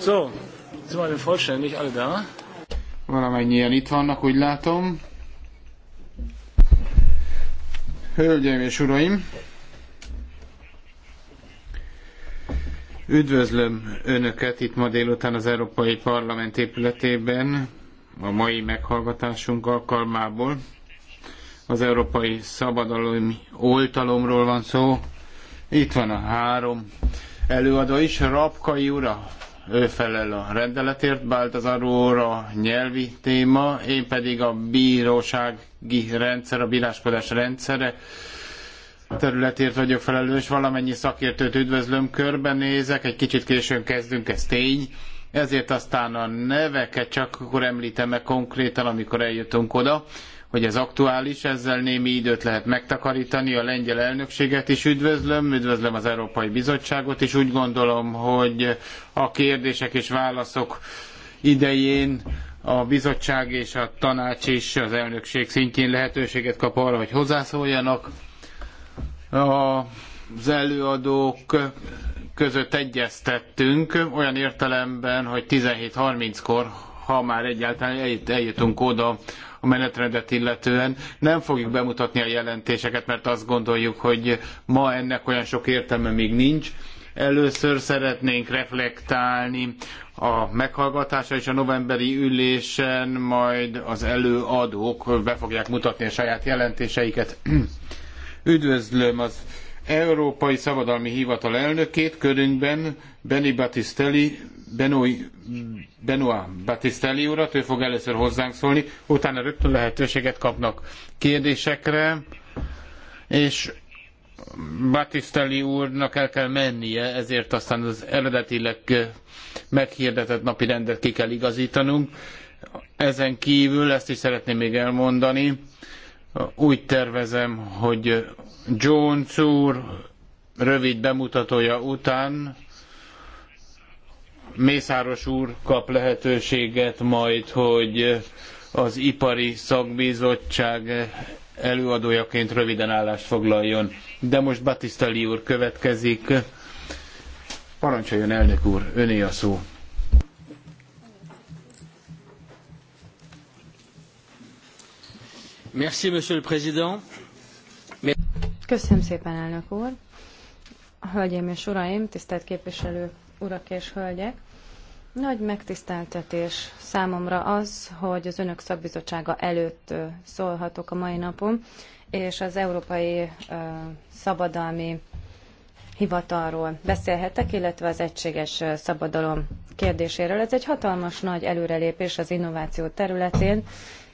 So, sind wir denn vollständig alle da? Valamennyien itt vannak, úgy látom. Hölgyeim és uraim! Üdvözlöm Önöket itt ma délután az Európai Parlament épületében a mai meghallgatásunk alkalmából. Az Európai Szabadalom oltalomról van szó. Itt van a három előadó is, Rapkai ura, ő felel a rendeletért, Báltazar úr a nyelvi téma, én pedig a bírósági rendszer, a bíráskodás rendszere területért vagyok felelős, valamennyi szakértőt üdvözlöm, körbenézek, egy kicsit későn kezdünk, ez tény, ezért aztán a neveket csak akkor említem meg konkrétan, amikor eljutunk oda hogy ez aktuális, ezzel némi időt lehet megtakarítani, a lengyel elnökséget is üdvözlöm, üdvözlöm az Európai Bizottságot, és úgy gondolom, hogy a kérdések és válaszok idején a bizottság és a tanács is az elnökség szintjén lehetőséget kap arra, hogy hozzászóljanak. Az előadók között egyeztettünk olyan értelemben, hogy 17.30-kor, ha már egyáltalán eljutunk oda, a menetrendet illetően. Nem fogjuk bemutatni a jelentéseket, mert azt gondoljuk, hogy ma ennek olyan sok értelme még nincs. Először szeretnénk reflektálni a meghallgatása és a novemberi ülésen majd az előadók be fogják mutatni a saját jelentéseiket. Üdvözlöm az Európai Szabadalmi Hivatal elnökét körünkben, Beni Battistelli Benoit Battistelli urat, ő fog először hozzánk szólni, utána rögtön lehetőséget kapnak kérdésekre, és Battistelli úrnak el kell mennie, ezért aztán az eredetileg meghirdetett napi rendet ki kell igazítanunk. Ezen kívül ezt is szeretném még elmondani. Úgy tervezem, hogy Jones úr rövid bemutatója után Mészáros úr kap lehetőséget majd, hogy az ipari szakbizottság előadójaként röviden állást foglaljon. De most Batista úr következik. Parancsoljon elnök úr, öné a szó. Merci, monsieur le président. Köszönöm szépen, elnök úr. Hölgyeim és uraim, tisztelt képviselők! urak és hölgyek! Nagy megtiszteltetés számomra az, hogy az Önök szakbizottsága előtt szólhatok a mai napon, és az Európai Szabadalmi Hivatalról beszélhetek, illetve az egységes szabadalom kérdéséről. Ez egy hatalmas nagy előrelépés az innováció területén,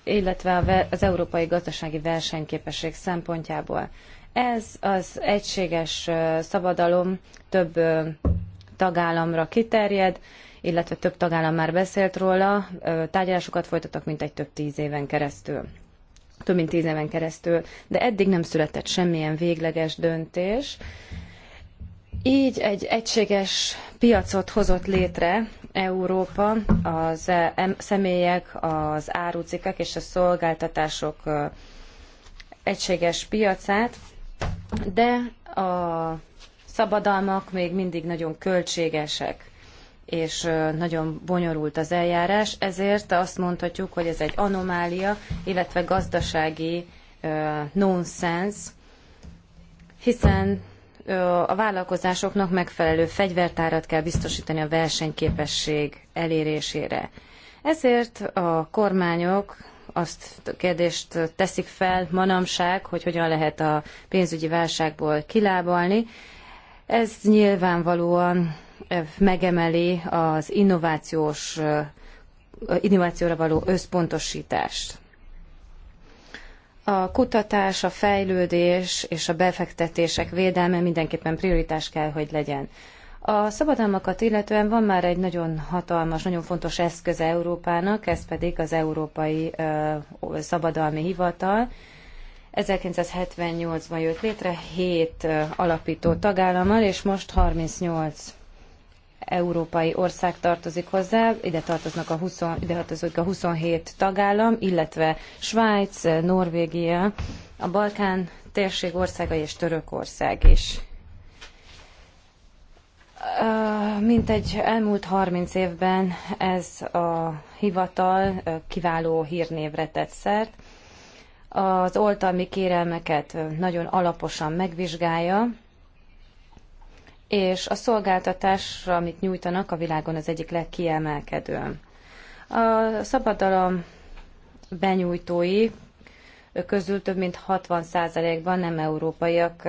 illetve az európai gazdasági versenyképesség szempontjából. Ez az egységes szabadalom több tagállamra kiterjed, illetve több tagállam már beszélt róla, tárgyalásokat folytattak mintegy több tíz éven keresztül. Több mint tíz éven keresztül, de eddig nem született semmilyen végleges döntés. Így egy egységes piacot hozott létre Európa az e, személyek, az árucikkek és a szolgáltatások egységes piacát, de a szabadalmak még mindig nagyon költségesek és nagyon bonyolult az eljárás, ezért azt mondhatjuk, hogy ez egy anomália, illetve gazdasági nonsense, hiszen a vállalkozásoknak megfelelő fegyvertárat kell biztosítani a versenyképesség elérésére. Ezért a kormányok azt a kérdést teszik fel manamság, hogy hogyan lehet a pénzügyi válságból kilábalni, ez nyilvánvalóan megemeli az innovációs, innovációra való összpontosítást. A kutatás, a fejlődés és a befektetések védelme mindenképpen prioritás kell, hogy legyen. A szabadalmakat illetően van már egy nagyon hatalmas, nagyon fontos eszköz Európának, ez pedig az Európai Szabadalmi Hivatal, 1978-ban jött létre 7 alapító tagállammal, és most 38 európai ország tartozik hozzá, ide, tartoznak a 20, ide tartozik a 27 tagállam, illetve Svájc, Norvégia, a Balkán térség országai és Törökország is. Mint egy elmúlt 30 évben ez a hivatal kiváló hírnévre tett szert, az oltalmi kérelmeket nagyon alaposan megvizsgálja, és a szolgáltatásra, amit nyújtanak, a világon az egyik legkiemelkedő. A szabadalom benyújtói közül több mint 60%-ban nem európaiak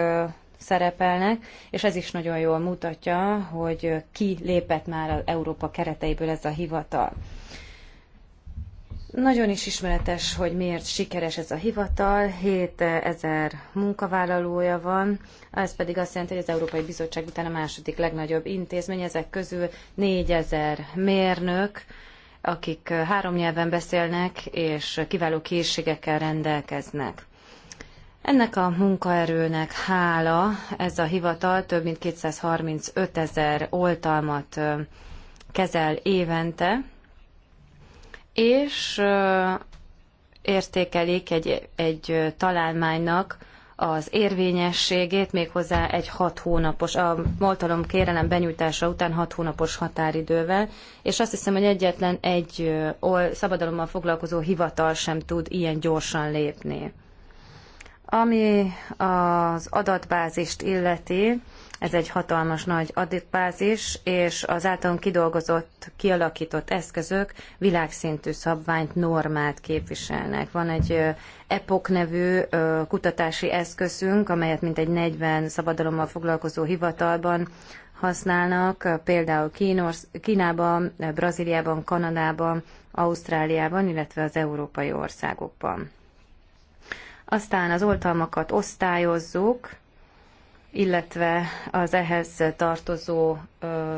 szerepelnek, és ez is nagyon jól mutatja, hogy ki lépett már az Európa kereteiből ez a hivatal. Nagyon is ismeretes, hogy miért sikeres ez a hivatal. 7000 eh, munkavállalója van, ez pedig azt jelenti, hogy az Európai Bizottság után a második legnagyobb intézmény, ezek közül 4000 mérnök, akik eh, három nyelven beszélnek, és kiváló készségekkel rendelkeznek. Ennek a munkaerőnek hála ez a hivatal több mint 235 ezer oltalmat eh, kezel évente, és értékelik egy, egy találmánynak az érvényességét méghozzá egy hat hónapos, a moltalom kérelem benyújtása után hat hónapos határidővel, és azt hiszem, hogy egyetlen egy szabadalommal foglalkozó hivatal sem tud ilyen gyorsan lépni. Ami az adatbázist illeti, ez egy hatalmas nagy adatbázis, és az általunk kidolgozott, kialakított eszközök világszintű szabványt, normát képviselnek. Van egy EPOK nevű kutatási eszközünk, amelyet mintegy 40 szabadalommal foglalkozó hivatalban használnak, például Kínában, Brazíliában, Kanadában, Ausztráliában, illetve az európai országokban. Aztán az oltalmakat osztályozzuk, illetve az ehhez tartozó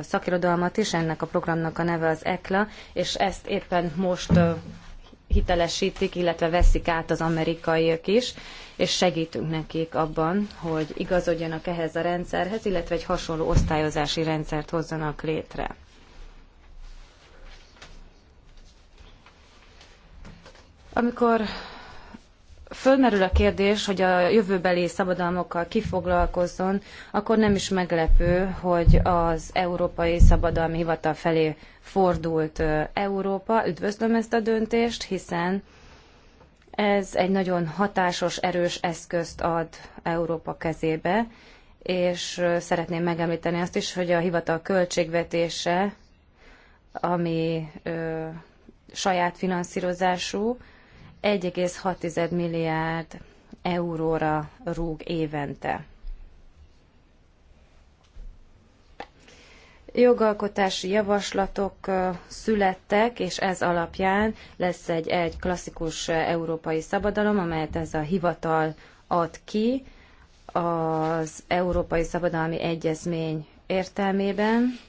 szakirodalmat is, ennek a programnak a neve az ECLA, és ezt éppen most hitelesítik, illetve veszik át az amerikaiak is, és segítünk nekik abban, hogy igazodjanak ehhez a rendszerhez, illetve egy hasonló osztályozási rendszert hozzanak létre. Amikor fölmerül a kérdés, hogy a jövőbeli szabadalmokkal kifoglalkozzon, akkor nem is meglepő, hogy az Európai Szabadalmi Hivatal felé fordult Európa. Üdvözlöm ezt a döntést, hiszen ez egy nagyon hatásos, erős eszközt ad Európa kezébe, és szeretném megemlíteni azt is, hogy a hivatal költségvetése, ami ö, saját finanszírozású, 1,6 milliárd euróra rúg évente. jogalkotási javaslatok születtek, és ez alapján lesz egy, egy klasszikus európai szabadalom, amelyet ez a hivatal ad ki az Európai Szabadalmi Egyezmény értelmében,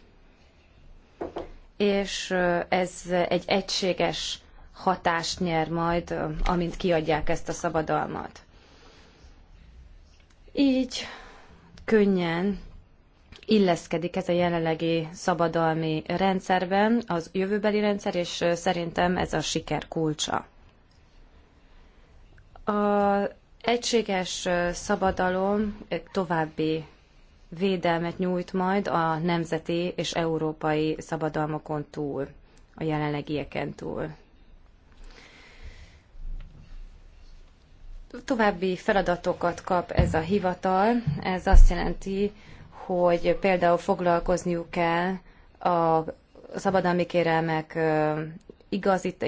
és ez egy egységes hatást nyer majd, amint kiadják ezt a szabadalmat. Így könnyen illeszkedik ez a jelenlegi szabadalmi rendszerben, az jövőbeli rendszer, és szerintem ez a siker kulcsa. A egységes szabadalom további védelmet nyújt majd a nemzeti és európai szabadalmakon túl, a jelenlegieken túl. További feladatokat kap ez a hivatal. Ez azt jelenti, hogy például foglalkozniuk kell a szabadalmi kérelmek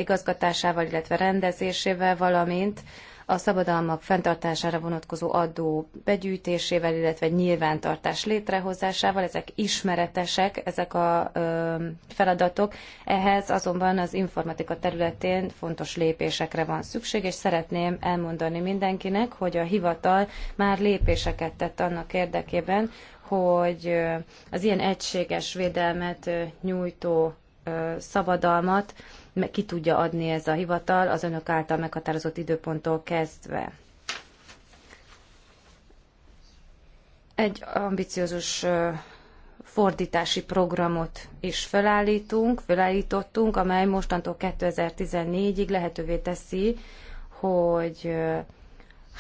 igazgatásával, illetve rendezésével, valamint a szabadalmak fenntartására vonatkozó adó begyűjtésével, illetve nyilvántartás létrehozásával. Ezek ismeretesek, ezek a ö, feladatok. Ehhez azonban az informatika területén fontos lépésekre van szükség, és szeretném elmondani mindenkinek, hogy a hivatal már lépéseket tett annak érdekében, hogy az ilyen egységes védelmet nyújtó szabadalmat, ki tudja adni ez a hivatal az önök által meghatározott időponttól kezdve. Egy ambiciózus fordítási programot is felállítunk, felállítottunk, amely mostantól 2014-ig lehetővé teszi, hogy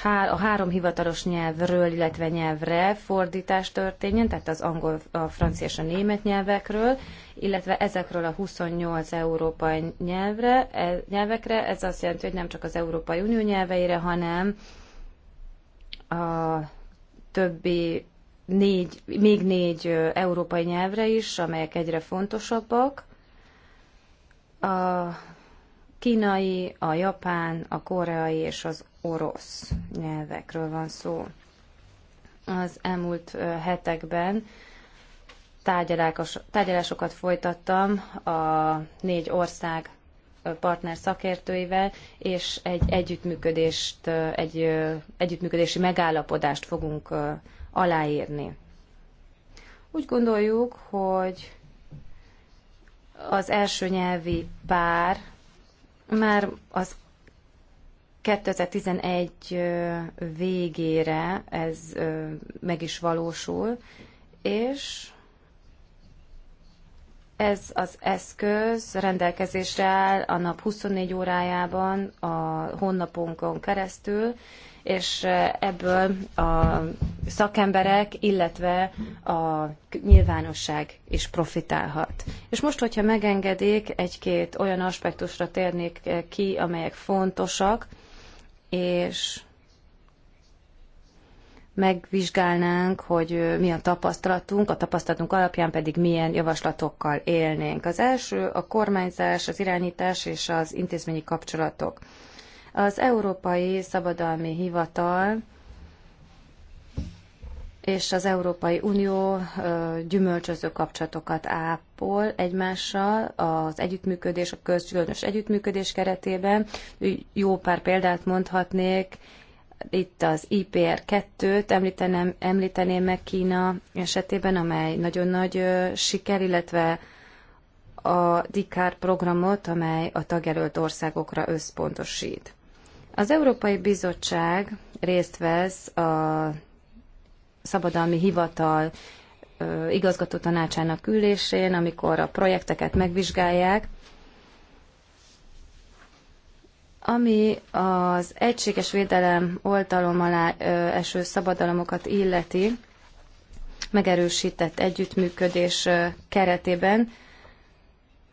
a három hivatalos nyelvről, illetve nyelvre fordítás történjen, tehát az angol, a francia és a német nyelvekről, illetve ezekről a 28 európai nyelvre, e- nyelvekre, ez azt jelenti, hogy nem csak az Európai Unió nyelveire, hanem a többi négy, még négy európai nyelvre is, amelyek egyre fontosabbak. A kínai, a japán, a koreai és az orosz nyelvekről van szó. Az elmúlt hetekben tárgyalásokat folytattam a négy ország partner szakértőivel, és egy együttműködést, egy együttműködési megállapodást fogunk aláírni. Úgy gondoljuk, hogy az első nyelvi pár már az 2011 végére ez meg is valósul, és ez az eszköz rendelkezésre áll a nap 24 órájában a honlapunkon keresztül, és ebből a szakemberek, illetve a nyilvánosság is profitálhat. És most, hogyha megengedik, egy-két olyan aspektusra térnék ki, amelyek fontosak, és megvizsgálnánk, hogy mi a tapasztalatunk, a tapasztalatunk alapján pedig milyen javaslatokkal élnénk. Az első a kormányzás, az irányítás és az intézményi kapcsolatok. Az Európai Szabadalmi Hivatal és az Európai Unió gyümölcsöző kapcsolatokat ápol egymással az együttműködés, a közgyűlös együttműködés keretében. Jó pár példát mondhatnék, itt az IPR2-t említenem, említeném meg Kína esetében, amely nagyon nagy siker, illetve a DICAR programot, amely a tagjelölt országokra összpontosít. Az Európai Bizottság részt vesz a szabadalmi hivatal igazgató tanácsának ülésén, amikor a projekteket megvizsgálják, ami az egységes védelem oltalom alá eső szabadalomokat illeti, megerősített együttműködés keretében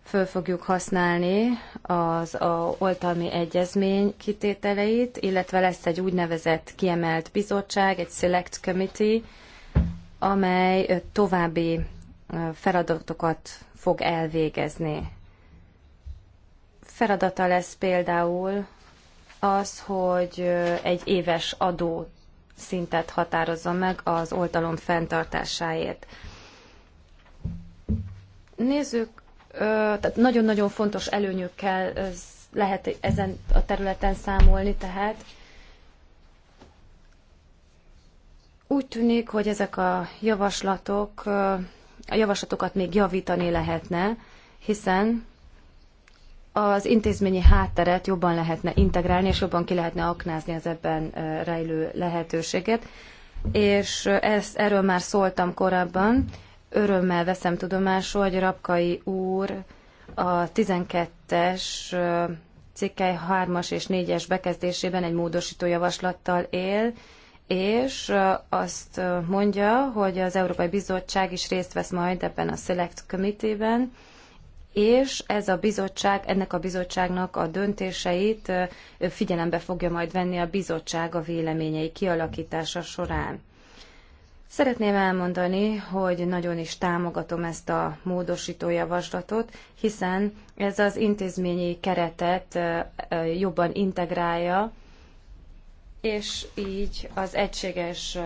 föl fogjuk használni az a oltalmi egyezmény kitételeit, illetve lesz egy úgynevezett kiemelt bizottság, egy select committee, amely további feladatokat fog elvégezni. Feladata lesz például az, hogy egy éves adó szintet határozza meg az oltalom fenntartásáért. Nézzük tehát nagyon-nagyon fontos előnyökkel lehet ezen a területen számolni, tehát úgy tűnik, hogy ezek a javaslatok, a javaslatokat még javítani lehetne, hiszen az intézményi hátteret jobban lehetne integrálni, és jobban ki lehetne aknázni az ebben rejlő lehetőséget. És ezt, erről már szóltam korábban, Örömmel veszem tudomásul, hogy Rapkai úr a 12-es cikkely 3-as és 4-es bekezdésében egy módosító javaslattal él, és azt mondja, hogy az Európai Bizottság is részt vesz majd ebben a Select Committee-ben, és ez a bizottság, ennek a bizottságnak a döntéseit figyelembe fogja majd venni a bizottság a véleményei kialakítása során. Szeretném elmondani, hogy nagyon is támogatom ezt a módosító javaslatot, hiszen ez az intézményi keretet jobban integrálja, és így az egységes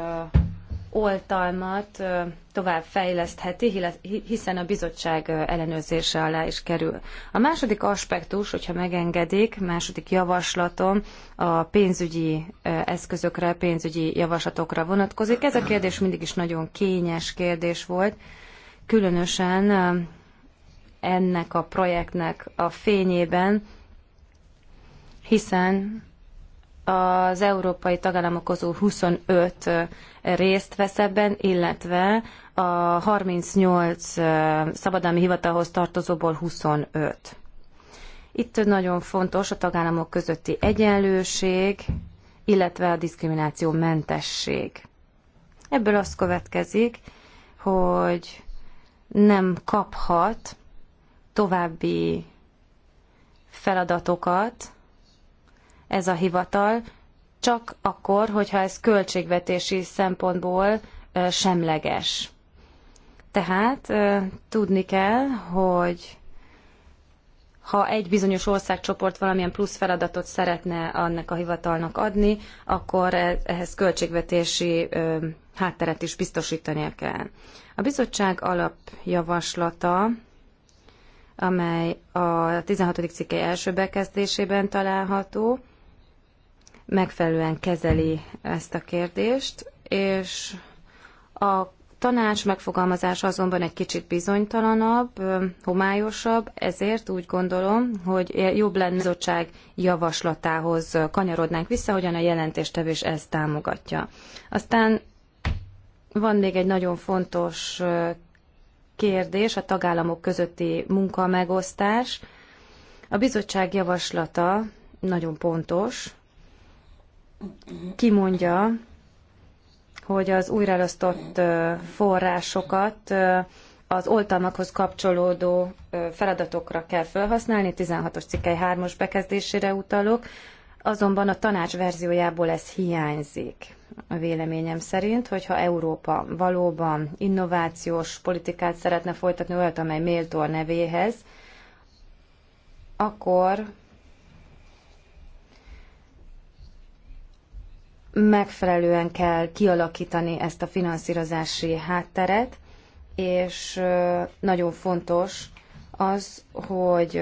oltalmat tovább fejlesztheti, hiszen a bizottság ellenőrzése alá is kerül. A második aspektus, hogyha megengedik, második javaslatom a pénzügyi eszközökre, pénzügyi javaslatokra vonatkozik. Ez a kérdés mindig is nagyon kényes kérdés volt, különösen ennek a projektnek a fényében, hiszen az európai tagállamok közül 25 részt vesz ebben, illetve a 38 szabadalmi hivatalhoz tartozóból 25. Itt nagyon fontos a tagállamok közötti egyenlőség, illetve a diszkrimináció mentesség. Ebből az következik, hogy nem kaphat további feladatokat ez a hivatal, csak akkor, hogyha ez költségvetési szempontból semleges. Tehát tudni kell, hogy ha egy bizonyos országcsoport valamilyen plusz feladatot szeretne annak a hivatalnak adni, akkor e, ehhez költségvetési hátteret is biztosítania kell. A bizottság alapjavaslata, amely a 16. cikkei első bekezdésében található, megfelelően kezeli ezt a kérdést, és a tanács megfogalmazása azonban egy kicsit bizonytalanabb, homályosabb, ezért úgy gondolom, hogy jobb lenne bizottság javaslatához kanyarodnánk vissza, hogyan a jelentéstevés ezt támogatja. Aztán van még egy nagyon fontos kérdés, a tagállamok közötti munkamegosztás. A bizottság javaslata nagyon pontos, kimondja, hogy az újraelosztott forrásokat az oltalmakhoz kapcsolódó feladatokra kell felhasználni, 16-os cikkely 3-os bekezdésére utalok, azonban a tanács verziójából ez hiányzik. A véleményem szerint, hogyha Európa valóban innovációs politikát szeretne folytatni, olyat, amely méltó a nevéhez, akkor megfelelően kell kialakítani ezt a finanszírozási hátteret, és nagyon fontos az, hogy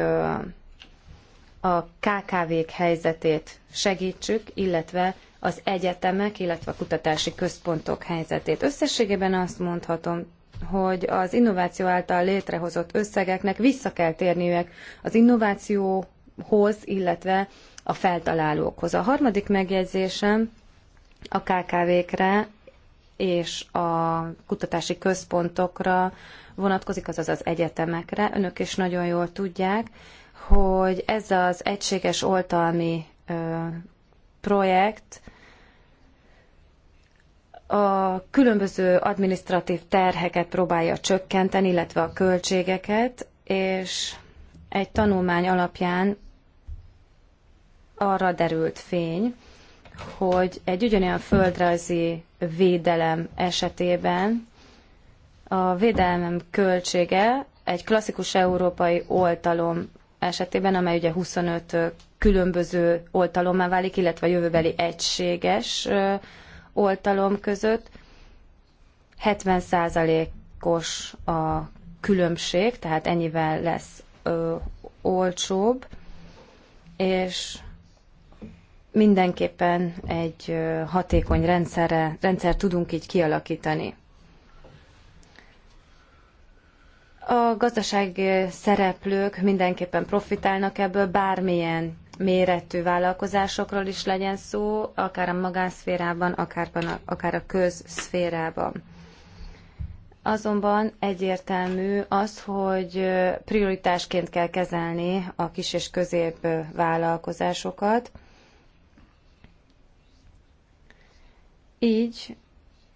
a KKV-k helyzetét segítsük, illetve az egyetemek, illetve a kutatási központok helyzetét. Összességében azt mondhatom, hogy az innováció által létrehozott összegeknek vissza kell térniük az innovációhoz, illetve a feltalálókhoz. A harmadik megjegyzésem a KKV-kre és a kutatási központokra vonatkozik, azaz az egyetemekre. Önök is nagyon jól tudják, hogy ez az egységes oltalmi projekt a különböző administratív terheket próbálja csökkenteni, illetve a költségeket, és egy tanulmány alapján arra derült fény, hogy egy ugyanolyan földrajzi védelem esetében a védelem költsége egy klasszikus európai oltalom esetében, amely ugye 25 különböző oltalommá válik, illetve jövőbeli egységes oltalom között 70%-os a különbség, tehát ennyivel lesz ö, olcsóbb, és mindenképpen egy hatékony rendszerre, rendszer tudunk így kialakítani. A gazdaság szereplők mindenképpen profitálnak ebből, bármilyen méretű vállalkozásokról is legyen szó, akár a magánszférában, akár a közszférában. Azonban egyértelmű az, hogy prioritásként kell kezelni a kis és közép vállalkozásokat, Így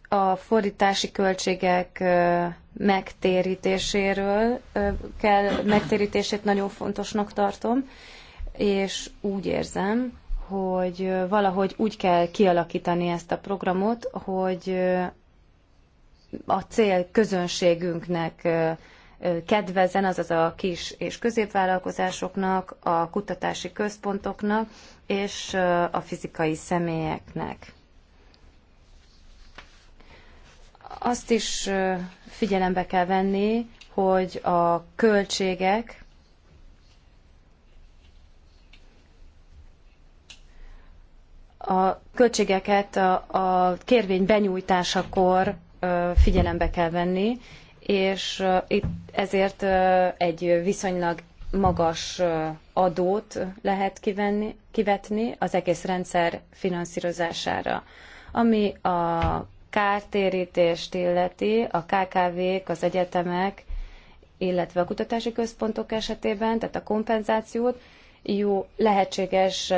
a fordítási költségek megtérítéséről kell, megtérítését nagyon fontosnak tartom, és úgy érzem, hogy valahogy úgy kell kialakítani ezt a programot, hogy a cél közönségünknek kedvezzen, azaz a kis és középvállalkozásoknak, a kutatási központoknak és a fizikai személyeknek. Azt is figyelembe kell venni, hogy a költségek a költségeket a, a kérvény benyújtásakor figyelembe kell venni, és itt ezért egy viszonylag magas adót lehet kivenni, kivetni az egész rendszer finanszírozására. Ami a kártérítést illeti, a KKV-k, az egyetemek, illetve a kutatási központok esetében, tehát a kompenzációt, jó, lehetséges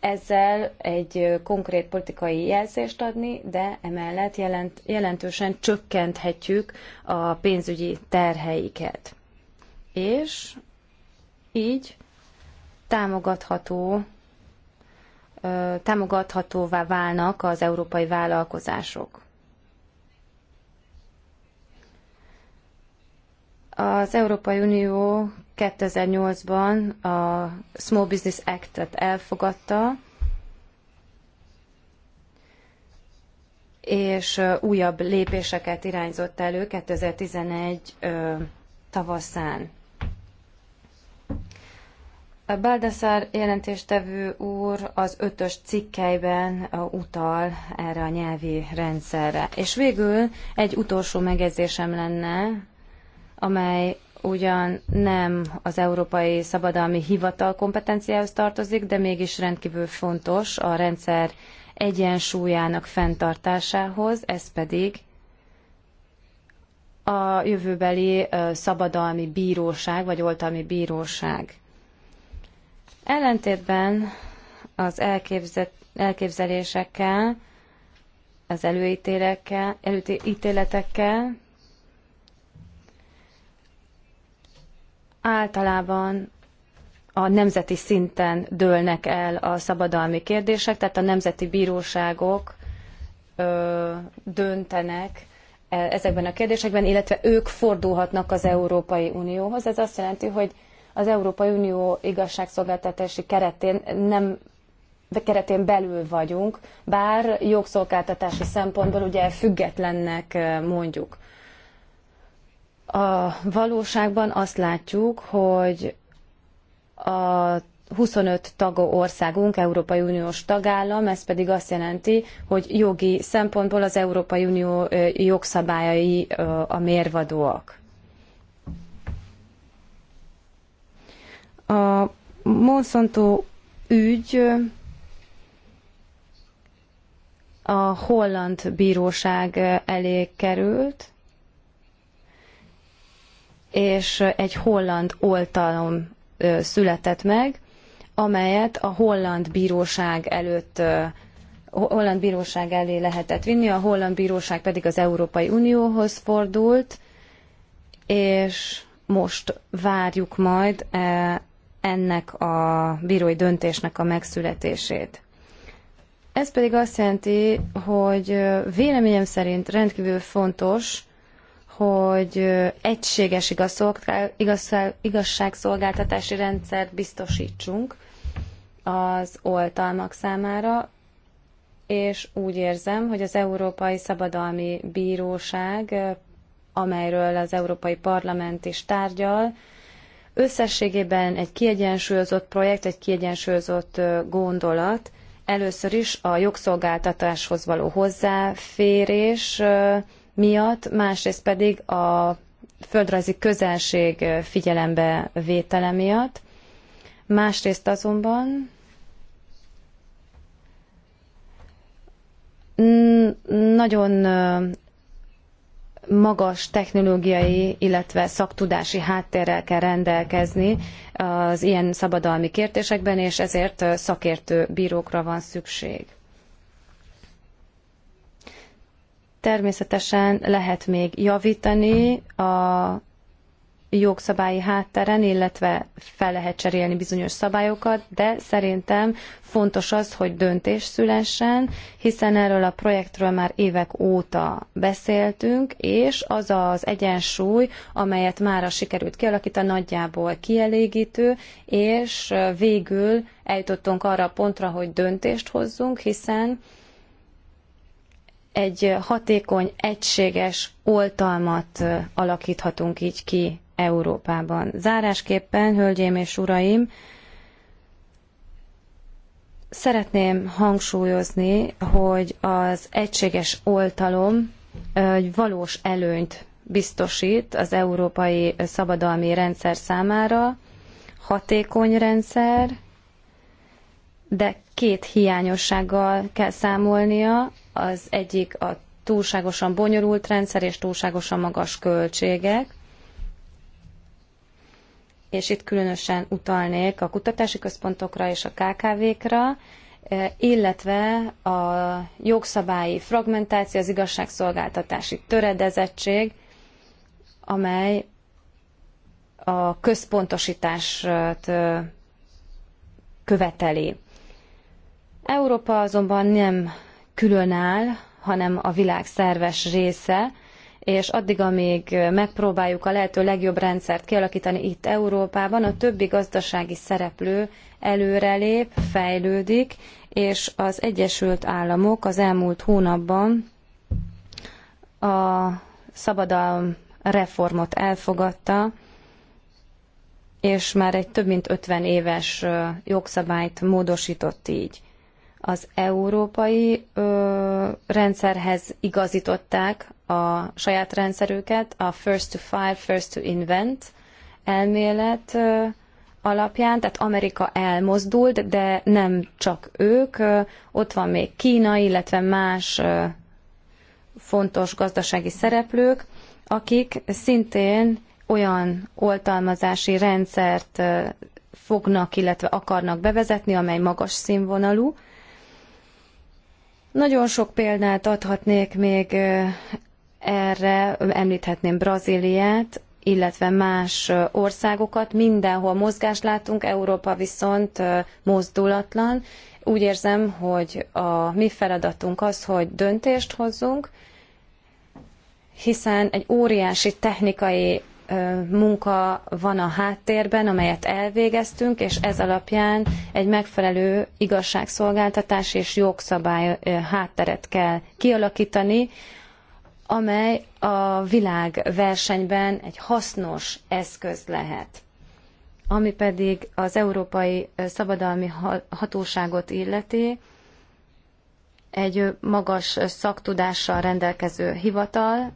ezzel egy konkrét politikai jelzést adni, de emellett jelent, jelentősen csökkenthetjük a pénzügyi terheiket. És így támogatható támogathatóvá válnak az európai vállalkozások. Az Európai Unió 2008-ban a Small Business Act-et elfogadta, és újabb lépéseket irányzott elő 2011 tavaszán a Baldassar jelentéstevő úr az ötös cikkeiben utal erre a nyelvi rendszerre. És végül egy utolsó megjegyzésem lenne, amely ugyan nem az Európai Szabadalmi Hivatal kompetenciához tartozik, de mégis rendkívül fontos a rendszer egyensúlyának fenntartásához, ez pedig a jövőbeli szabadalmi bíróság vagy oltalmi bíróság. Ellentétben az elképzett, elképzelésekkel, az előítéletekkel, általában a nemzeti szinten dőlnek el a szabadalmi kérdések, tehát a nemzeti bíróságok ö, döntenek e- ezekben a kérdésekben, illetve ők fordulhatnak az Európai Unióhoz. Ez azt jelenti, hogy az Európai Unió igazságszolgáltatási keretén nem de keretén belül vagyunk, bár jogszolgáltatási szempontból ugye függetlennek mondjuk. A valóságban azt látjuk, hogy a 25 tagó országunk, Európai Uniós tagállam, ez pedig azt jelenti, hogy jogi szempontból az Európai Unió jogszabályai a mérvadóak. A Monsanto ügy a holland bíróság elé került, és egy holland oltalom született meg, amelyet a holland bíróság előtt holland bíróság elé lehetett vinni, a holland bíróság pedig az Európai Unióhoz fordult, és most várjuk majd e, ennek a bírói döntésnek a megszületését. Ez pedig azt jelenti, hogy véleményem szerint rendkívül fontos, hogy egységes igazságszolgáltatási rendszert biztosítsunk az oltalmak számára, és úgy érzem, hogy az Európai Szabadalmi Bíróság, amelyről az Európai Parlament is tárgyal, Összességében egy kiegyensúlyozott projekt, egy kiegyensúlyozott gondolat, először is a jogszolgáltatáshoz való hozzáférés miatt, másrészt pedig a földrajzi közelség figyelembe vétele miatt. Másrészt azonban nagyon magas technológiai, illetve szaktudási háttérrel kell rendelkezni az ilyen szabadalmi kérdésekben, és ezért szakértő bírókra van szükség. Természetesen lehet még javítani a jogszabályi hátteren, illetve fel lehet cserélni bizonyos szabályokat, de szerintem fontos az, hogy döntés szülessen, hiszen erről a projektről már évek óta beszéltünk, és az az egyensúly, amelyet mára sikerült kialakítani, nagyjából kielégítő, és végül eljutottunk arra a pontra, hogy döntést hozzunk, hiszen egy hatékony, egységes oltalmat alakíthatunk így ki Európában. Zárásképpen, hölgyeim és uraim, szeretném hangsúlyozni, hogy az egységes oltalom egy valós előnyt biztosít az európai szabadalmi rendszer számára, hatékony rendszer, de két hiányossággal kell számolnia, az egyik a túlságosan bonyolult rendszer és túlságosan magas költségek és itt különösen utalnék a kutatási központokra és a KKV-kra, e, illetve a jogszabályi fragmentáció, az igazságszolgáltatási töredezettség, amely a központosítást e, követeli. Európa azonban nem különáll, hanem a világ szerves része, és addig, amíg megpróbáljuk a lehető legjobb rendszert kialakítani itt Európában, a többi gazdasági szereplő előrelép, fejlődik, és az Egyesült Államok az elmúlt hónapban a szabadalm reformot elfogadta, és már egy több mint 50 éves jogszabályt módosított így az európai ö, rendszerhez igazították a saját rendszerüket, a first to file, first to invent elmélet ö, alapján, tehát Amerika elmozdult, de nem csak ők, ö, ott van még Kína, illetve más ö, fontos gazdasági szereplők, akik szintén olyan oltalmazási rendszert fognak, illetve akarnak bevezetni, amely magas színvonalú, nagyon sok példát adhatnék még erre, említhetném Brazíliát, illetve más országokat, mindenhol mozgást látunk, Európa viszont mozdulatlan. Úgy érzem, hogy a mi feladatunk az, hogy döntést hozzunk, hiszen egy óriási technikai munka van a háttérben, amelyet elvégeztünk, és ez alapján egy megfelelő igazságszolgáltatás és jogszabály hátteret kell kialakítani, amely a világversenyben egy hasznos eszköz lehet. Ami pedig az Európai Szabadalmi Hatóságot illeti, egy magas szaktudással rendelkező hivatal,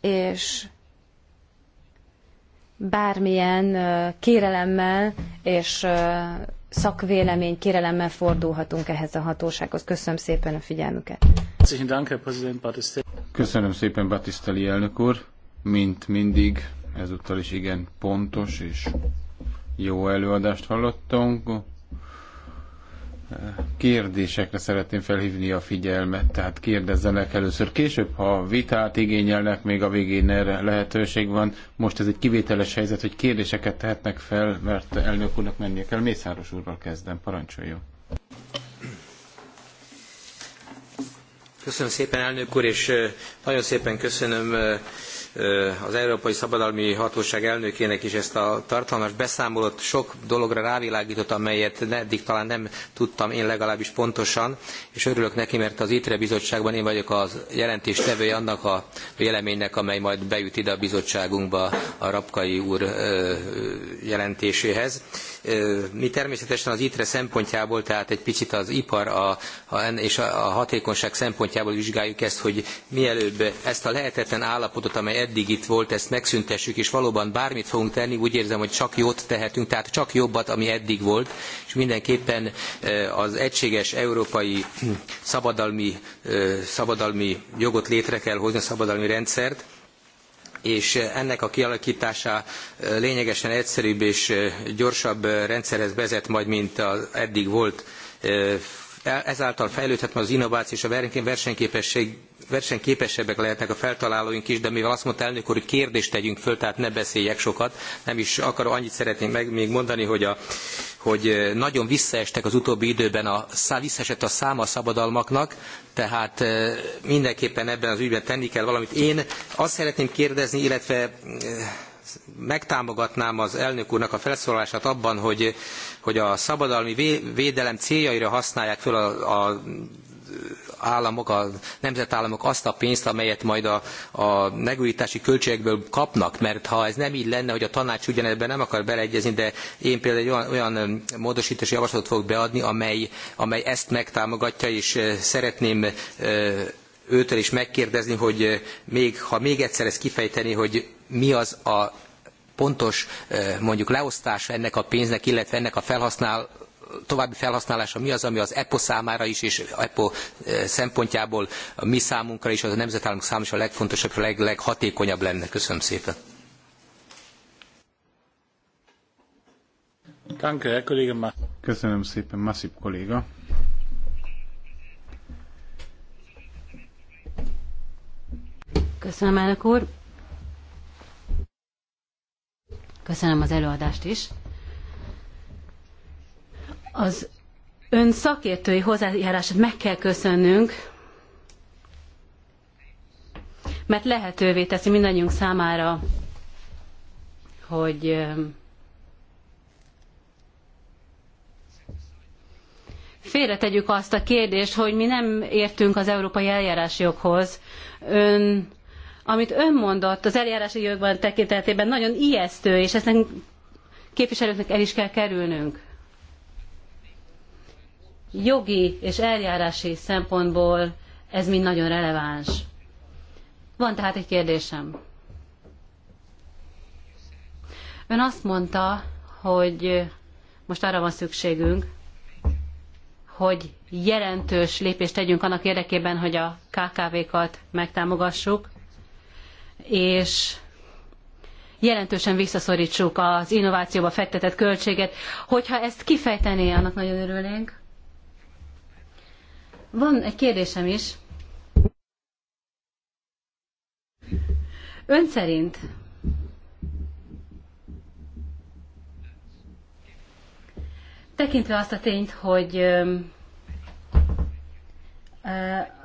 és bármilyen kérelemmel és szakvélemény kérelemmel fordulhatunk ehhez a hatósághoz. Köszönöm szépen a figyelmüket. Köszönöm szépen, Batiszteli elnök úr. Mint mindig, ezúttal is igen pontos és jó előadást hallottunk kérdésekre szeretném felhívni a figyelmet, tehát kérdezzenek először. Később, ha vitát igényelnek, még a végén erre lehetőség van. Most ez egy kivételes helyzet, hogy kérdéseket tehetnek fel, mert elnök úrnak mennie kell. Mészáros úrral kezdem, parancsoljon. Köszönöm szépen, elnök úr, és nagyon szépen köszönöm az Európai Szabadalmi Hatóság elnökének is ezt a tartalmas beszámolót sok dologra rávilágított, amelyet eddig talán nem tudtam én legalábbis pontosan, és örülök neki, mert az ITRE bizottságban én vagyok az jelentéstevője annak a véleménynek, amely majd bejut ide a bizottságunkba a Rapkai úr jelentéséhez. Mi természetesen az ITRE szempontjából, tehát egy picit az ipar a, a, és a hatékonyság szempontjából vizsgáljuk ezt, hogy mielőbb ezt a lehetetlen állapotot, amely eddig itt volt, ezt megszüntessük, és valóban bármit fogunk tenni, úgy érzem, hogy csak jót tehetünk, tehát csak jobbat, ami eddig volt, és mindenképpen az egységes európai hm, szabadalmi, szabadalmi jogot létre kell hozni, a szabadalmi rendszert, és ennek a kialakítása lényegesen egyszerűbb és gyorsabb rendszerhez vezet majd, mint az eddig volt. Ezáltal fejlődhet az innováció és a versenyképesség versenyképesebbek lehetnek a feltalálóink is, de mivel azt mondta elnök úr, hogy kérdést tegyünk föl, tehát ne beszéljek sokat, nem is akarok annyit szeretném meg még mondani, hogy, a, hogy eh, nagyon visszaestek az utóbbi időben, a, visszaesett a száma szabadalmaknak, tehát eh, mindenképpen ebben az ügyben tenni kell valamit. Én azt szeretném kérdezni, illetve eh, megtámogatnám az elnök úrnak a felszólását abban, hogy, hogy a szabadalmi védelem céljaira használják föl a, a államok, a nemzetállamok azt a pénzt, amelyet majd a, a megújítási költségekből kapnak, mert ha ez nem így lenne, hogy a tanács ugyanebben nem akar beleegyezni, de én például egy olyan, olyan módosítási javaslatot fogok beadni, amely, amely ezt megtámogatja, és szeretném őtől is megkérdezni, hogy még, ha még egyszer ezt kifejteni, hogy mi az a pontos mondjuk leosztása ennek a pénznek, illetve ennek a felhasznál, további felhasználása mi az, ami az EPO számára is, és EPO eh, szempontjából a mi számunkra is, az a nemzetállamok számára is a legfontosabb, a leg, leghatékonyabb lenne. Köszönöm szépen. Köszönöm szépen, Massip kolléga. Köszönöm, elnök úr. Köszönöm az előadást is. Az ön szakértői hozzájárását meg kell köszönnünk, mert lehetővé teszi mindannyiunk számára, hogy félretegyük azt a kérdést, hogy mi nem értünk az európai eljárási joghoz. Ön, amit ön mondott az eljárási jogban tekintetében nagyon ijesztő, és ezt képviselőknek el is kell kerülnünk jogi és eljárási szempontból ez mind nagyon releváns. Van tehát egy kérdésem. Ön azt mondta, hogy most arra van szükségünk, hogy jelentős lépést tegyünk annak érdekében, hogy a KKV-kat megtámogassuk, és jelentősen visszaszorítsuk az innovációba fektetett költséget. Hogyha ezt kifejtené, annak nagyon örülnénk. Van egy kérdésem is. Ön szerint tekintve azt a tényt, hogy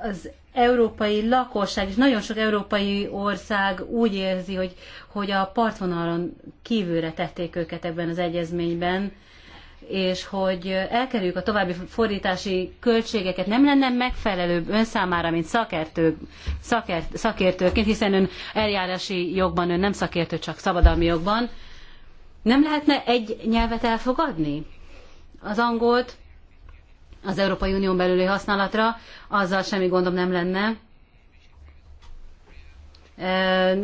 az európai lakosság, és nagyon sok európai ország úgy érzi, hogy, hogy a partvonalon kívülre tették őket ebben az egyezményben, és hogy elkerüljük a további fordítási költségeket, nem lenne megfelelőbb ön számára, mint szakértő, szakért, szakértőként, hiszen ön eljárási jogban, ön nem szakértő, csak szabadalmi jogban. Nem lehetne egy nyelvet elfogadni? Az angolt az Európai Unión belüli használatra, azzal semmi gondom nem lenne.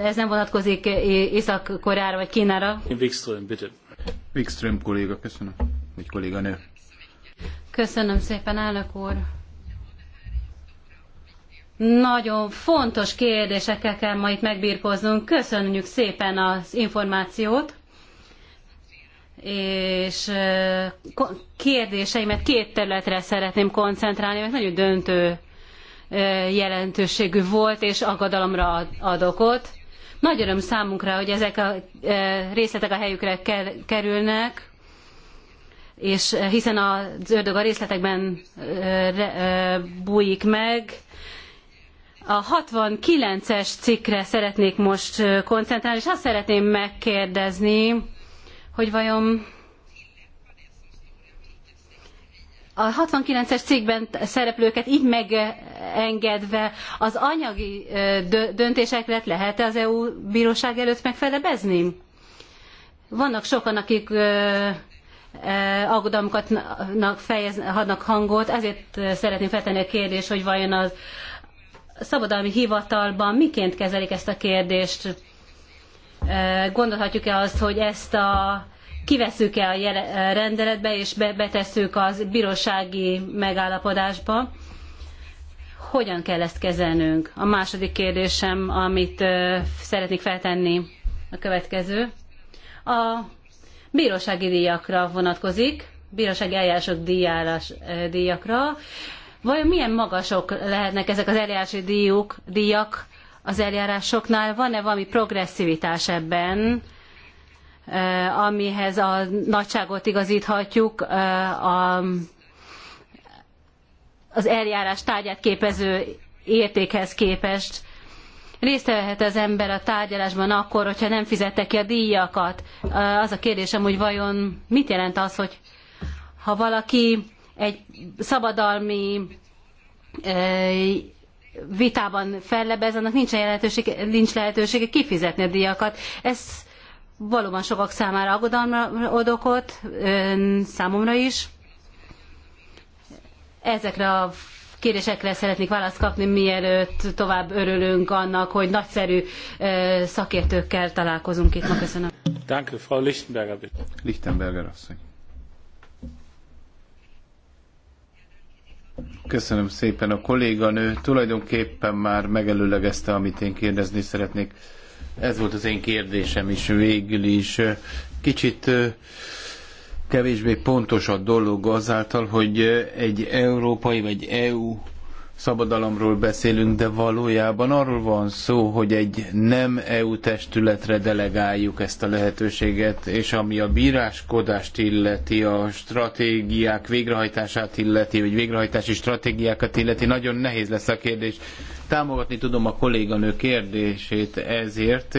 Ez nem vonatkozik Észak-Koreára vagy Kínára. Wikström, bitte. Wikström kolléga, köszönöm kolléganő. Köszönöm szépen, elnök úr. Nagyon fontos kérdésekkel kell ma itt megbírkoznunk. Köszönjük szépen az információt, és kérdéseimet két területre szeretném koncentrálni, mert nagyon döntő jelentőségű volt, és aggodalomra ad okot. Nagy öröm számunkra, hogy ezek a részletek a helyükre kerülnek, és eh, hiszen az ördög a részletekben eh, eh, bújik meg. A 69-es cikkre szeretnék most koncentrálni, és azt szeretném megkérdezni, hogy vajon a 69-es cikkben szereplőket így megengedve az anyagi döntésekre lehet -e az EU bíróság előtt megfelebezni? Vannak sokan, akik Eh, aggodalmukatnak fejez, adnak hangot, ezért eh, szeretném feltenni a kérdést, hogy vajon az szabadalmi hivatalban miként kezelik ezt a kérdést. Eh, gondolhatjuk-e azt, hogy ezt a kiveszük-e a rendeletbe, és betesszük az bírósági megállapodásba. Hogyan kell ezt kezelnünk? A második kérdésem, amit szeretnék feltenni, a következő. A bírósági díjakra vonatkozik, bírósági eljárások díjárás, eh, díjakra. Vajon milyen magasok lehetnek ezek az eljárási díjuk, díjak az eljárásoknál? Van-e valami progresszivitás ebben, eh, amihez a nagyságot igazíthatjuk eh, a, az eljárás tárgyát képező értékhez képest? részt vehet az ember a tárgyalásban akkor, hogyha nem fizette ki a díjakat. Az a kérdésem, hogy vajon mit jelent az, hogy ha valaki egy szabadalmi vitában fellebez, annak nincs lehetősége, nincs lehetősége kifizetni a díjakat. Ez valóban sokak számára aggodalomra ad okot, számomra is. Ezekre a kérdésekre szeretnék választ kapni, mielőtt tovább örülünk annak, hogy nagyszerű szakértőkkel találkozunk itt ma. Köszönöm. Danke, Frau Lichtenberger, bitte. Lichtenberger asszony. Köszönöm szépen. A kolléganő tulajdonképpen már megelőlegezte, amit én kérdezni szeretnék. Ez volt az én kérdésem is végül is. Kicsit kevésbé pontos a dolog azáltal, hogy egy európai vagy EU szabadalomról beszélünk, de valójában arról van szó, hogy egy nem EU testületre delegáljuk ezt a lehetőséget, és ami a bíráskodást illeti, a stratégiák végrehajtását illeti, vagy végrehajtási stratégiákat illeti, nagyon nehéz lesz a kérdés. Támogatni tudom a kolléganő kérdését ezért,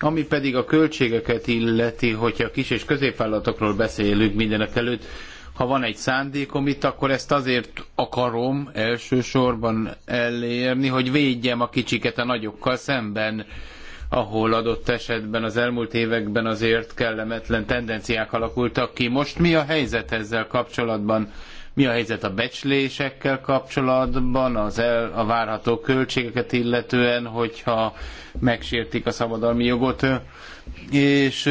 ami pedig a költségeket illeti, hogyha kis és középvállalatokról beszélünk mindenek előtt, ha van egy szándékom itt, akkor ezt azért akarom elsősorban elérni, hogy védjem a kicsiket a nagyokkal szemben, ahol adott esetben az elmúlt években azért kellemetlen tendenciák alakultak ki. Most mi a helyzet ezzel kapcsolatban? Mi a helyzet a becslésekkel kapcsolatban, az el, a várható költségeket illetően, hogyha megsértik a szabadalmi jogot, és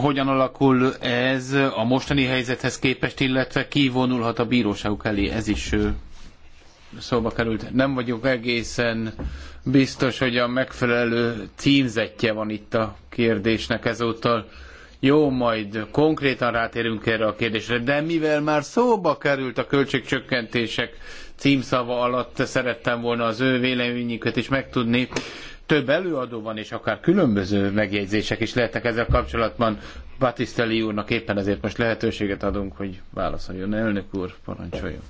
hogyan alakul ez a mostani helyzethez képest, illetve kivonulhat a bíróságuk elé, ez is szóba került. Nem vagyok egészen biztos, hogy a megfelelő címzetje van itt a kérdésnek ezúttal. Jó, majd konkrétan rátérünk erre a kérdésre, de mivel már szóba került a költségcsökkentések címszava alatt, szerettem volna az ő véleményüket is megtudni. Több előadó van, és akár különböző megjegyzések is lehetnek ezzel kapcsolatban. Batiszteli úrnak éppen ezért most lehetőséget adunk, hogy válaszoljon. Elnök úr, parancsoljon.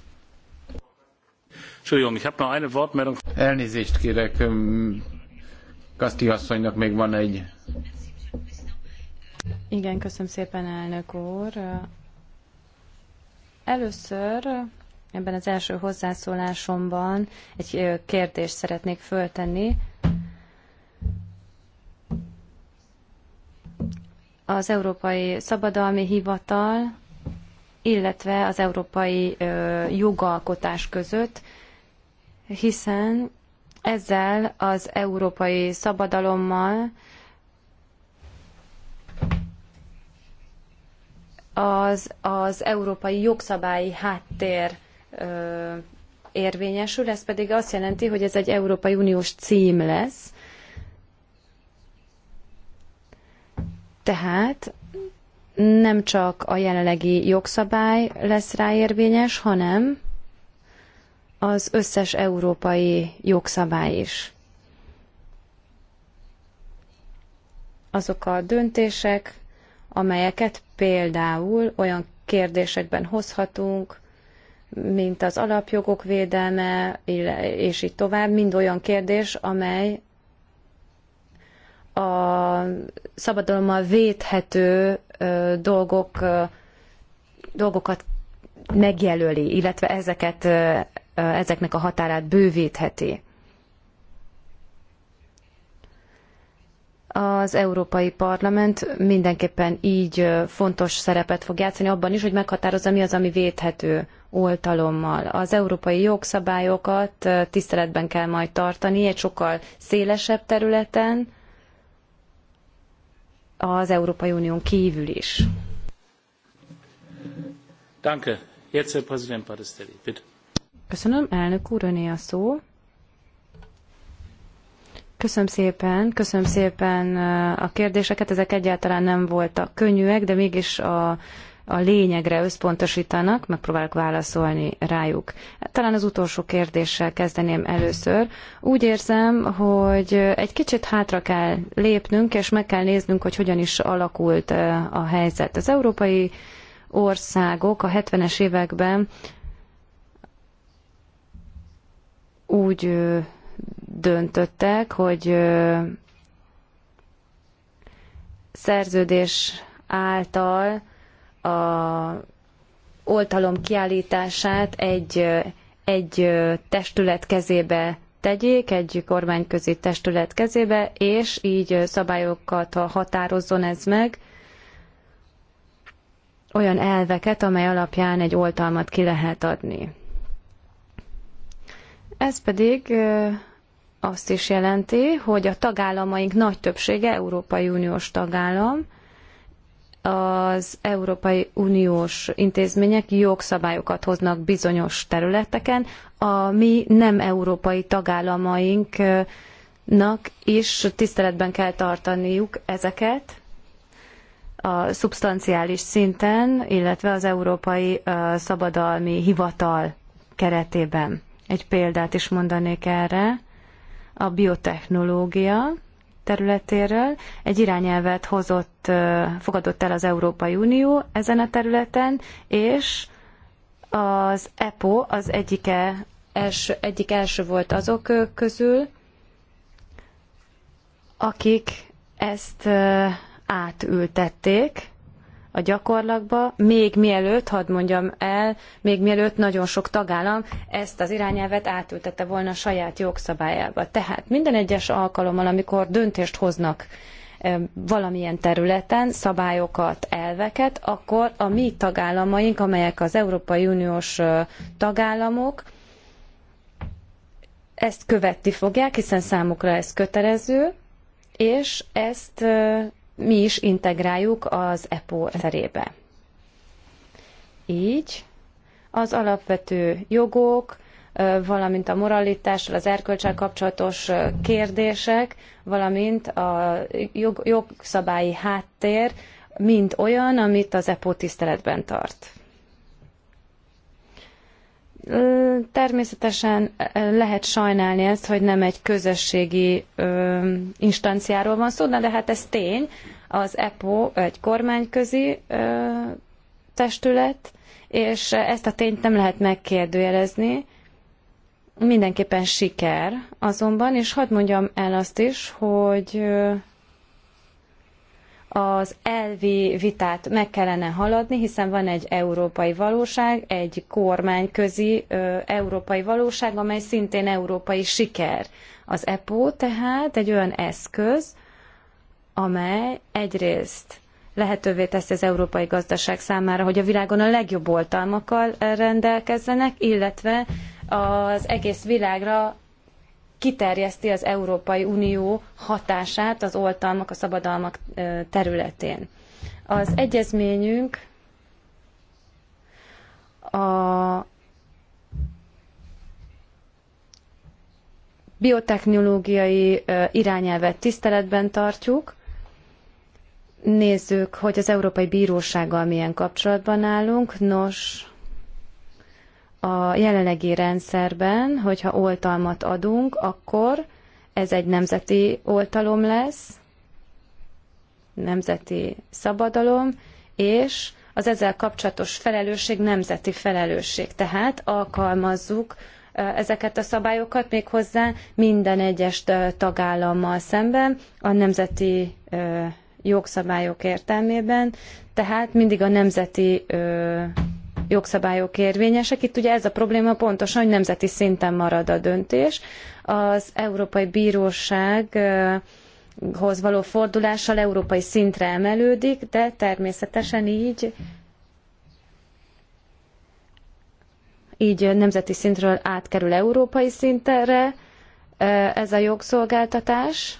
Elnézést kérek, Kaszti asszonynak még van egy igen, köszönöm szépen, elnök úr. Először ebben az első hozzászólásomban egy kérdést szeretnék föltenni. Az Európai Szabadalmi Hivatal, illetve az európai jogalkotás között, hiszen ezzel az európai szabadalommal az, az európai jogszabályi háttér ö, érvényesül, ez pedig azt jelenti, hogy ez egy Európai Uniós cím lesz. Tehát nem csak a jelenlegi jogszabály lesz rá érvényes, hanem az összes európai jogszabály is. Azok a döntések, amelyeket például olyan kérdésekben hozhatunk, mint az alapjogok védelme, és így tovább, mind olyan kérdés, amely a szabadalommal védhető dolgok, dolgokat megjelöli, illetve ezeket, ezeknek a határát bővítheti. az Európai Parlament mindenképpen így fontos szerepet fog játszani abban is, hogy meghatározza mi az, ami védhető oltalommal. Az európai jogszabályokat tiszteletben kell majd tartani egy sokkal szélesebb területen, az Európai Unión kívül is. Danke. Jetzt Herr Präsident Köszönöm, elnök úr, öné a szó. Köszönöm szépen, köszönöm szépen a kérdéseket. Ezek egyáltalán nem voltak könnyűek, de mégis a, a lényegre összpontosítanak, megpróbálok válaszolni rájuk. Talán az utolsó kérdéssel kezdeném először. Úgy érzem, hogy egy kicsit hátra kell lépnünk, és meg kell néznünk, hogy hogyan is alakult a helyzet. Az európai országok a 70-es években úgy döntöttek, hogy szerződés által a oltalom kiállítását egy, egy testület kezébe tegyék, egy kormányközi testület kezébe, és így szabályokat határozzon ez meg, olyan elveket, amely alapján egy oltalmat ki lehet adni. Ez pedig azt is jelenti, hogy a tagállamaink nagy többsége Európai Uniós tagállam, az Európai Uniós intézmények jogszabályokat hoznak bizonyos területeken, a mi nem európai tagállamainknak is tiszteletben kell tartaniuk ezeket a szubstanciális szinten, illetve az Európai Szabadalmi Hivatal keretében. Egy példát is mondanék erre. A biotechnológia területéről egy irányelvet hozott, fogadott el az Európai Unió ezen a területen, és az EPO az egyike, első, egyik első volt azok közül, akik ezt átültették, a gyakorlatba, még mielőtt, hadd mondjam el, még mielőtt nagyon sok tagállam ezt az irányelvet átültette volna a saját jogszabályába. Tehát minden egyes alkalommal, amikor döntést hoznak valamilyen területen szabályokat, elveket, akkor a mi tagállamaink, amelyek az Európai Uniós tagállamok, ezt követni fogják, hiszen számukra ez kötelező, és ezt mi is integráljuk az EPO szerébe. Így az alapvető jogok, valamint a moralitással, az erkölcsel kapcsolatos kérdések, valamint a jog, jogszabályi háttér mind olyan, amit az EPO tiszteletben tart. Természetesen lehet sajnálni ezt, hogy nem egy közösségi ö, instanciáról van szó, de hát ez tény. Az EPO egy kormányközi ö, testület, és ezt a tényt nem lehet megkérdőjelezni. Mindenképpen siker azonban, és hadd mondjam el azt is, hogy az elvi vitát meg kellene haladni, hiszen van egy európai valóság, egy kormányközi európai valóság, amely szintén európai siker. Az EPO tehát egy olyan eszköz, amely egyrészt lehetővé teszi az európai gazdaság számára, hogy a világon a legjobb oltalmakkal rendelkezzenek, illetve az egész világra kiterjeszti az Európai Unió hatását az oltalmak, a szabadalmak területén. Az egyezményünk a biotechnológiai irányelvet tiszteletben tartjuk. Nézzük, hogy az Európai Bírósággal milyen kapcsolatban állunk. Nos, a jelenlegi rendszerben, hogyha oltalmat adunk, akkor ez egy nemzeti oltalom lesz, nemzeti szabadalom, és az ezzel kapcsolatos felelősség nemzeti felelősség. Tehát alkalmazzuk ezeket a szabályokat méghozzá minden egyes tagállammal szemben a nemzeti jogszabályok értelmében, tehát mindig a nemzeti jogszabályok érvényesek. Itt ugye ez a probléma pontosan, hogy nemzeti szinten marad a döntés. Az Európai Bíróság hoz való fordulással európai szintre emelődik, de természetesen így így nemzeti szintről átkerül európai szintre eh, ez a jogszolgáltatás,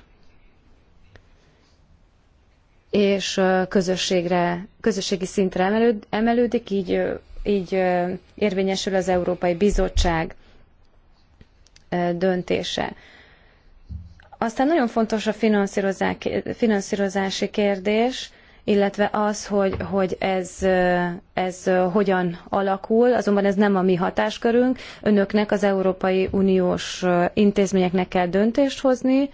és eh, közösségre, közösségi szintre emelődik, így eh, így érvényesül az Európai Bizottság döntése. Aztán nagyon fontos a finanszírozási kérdés, illetve az, hogy, hogy ez, ez hogyan alakul, azonban ez nem a mi hatáskörünk. Önöknek, az Európai Uniós intézményeknek kell döntést hozni,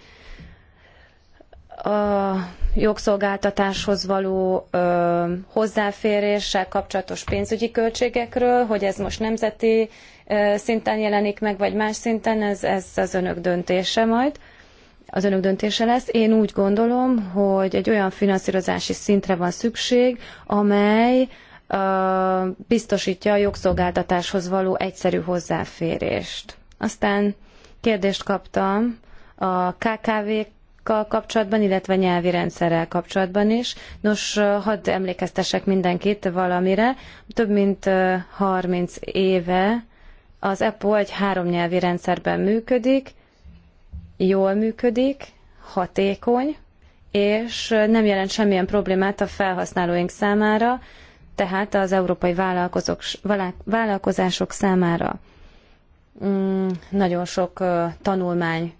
a jogszolgáltatáshoz való ö, hozzáféréssel kapcsolatos pénzügyi költségekről, hogy ez most nemzeti ö, szinten jelenik meg, vagy más szinten, ez, ez az önök döntése majd. Az önök döntése lesz. Én úgy gondolom, hogy egy olyan finanszírozási szintre van szükség, amely ö, biztosítja a jogszolgáltatáshoz való egyszerű hozzáférést. Aztán kérdést kaptam a KKV kapcsolatban, illetve nyelvi rendszerrel kapcsolatban is. Nos, hadd emlékeztessek mindenkit valamire. Több mint 30 éve az EPO egy háromnyelvi rendszerben működik, jól működik, hatékony, és nem jelent semmilyen problémát a felhasználóink számára, tehát az európai vállalkozások számára. Mm, nagyon sok tanulmány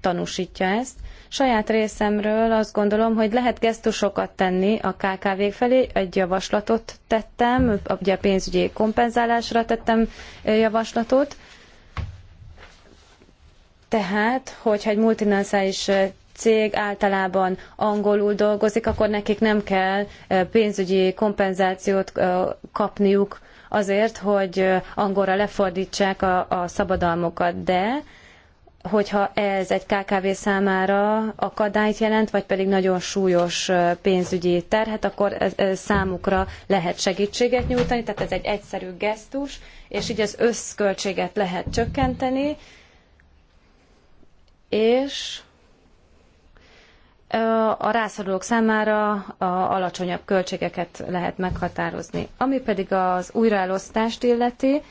tanúsítja ezt. Saját részemről azt gondolom, hogy lehet gesztusokat tenni a KKV felé. Egy javaslatot tettem, ugye a pénzügyi kompenzálásra tettem javaslatot. Tehát, hogyha egy multinacionális cég általában angolul dolgozik, akkor nekik nem kell pénzügyi kompenzációt kapniuk azért, hogy angolra lefordítsák a, a szabadalmokat, de hogyha ez egy KKV számára akadályt jelent, vagy pedig nagyon súlyos pénzügyi terhet, akkor ez, ez számukra lehet segítséget nyújtani, tehát ez egy egyszerű gesztus, és így az összköltséget lehet csökkenteni, és a rászorulók számára a alacsonyabb költségeket lehet meghatározni. Ami pedig az újraelosztást illeti,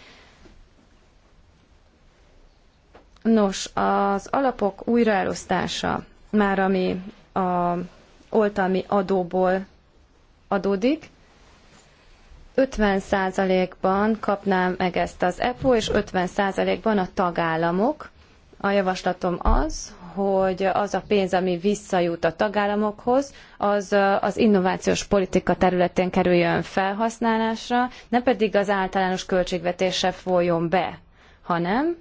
Nos, az alapok újraelosztása már ami a oltalmi adóból adódik, 50%-ban kapnám meg ezt az EPO, és 50%-ban a tagállamok. A javaslatom az, hogy az a pénz, ami visszajut a tagállamokhoz, az az innovációs politika területén kerüljön felhasználásra, ne pedig az általános költségvetésre folyjon be, hanem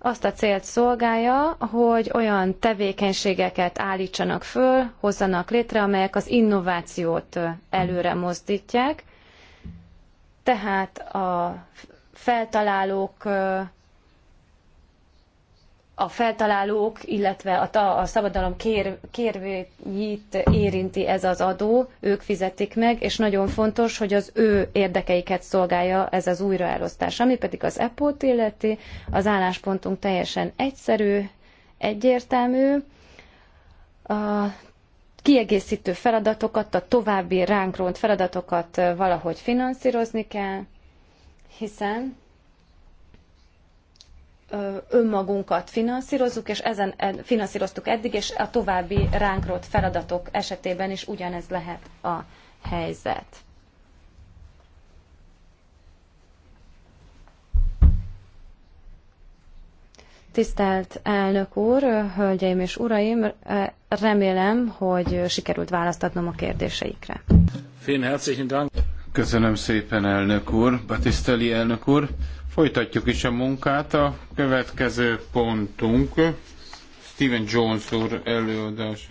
azt a célt szolgálja, hogy olyan tevékenységeket állítsanak föl, hozzanak létre, amelyek az innovációt előre mozdítják. Tehát a feltalálók a feltalálók, illetve a, a szabadalom kér, kérvényét érinti ez az adó, ők fizetik meg, és nagyon fontos, hogy az ő érdekeiket szolgálja ez az újraelosztás. Ami pedig az EPO-t illeti, az álláspontunk teljesen egyszerű, egyértelmű. A kiegészítő feladatokat, a további ránk rónt feladatokat valahogy finanszírozni kell, hiszen önmagunkat finanszírozzuk, és ezen finanszíroztuk eddig, és a további ránk feladatok esetében is ugyanez lehet a helyzet. Tisztelt elnök úr, hölgyeim és uraim, remélem, hogy sikerült választatnom a kérdéseikre. Köszönöm szépen, elnök úr, Batiszteli elnök úr. Folytatjuk is a munkát. A következő pontunk Stephen Jones úr előadás.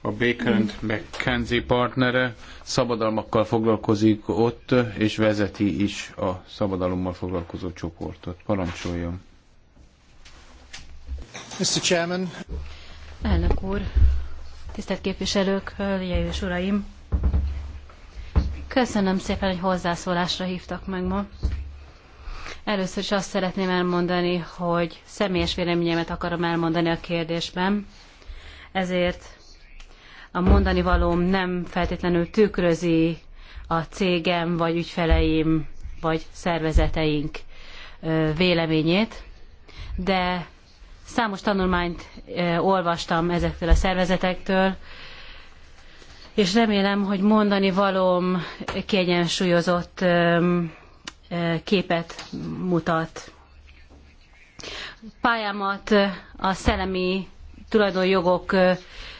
A Baker McKenzie partnere szabadalmakkal foglalkozik ott, és vezeti is a szabadalommal foglalkozó csoportot. Parancsoljon. Mr. Chairman. Elnök úr, tisztelt képviselők, hölgyeim és uraim! Köszönöm szépen, hogy hozzászólásra hívtak meg ma. Először is azt szeretném elmondani, hogy személyes véleményemet akarom elmondani a kérdésben, ezért a mondani valóm nem feltétlenül tükrözi a cégem, vagy ügyfeleim, vagy szervezeteink véleményét, de számos tanulmányt olvastam ezektől a szervezetektől, és remélem, hogy mondani valóm kiegyensúlyozott képet mutat. Pályámat a szellemi tulajdonjogok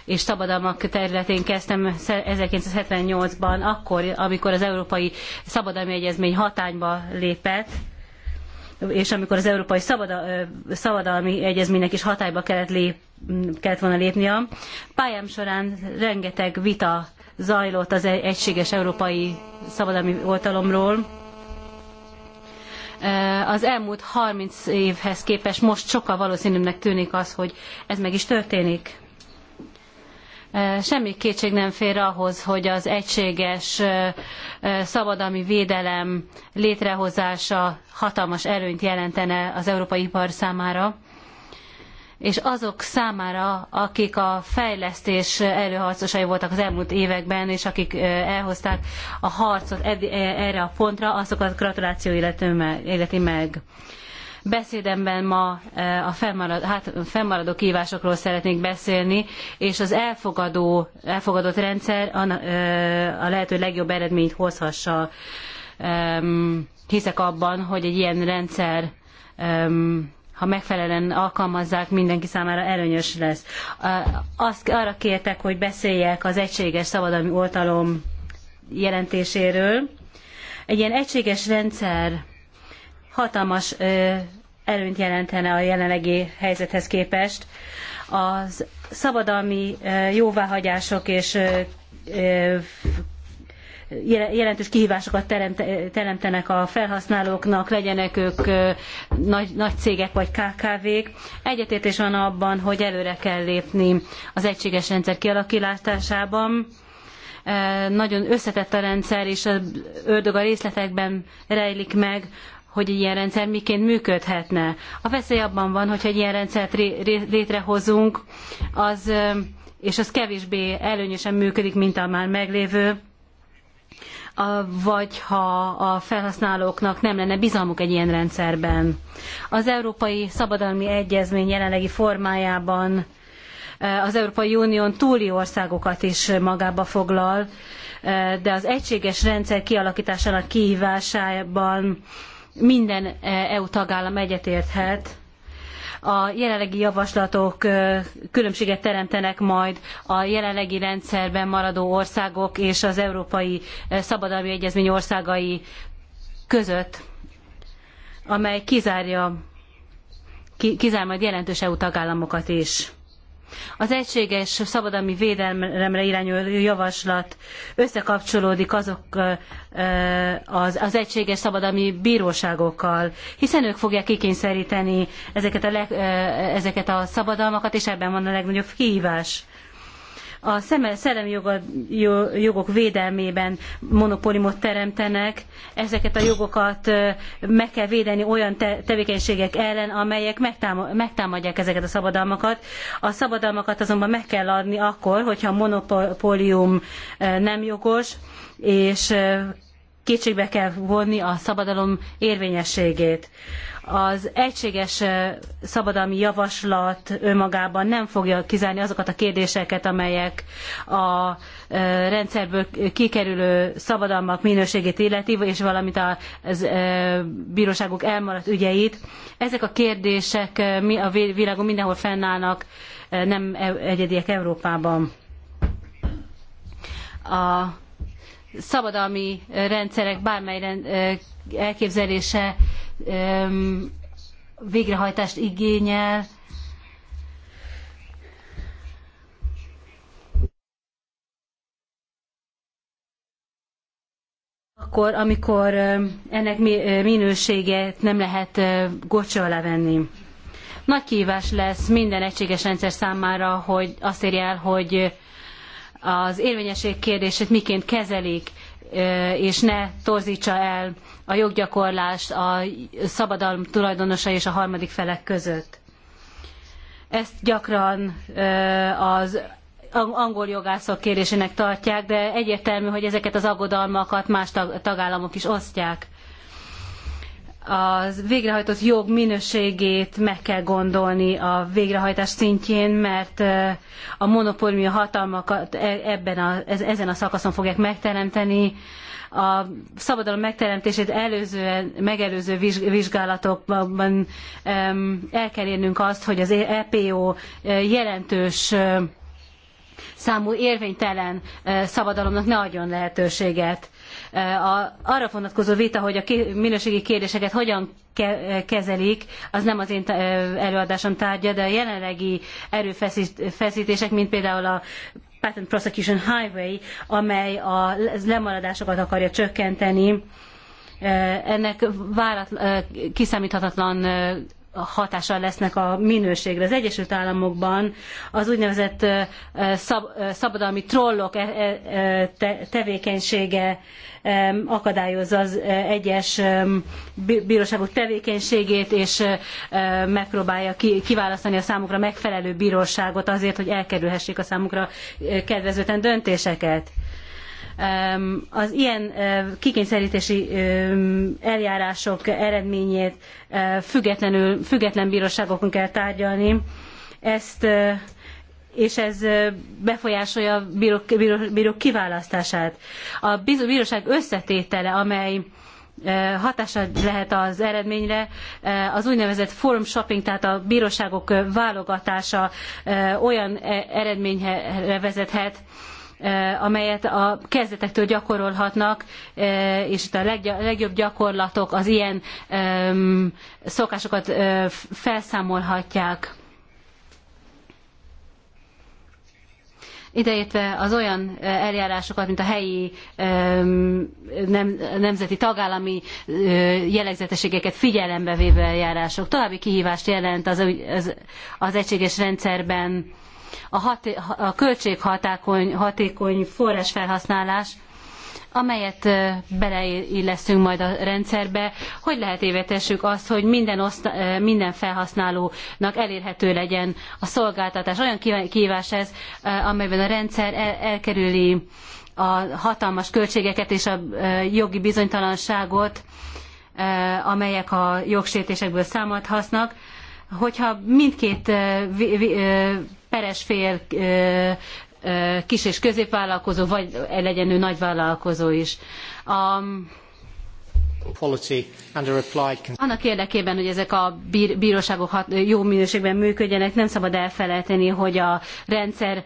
és szabadalmak területén kezdtem 1978-ban, akkor, amikor az Európai Szabadalmi Egyezmény hatányba lépett, és amikor az Európai Szabadalmi Egyezménynek is hatályba kellett, lép, kellett volna lépnia. Pályám során rengeteg vita zajlott az egységes európai szabadalmi oltalomról. Az elmúlt 30 évhez képest most sokkal valószínűbbnek tűnik az, hogy ez meg is történik. Semmi kétség nem fér ahhoz, hogy az egységes szabadalmi védelem létrehozása hatalmas előnyt jelentene az európai ipar számára és azok számára, akik a fejlesztés előharcosai voltak az elmúlt években, és akik elhozták a harcot erre a pontra, azokat gratuláció illeti meg. Beszédemben ma eh, a fennmaradó, hát, fennmaradó kívásokról szeretnék beszélni, és az elfogadó, elfogadott rendszer a, eh, a lehető legjobb eredményt hozhassa. Hiszek abban, hogy egy ilyen rendszer ha megfelelően alkalmazzák, mindenki számára előnyös lesz. Azt arra kértek, hogy beszéljek az egységes szabadalmi oltalom jelentéséről. Egy ilyen egységes rendszer hatalmas előnyt jelentene a jelenlegi helyzethez képest. A szabadalmi jóváhagyások és jelentős kihívásokat teremtenek a felhasználóknak, legyenek ők nagy, nagy cégek vagy KKV-k. Egyetértés van abban, hogy előre kell lépni az egységes rendszer kialakításában. Nagyon összetett a rendszer, és az ördög a részletekben rejlik meg hogy egy ilyen rendszer miként működhetne. A veszély abban van, hogyha egy ilyen rendszert létrehozunk, az, és az kevésbé előnyösen működik, mint a már meglévő, vagy ha a felhasználóknak nem lenne bizalmuk egy ilyen rendszerben. Az Európai Szabadalmi Egyezmény jelenlegi formájában az Európai Unión túli országokat is magába foglal, de az egységes rendszer kialakításának kihívásában minden e, EU tagállam egyetérthet. A jelenlegi javaslatok e, különbséget teremtenek majd a jelenlegi rendszerben maradó országok és az Európai e, Szabadalmi Egyezmény országai között, amely kizárja, kizár majd jelentős EU tagállamokat is. Az egységes szabadalmi védelemre irányuló javaslat összekapcsolódik azok az, az egységes szabadalmi bíróságokkal, hiszen ők fogják kikényszeríteni ezeket a, ezeket a szabadalmakat, és ebben van a legnagyobb kihívás a szellemi jogok védelmében monopóliumot teremtenek, ezeket a jogokat meg kell védeni olyan tevékenységek ellen, amelyek megtámadják ezeket a szabadalmakat. A szabadalmakat azonban meg kell adni akkor, hogyha a monopólium nem jogos, és kétségbe kell vonni a szabadalom érvényességét. Az egységes szabadalmi javaslat önmagában nem fogja kizárni azokat a kérdéseket, amelyek a rendszerből kikerülő szabadalmak minőségét illeti, és valamint a bíróságok elmaradt ügyeit. Ezek a kérdések a világon mindenhol fennállnak, nem e- egyediek Európában. A szabadalmi rendszerek bármely elképzelése végrehajtást igényel. Akkor, amikor ennek minőséget nem lehet gocsa alá venni. Nagy kihívás lesz minden egységes rendszer számára, hogy azt érje el, hogy az érvényesség kérdését miként kezelik, és ne torzítsa el a joggyakorlást a szabadalom tulajdonosa és a harmadik felek között. Ezt gyakran az angol jogászok kérésének tartják, de egyértelmű, hogy ezeket az aggodalmakat más tagállamok is osztják a végrehajtott jog minőségét meg kell gondolni a végrehajtás szintjén, mert a monopólium hatalmakat e, ebben a, ezen a szakaszon fogják megteremteni. A szabadalom megteremtését előző, megelőző vizsgálatokban el kell érnünk azt, hogy az EPO jelentős számú érvénytelen szabadalomnak ne adjon lehetőséget arra vonatkozó vita, hogy a minőségi kérdéseket hogyan kezelik, az nem az én előadásom tárgya, de a jelenlegi erőfeszítések, mint például a Patent Prosecution Highway, amely a lemaradásokat akarja csökkenteni, ennek várat, kiszámíthatatlan hatással lesznek a minőségre. Az Egyesült Államokban az úgynevezett szab, szabadalmi trollok e, e, e, tevékenysége akadályozza az egyes bíróságok tevékenységét, és megpróbálja kiválasztani a számukra megfelelő bíróságot azért, hogy elkerülhessék a számukra kedvezőtlen döntéseket az ilyen kikényszerítési eljárások eredményét függetlenül, független bíróságokon kell tárgyalni. Ezt és ez befolyásolja a bírók, bírók, bírók kiválasztását. A bíróság összetétele, amely hatása lehet az eredményre. Az úgynevezett forum shopping, tehát a bíróságok válogatása olyan e, eredményre vezethet, amelyet a kezdetektől gyakorolhatnak, és itt a legjobb gyakorlatok az ilyen szokásokat felszámolhatják. ideértve az olyan eljárásokat, mint a helyi nem, nemzeti tagállami jellegzetességeket figyelembe véve eljárások. További kihívást jelent az, az, az egységes rendszerben a, haté, a költséghatékony hatékony forrásfelhasználás, amelyet beleillesztünk majd a rendszerbe, hogy lehetővé tessük azt, hogy minden, minden felhasználónak elérhető legyen a szolgáltatás. Olyan kívás ez, amelyben a rendszer elkerüli a hatalmas költségeket és a jogi bizonytalanságot, amelyek a jogsértésekből számolhasznak. Hogyha mindkét peres fél, kis és középvállalkozó, vagy legyen ő nagyvállalkozó is. A annak érdekében, hogy ezek a bíróságok jó minőségben működjenek, nem szabad elfelejteni, hogy a rendszer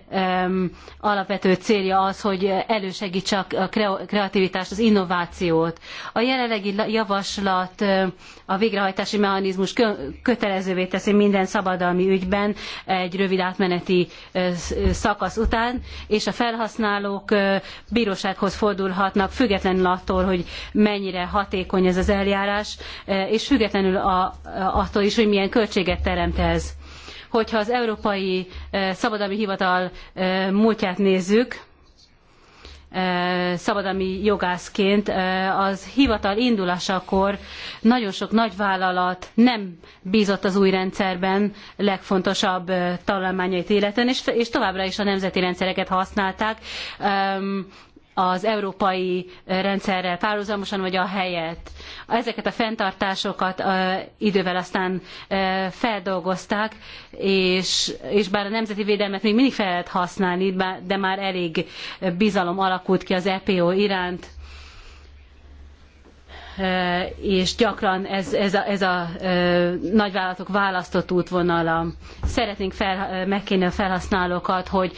alapvető célja az, hogy elősegítse a kreativitást, az innovációt. A jelenlegi javaslat a végrehajtási mechanizmus kötelezővé teszi minden szabadalmi ügyben egy rövid átmeneti szakasz után, és a felhasználók bírósághoz fordulhatnak, függetlenül attól, hogy mennyire hatékony hatékony ez az eljárás, e, és függetlenül a, e, attól is, hogy milyen költséget teremt ez. Hogyha az Európai e, Szabadalmi Hivatal múltját nézzük, szabadalmi jogászként, az hivatal indulásakor nagyon sok nagyvállalat nem bízott az új rendszerben legfontosabb találmányait életen, és, továbbra is a nemzeti rendszereket használták az európai rendszerrel párhuzamosan, vagy a helyet. Ezeket a fenntartásokat idővel aztán feldolgozták, és, és bár a nemzeti védelmet még mindig fel lehet használni, de már elég bizalom alakult ki az EPO iránt, Eh, és gyakran ez, ez a, ez a eh, nagyvállalatok választott útvonala. Szeretnénk fel, eh, megkérni a felhasználókat, hogy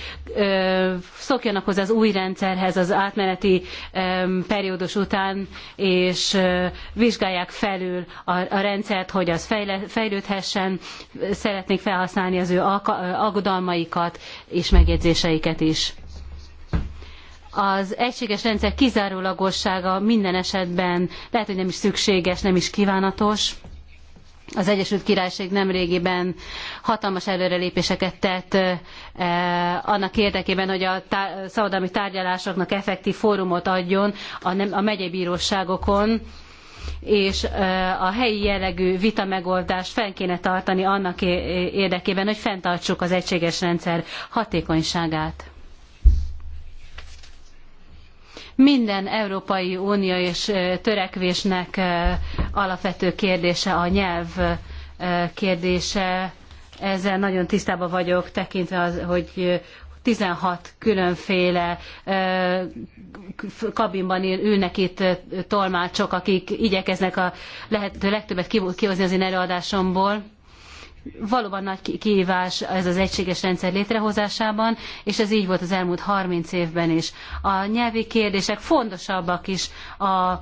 szokjanak hozzá az új rendszerhez az átmeneti periódus után, és vizsgálják felül a, a rendszert, hogy az fejle, fejlődhessen. Szeretnénk felhasználni az ő aggodalmaikat és megjegyzéseiket is az egységes rendszer kizárólagossága minden esetben lehet, hogy nem is szükséges, nem is kívánatos. Az Egyesült Királyság nemrégiben hatalmas előrelépéseket tett eh, annak érdekében, hogy a tá- szabadalmi tárgyalásoknak effektív fórumot adjon a, nem- a megyei bíróságokon, és eh, a helyi jellegű vita megoldást fenn kéne tartani annak érdekében, hogy fenntartsuk az egységes rendszer hatékonyságát. Minden Európai uniós és törekvésnek alapvető kérdése a nyelv kérdése. Ezzel nagyon tisztában vagyok, tekintve, az, hogy 16 különféle kabinban ülnek itt tolmácsok, akik igyekeznek a lehető legtöbbet kihozni az én előadásomból valóban nagy kihívás ez az egységes rendszer létrehozásában, és ez így volt az elmúlt 30 évben is. A nyelvi kérdések fontosabbak is a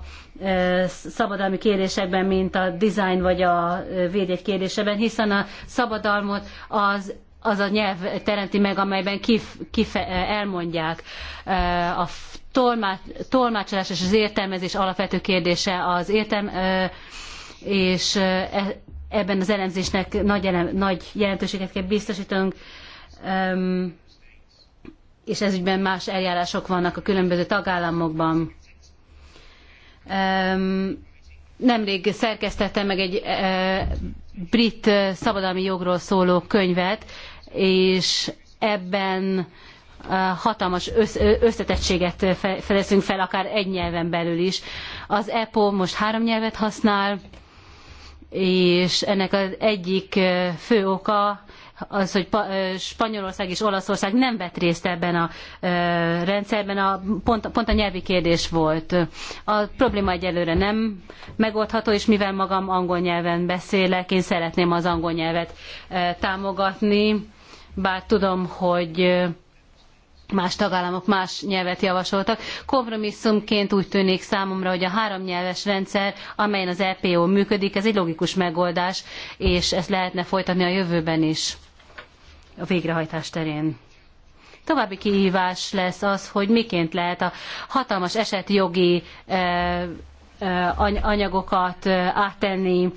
szabadalmi kérdésekben, mint a design vagy a védjegy kérdésében, hiszen a szabadalmot az az a nyelv teremti meg, amelyben kif, kif, elmondják a tolmács, tolmácsolás és az értelmezés alapvető kérdése az értelm, és e- ebben az elemzésnek nagy, elem, nagy jelentőséget kell biztosítanunk, um, és ezügyben más eljárások vannak a különböző tagállamokban. Um, nemrég szerkesztettem meg egy uh, brit uh, szabadalmi jogról szóló könyvet, és ebben uh, hatalmas összetettséget fedezünk fel, akár egy nyelven belül is. Az EPO most három nyelvet használ, és ennek az egyik fő oka az, hogy Spanyolország és Olaszország nem vett részt ebben a rendszerben, a, pont, pont a nyelvi kérdés volt. A probléma egyelőre nem megoldható, és mivel magam angol nyelven beszélek, én szeretném az angol nyelvet támogatni, bár tudom, hogy más tagállamok más nyelvet javasoltak. Kompromisszumként úgy tűnik számomra, hogy a háromnyelves rendszer, amelyen az EPO működik, ez egy logikus megoldás, és ezt lehetne folytatni a jövőben is a végrehajtás terén. További kihívás lesz az, hogy miként lehet a hatalmas eset jogi eh, Eh, anyagokat eh, áttenni,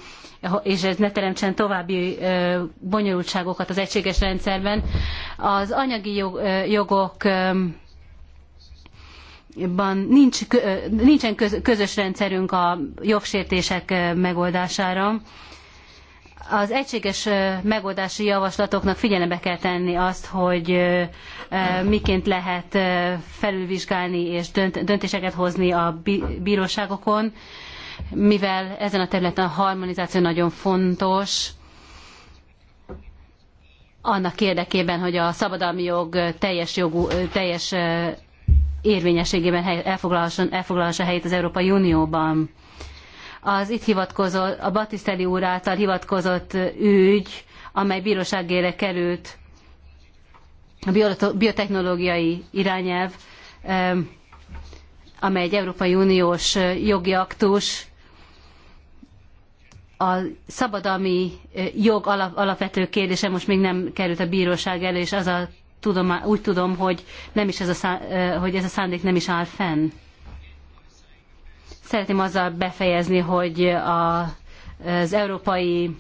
és ez ne teremtsen további eh, bonyolultságokat az egységes rendszerben. Az anyagi jogok nincs, nincsen közös rendszerünk a jogsértések megoldására az egységes megoldási javaslatoknak figyelembe kell tenni azt, hogy miként lehet felülvizsgálni és döntéseket hozni a bíróságokon, mivel ezen a területen a harmonizáció nagyon fontos, annak érdekében, hogy a szabadalmi jog teljes, jogú, teljes érvényességében elfoglalhassa helyét az Európai Unióban az itt hivatkozott, a Batiszteli úr által hivatkozott ügy, amely bíróságére került, a biotechnológiai irányelv, amely egy Európai Uniós jogi aktus, a szabadalmi jog alapvető kérdése most még nem került a bíróság elé, és az a tudom, úgy tudom, hogy, nem is ez a, hogy ez a szándék nem is áll fenn. Szeretném azzal befejezni, hogy a, az európai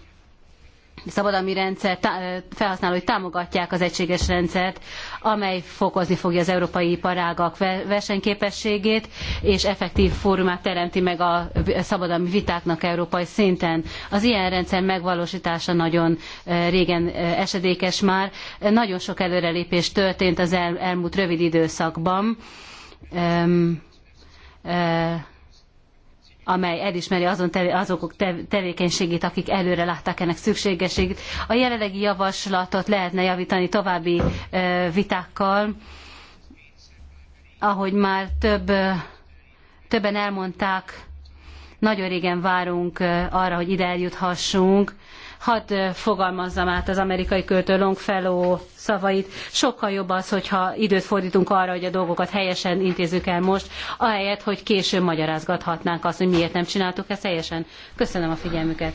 szabadalmi rendszer tá- felhasználói támogatják az egységes rendszert, amely fokozni fogja az európai iparágak versenyképességét, és effektív fórumát teremti meg a szabadalmi vitáknak európai szinten. Az ilyen rendszer megvalósítása nagyon e, régen e, esedékes már. Nagyon sok előrelépés történt az el elmúlt rövid időszakban. Um, uh, amely elismeri azon tevé, azok tevékenységét, akik előre látták ennek szükségességét. A jelenlegi javaslatot lehetne javítani további vitákkal, ahogy már több, többen elmondták, nagyon régen várunk arra, hogy ide eljuthassunk, Hadd fogalmazzam át az amerikai költő Longfellow szavait. Sokkal jobb az, hogyha időt fordítunk arra, hogy a dolgokat helyesen intézzük el most, ahelyett, hogy később magyarázgathatnánk azt, hogy miért nem csináltuk ezt helyesen. Köszönöm a figyelmüket.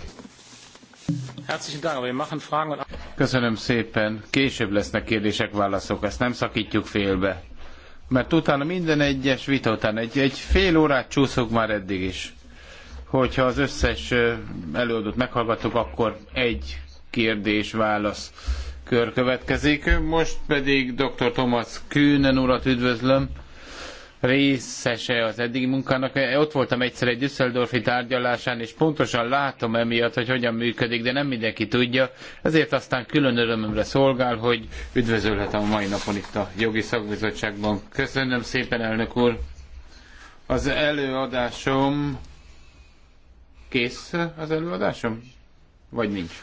Köszönöm szépen. Később lesznek kérdések, válaszok. Ezt nem szakítjuk félbe. Mert utána minden egyes vita után egy, egy fél órát csúszok már eddig is hogyha az összes előadót meghallgattuk, akkor egy kérdés-válasz kör következik. Most pedig dr. Thomas Kühnen urat üdvözlöm részese az eddigi munkának. Ott voltam egyszer egy Düsseldorfi tárgyalásán, és pontosan látom emiatt, hogy hogyan működik, de nem mindenki tudja. Ezért aztán külön örömömre szolgál, hogy üdvözölhetem a mai napon itt a jogi szakbizottságban. Köszönöm szépen, elnök úr! Az előadásom Kész az előadásom? Vagy nincs?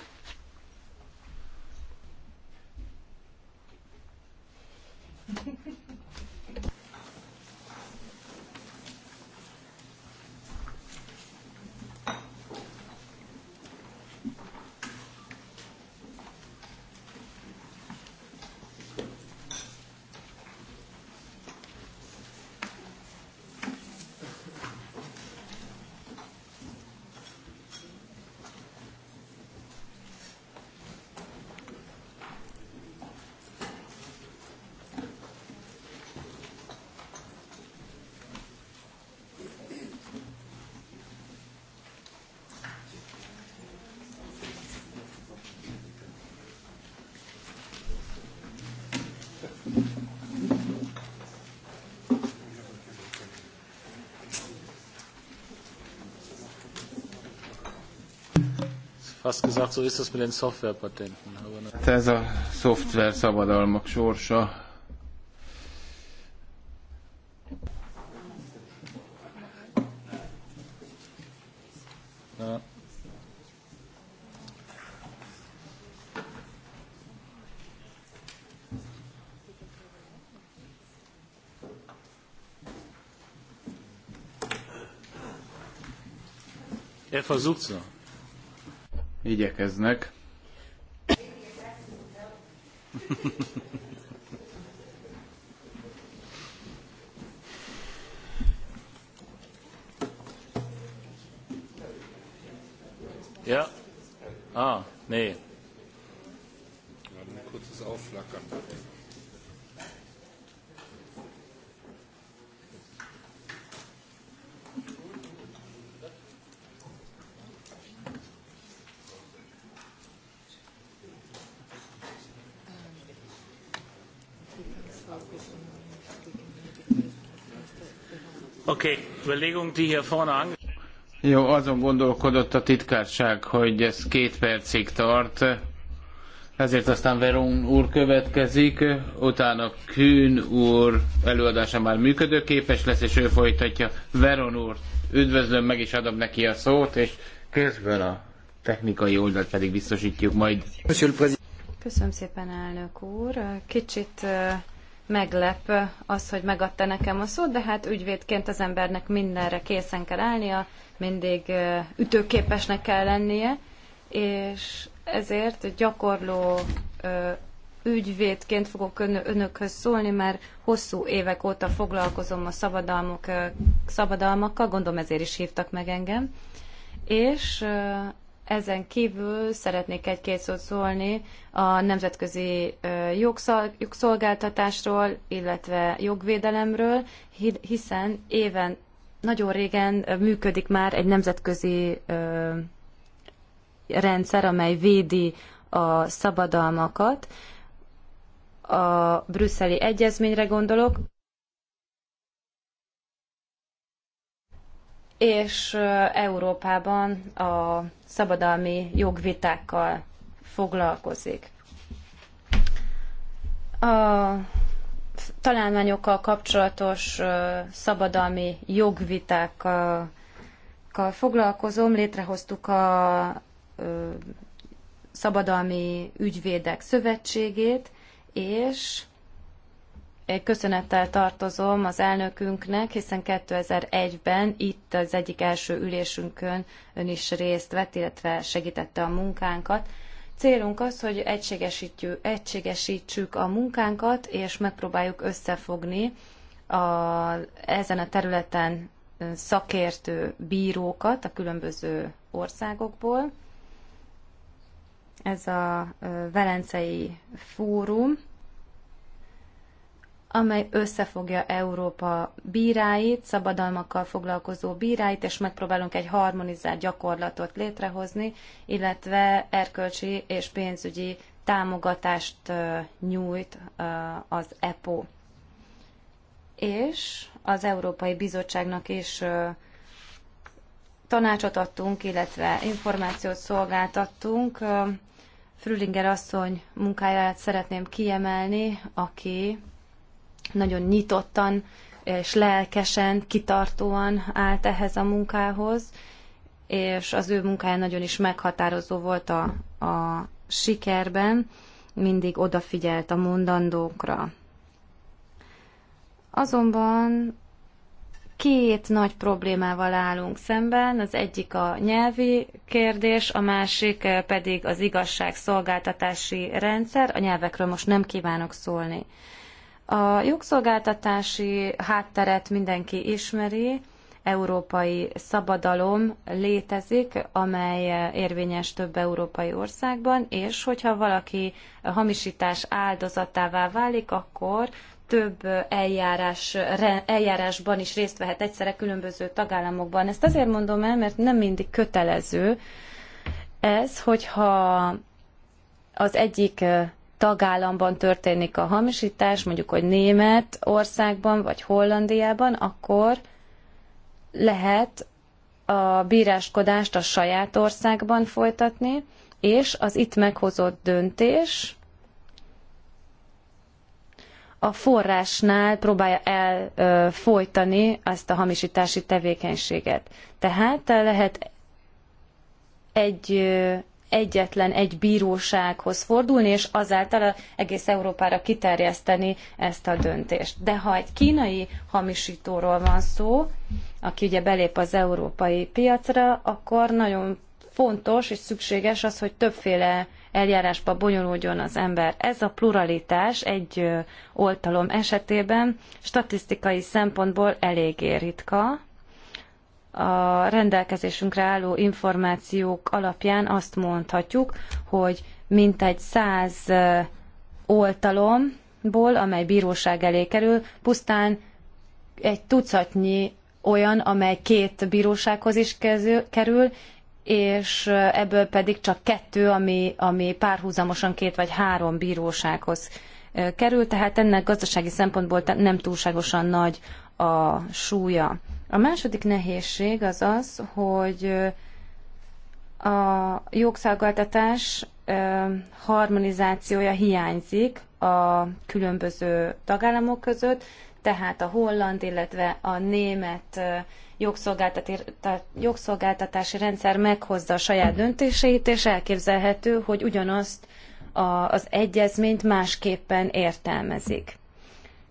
fast gesagt, so ist das mit den Softwarepatenten. Hát ez a szoftver szabadalmak sorsa. Ja. Er noch igyekeznek. Jó, azon gondolkodott a titkárság, hogy ez két percig tart, ezért aztán Veron úr következik, utána Kühn úr előadása már működőképes lesz, és ő folytatja. Veron úr, üdvözlöm, meg is adom neki a szót, és közben a technikai oldalt pedig biztosítjuk majd. Köszönöm szépen, elnök úr. Kicsit meglep az, hogy megadta nekem a szót, de hát ügyvédként az embernek mindenre készen kell állnia, mindig ütőképesnek kell lennie, és ezért gyakorló ügyvédként fogok önökhöz szólni, mert hosszú évek óta foglalkozom a szabadalmok, szabadalmakkal, gondolom ezért is hívtak meg engem. És ezen kívül szeretnék egy-két szót szólni a nemzetközi jogszolgáltatásról, illetve jogvédelemről, hiszen éven nagyon régen működik már egy nemzetközi rendszer, amely védi a szabadalmakat. A brüsszeli egyezményre gondolok. És Európában a szabadalmi jogvitákkal foglalkozik. A találmányokkal kapcsolatos szabadalmi jogvitákkal foglalkozom. Létrehoztuk a szabadalmi ügyvédek szövetségét, és köszönettel tartozom az elnökünknek, hiszen 2001-ben itt az egyik első ülésünkön ön is részt vett, illetve segítette a munkánkat. Célunk az, hogy egységesítsük a munkánkat, és megpróbáljuk összefogni a, ezen a területen szakértő bírókat a különböző országokból. Ez a Velencei Fórum amely összefogja Európa bíráit, szabadalmakkal foglalkozó bíráit, és megpróbálunk egy harmonizált gyakorlatot létrehozni, illetve erkölcsi és pénzügyi támogatást nyújt az EPO. És az Európai Bizottságnak is tanácsot adtunk, illetve információt szolgáltattunk. Frülinger asszony munkáját szeretném kiemelni, aki nagyon nyitottan és lelkesen, kitartóan állt ehhez a munkához, és az ő munkája nagyon is meghatározó volt a, a sikerben, mindig odafigyelt a mondandókra. Azonban két nagy problémával állunk szemben, az egyik a nyelvi kérdés, a másik pedig az igazságszolgáltatási rendszer, a nyelvekről most nem kívánok szólni. A jogszolgáltatási hátteret mindenki ismeri, európai szabadalom létezik, amely érvényes több európai országban, és hogyha valaki hamisítás áldozatává válik, akkor több eljárás, eljárásban is részt vehet egyszerre különböző tagállamokban. Ezt azért mondom el, mert nem mindig kötelező ez, hogyha az egyik tagállamban történik a hamisítás, mondjuk, hogy német országban vagy Hollandiában, akkor lehet a bíráskodást a saját országban folytatni, és az itt meghozott döntés a forrásnál próbálja elfolytani ezt a hamisítási tevékenységet. Tehát lehet egy egyetlen egy bírósághoz fordulni, és azáltal egész Európára kiterjeszteni ezt a döntést. De ha egy kínai hamisítóról van szó, aki ugye belép az európai piacra, akkor nagyon fontos és szükséges az, hogy többféle eljárásba bonyolódjon az ember. Ez a pluralitás egy oltalom esetében statisztikai szempontból eléggé ritka, a rendelkezésünkre álló információk alapján azt mondhatjuk, hogy mintegy száz oltalomból, amely bíróság elé kerül, pusztán egy tucatnyi olyan, amely két bírósághoz is kerül, és ebből pedig csak kettő, ami, ami párhuzamosan két vagy három bírósághoz kerül, tehát ennek gazdasági szempontból nem túlságosan nagy a súlya. A második nehézség az az, hogy a jogszolgáltatás harmonizációja hiányzik a különböző tagállamok között, tehát a holland, illetve a német jogszolgáltatási rendszer meghozza a saját döntéseit, és elképzelhető, hogy ugyanazt az egyezményt másképpen értelmezik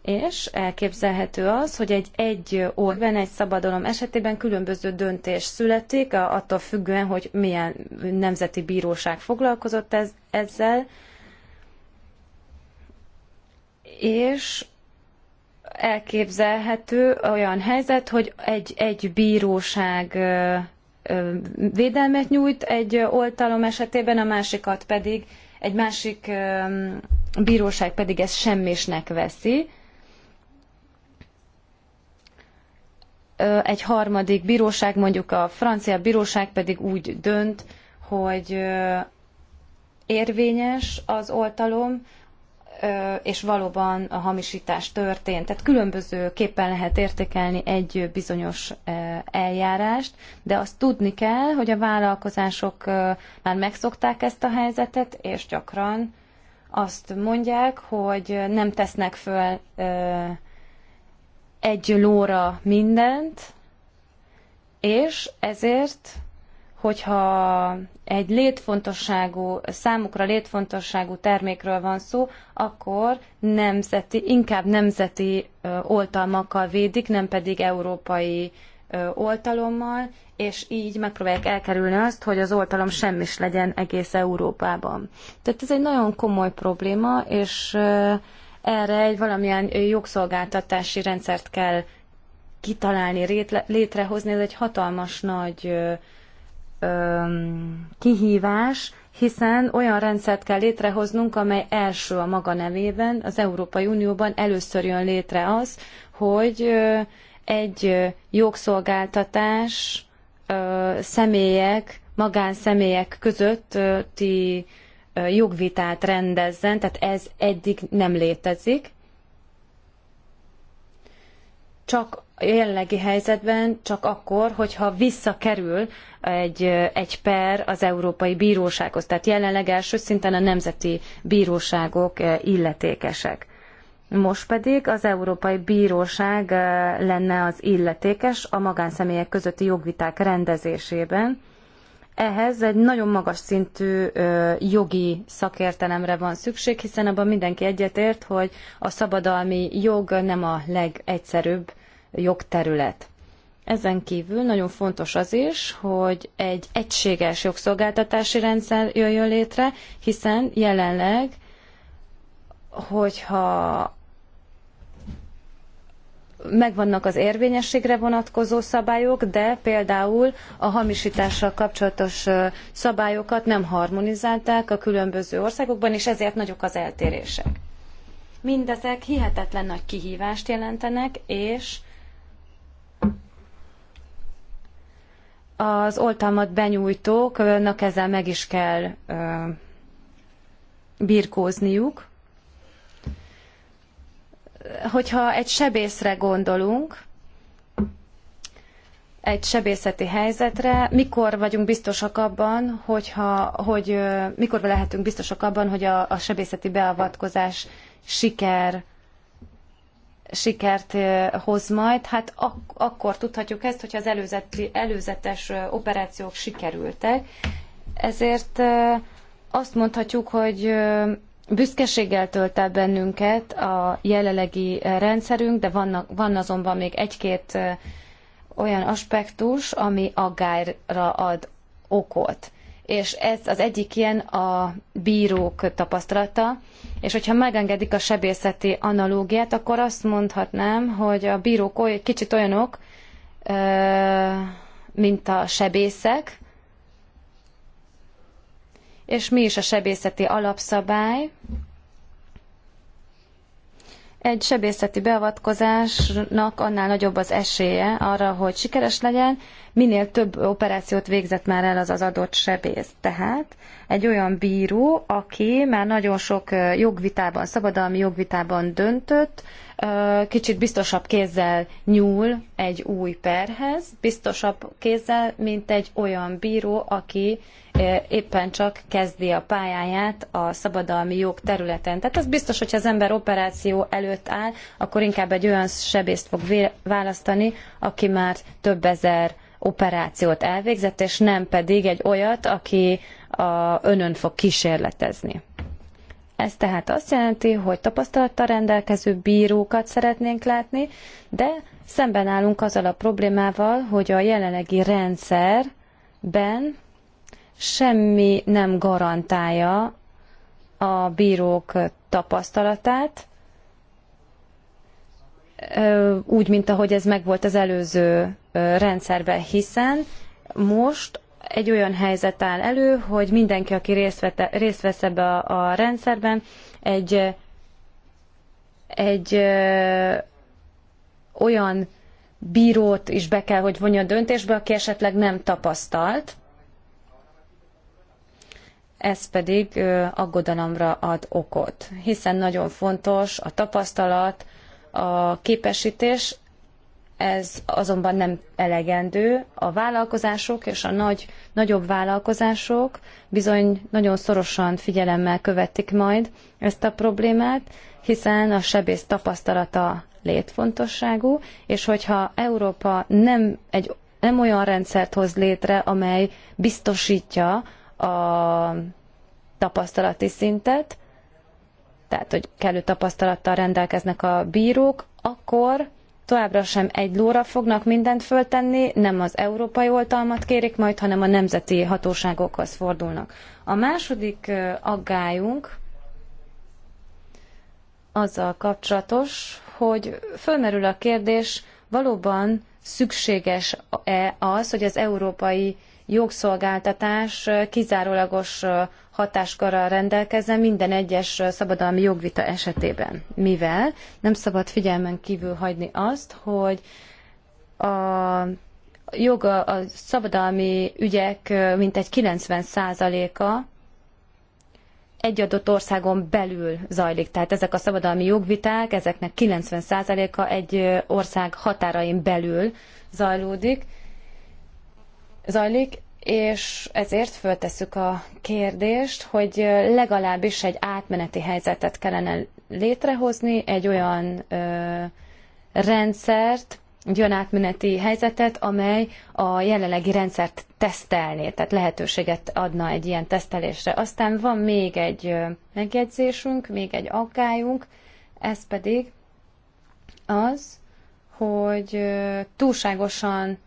és elképzelhető az, hogy egy egy orban, egy szabadalom esetében különböző döntés születik, attól függően, hogy milyen nemzeti bíróság foglalkozott ez, ezzel, és elképzelhető olyan helyzet, hogy egy, egy bíróság védelmet nyújt egy oltalom esetében, a másikat pedig, egy másik bíróság pedig ezt semmisnek veszi, egy harmadik bíróság, mondjuk a francia bíróság pedig úgy dönt, hogy érvényes az oltalom, és valóban a hamisítás történt. Tehát különbözőképpen lehet értékelni egy bizonyos eljárást, de azt tudni kell, hogy a vállalkozások már megszokták ezt a helyzetet, és gyakran azt mondják, hogy nem tesznek föl egy lóra mindent, és ezért, hogyha egy létfontosságú, számukra létfontosságú termékről van szó, akkor nemzeti, inkább nemzeti oltalmakkal védik, nem pedig európai oltalommal, és így megpróbálják elkerülni azt, hogy az oltalom semmis legyen egész Európában. Tehát ez egy nagyon komoly probléma, és erre egy valamilyen jogszolgáltatási rendszert kell kitalálni, létrehozni. Ez egy hatalmas nagy kihívás, hiszen olyan rendszert kell létrehoznunk, amely első a maga nevében, az Európai Unióban először jön létre az, hogy egy jogszolgáltatás személyek, magánszemélyek közötti jogvitát rendezzen, tehát ez eddig nem létezik. Csak a jelenlegi helyzetben csak akkor, hogyha visszakerül egy, egy per az Európai Bírósághoz. Tehát jelenleg első szinten a nemzeti bíróságok illetékesek. Most pedig az Európai Bíróság lenne az illetékes a magánszemélyek közötti jogviták rendezésében ehhez egy nagyon magas szintű jogi szakértelemre van szükség, hiszen abban mindenki egyetért, hogy a szabadalmi jog nem a legegyszerűbb jogterület. Ezen kívül nagyon fontos az is, hogy egy egységes jogszolgáltatási rendszer jöjjön létre, hiszen jelenleg, hogyha megvannak az érvényességre vonatkozó szabályok, de például a hamisítással kapcsolatos szabályokat nem harmonizálták a különböző országokban, és ezért nagyok az eltérések. Mindezek hihetetlen nagy kihívást jelentenek, és az oltalmat benyújtóknak ezzel meg is kell birkózniuk hogyha egy sebészre gondolunk, egy sebészeti helyzetre, mikor vagyunk biztosak abban, hogyha, hogy mikor lehetünk biztosak abban, hogy a, a sebészeti beavatkozás siker sikert hoz majd, hát ak- akkor tudhatjuk ezt, hogyha az előzeti, előzetes operációk sikerültek. Ezért azt mondhatjuk, hogy Büszkeséggel tölt el bennünket a jelenlegi eh, rendszerünk, de vannak, van azonban még egy-két eh, olyan aspektus, ami aggályra ad okot. És ez az egyik ilyen a bírók tapasztalata, és hogyha megengedik a sebészeti analógiát, akkor azt mondhatnám, hogy a bírók oly, kicsit olyanok, eh, mint a sebészek, és mi is a sebészeti alapszabály. Egy sebészeti beavatkozásnak annál nagyobb az esélye arra, hogy sikeres legyen, minél több operációt végzett már el az az adott sebész. Tehát egy olyan bíró, aki már nagyon sok jogvitában, szabadalmi jogvitában döntött, kicsit biztosabb kézzel nyúl egy új perhez, biztosabb kézzel, mint egy olyan bíró, aki éppen csak kezdi a pályáját a szabadalmi jog területen. Tehát az biztos, hogyha az ember operáció előtt áll, akkor inkább egy olyan sebészt fog választani, aki már több ezer operációt elvégzett, és nem pedig egy olyat, aki a önön fog kísérletezni. Ez tehát azt jelenti, hogy tapasztalattal rendelkező bírókat szeretnénk látni, de szemben állunk azzal a problémával, hogy a jelenlegi rendszerben semmi nem garantálja a bírók tapasztalatát, úgy, mint ahogy ez megvolt az előző rendszerben, hiszen most egy olyan helyzet áll elő, hogy mindenki, aki részt, vete, részt vesz ebbe a, a rendszerben, egy, egy ö, olyan bírót is be kell, hogy vonja a döntésbe, aki esetleg nem tapasztalt, ez pedig aggodalomra ad okot, hiszen nagyon fontos a tapasztalat, a képesítés, ez azonban nem elegendő. A vállalkozások és a nagy, nagyobb vállalkozások bizony nagyon szorosan figyelemmel követik majd ezt a problémát, hiszen a sebész tapasztalata létfontosságú, és hogyha Európa nem, egy, nem olyan rendszert hoz létre, amely biztosítja, a tapasztalati szintet, tehát hogy kellő tapasztalattal rendelkeznek a bírók, akkor továbbra sem egy lóra fognak mindent föltenni, nem az európai oltalmat kérik majd, hanem a nemzeti hatóságokhoz fordulnak. A második aggályunk azzal kapcsolatos, hogy fölmerül a kérdés, valóban szükséges-e az, hogy az európai jogszolgáltatás kizárólagos hatáskörrel rendelkezzen minden egyes szabadalmi jogvita esetében. Mivel nem szabad figyelmen kívül hagyni azt, hogy a joga, a szabadalmi ügyek mintegy 90%-a egy adott országon belül zajlik. Tehát ezek a szabadalmi jogviták, ezeknek 90%-a egy ország határain belül zajlódik zajlik, és ezért föltesszük a kérdést, hogy legalábbis egy átmeneti helyzetet kellene létrehozni, egy olyan ö, rendszert, egy olyan átmeneti helyzetet, amely a jelenlegi rendszert tesztelné, tehát lehetőséget adna egy ilyen tesztelésre. Aztán van még egy megjegyzésünk, még egy aggályunk, ez pedig az, hogy túlságosan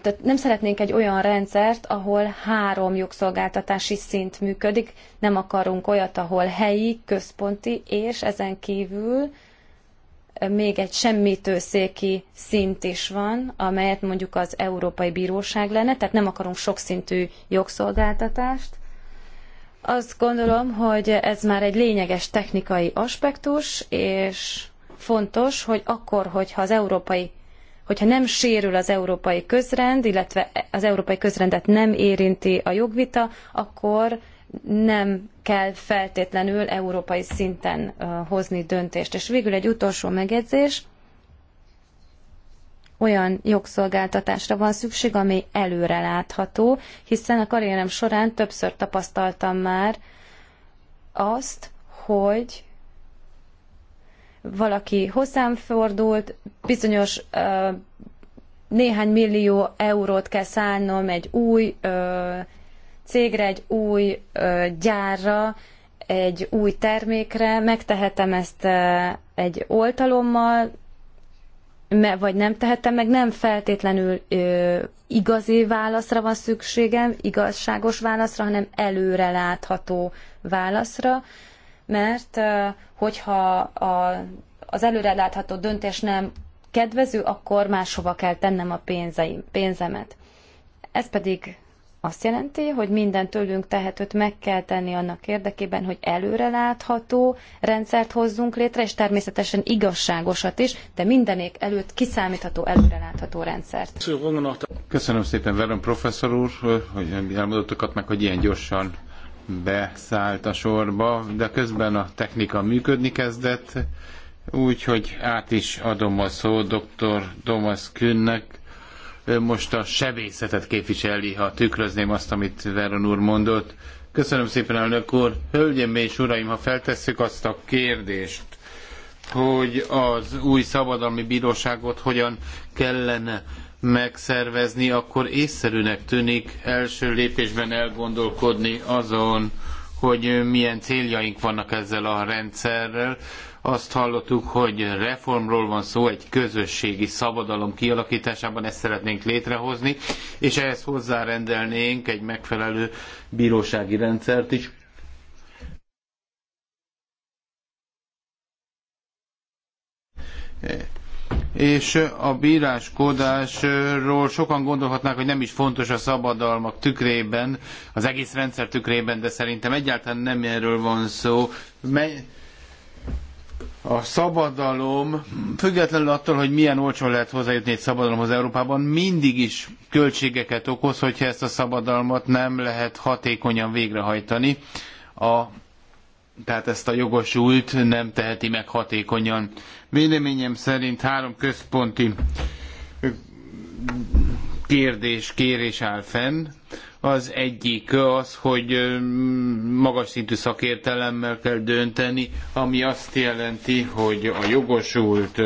tehát nem szeretnénk egy olyan rendszert, ahol három jogszolgáltatási szint működik, nem akarunk olyat, ahol helyi, központi, és ezen kívül eh, még egy semmitőszéki szint is van, amelyet mondjuk az Európai Bíróság lenne, tehát nem akarunk sokszintű jogszolgáltatást. Azt gondolom, hogy ez már egy lényeges technikai aspektus, és fontos, hogy akkor, hogyha az Európai hogyha nem sérül az európai közrend, illetve az európai közrendet nem érinti a jogvita, akkor nem kell feltétlenül európai szinten hozni döntést. És végül egy utolsó megjegyzés. Olyan jogszolgáltatásra van szükség, ami előrelátható, hiszen a karrierem során többször tapasztaltam már azt, hogy valaki hozzám fordult, bizonyos néhány millió eurót kell szállnom egy új cégre, egy új gyárra, egy új termékre, megtehetem ezt egy oltalommal, vagy nem tehetem meg, nem feltétlenül igazi válaszra van szükségem, igazságos válaszra, hanem előre látható válaszra mert hogyha a, az előrelátható döntés nem kedvező, akkor máshova kell tennem a pénzeim, pénzemet. Ez pedig azt jelenti, hogy minden tőlünk tehetőt meg kell tenni annak érdekében, hogy előrelátható rendszert hozzunk létre, és természetesen igazságosat is, de mindenék előtt kiszámítható, előrelátható rendszert. Köszönöm szépen, Veron professzor úr, hogy elmondottakat meg, hogy ilyen gyorsan beszállt a sorba, de közben a technika működni kezdett, úgyhogy át is adom a szó dr. Thomas Künnek. Ő most a sebészetet képviseli, ha tükrözném azt, amit Veron úr mondott. Köszönöm szépen, elnök úr. Hölgyeim és uraim, ha feltesszük azt a kérdést, hogy az új szabadalmi bíróságot hogyan kellene megszervezni, akkor észszerűnek tűnik első lépésben elgondolkodni azon, hogy milyen céljaink vannak ezzel a rendszerrel. Azt hallottuk, hogy reformról van szó, egy közösségi szabadalom kialakításában ezt szeretnénk létrehozni, és ehhez hozzárendelnénk egy megfelelő bírósági rendszert is és a bíráskodásról sokan gondolhatnák, hogy nem is fontos a szabadalmak tükrében, az egész rendszer tükrében, de szerintem egyáltalán nem erről van szó. A szabadalom, függetlenül attól, hogy milyen olcsón lehet hozzájutni egy szabadalomhoz Európában, mindig is költségeket okoz, hogyha ezt a szabadalmat nem lehet hatékonyan végrehajtani. A tehát ezt a jogosult nem teheti meg hatékonyan. Véleményem szerint három központi kérdés, kérés áll fenn. Az egyik az, hogy magas szintű szakértelemmel kell dönteni, ami azt jelenti, hogy a jogosult,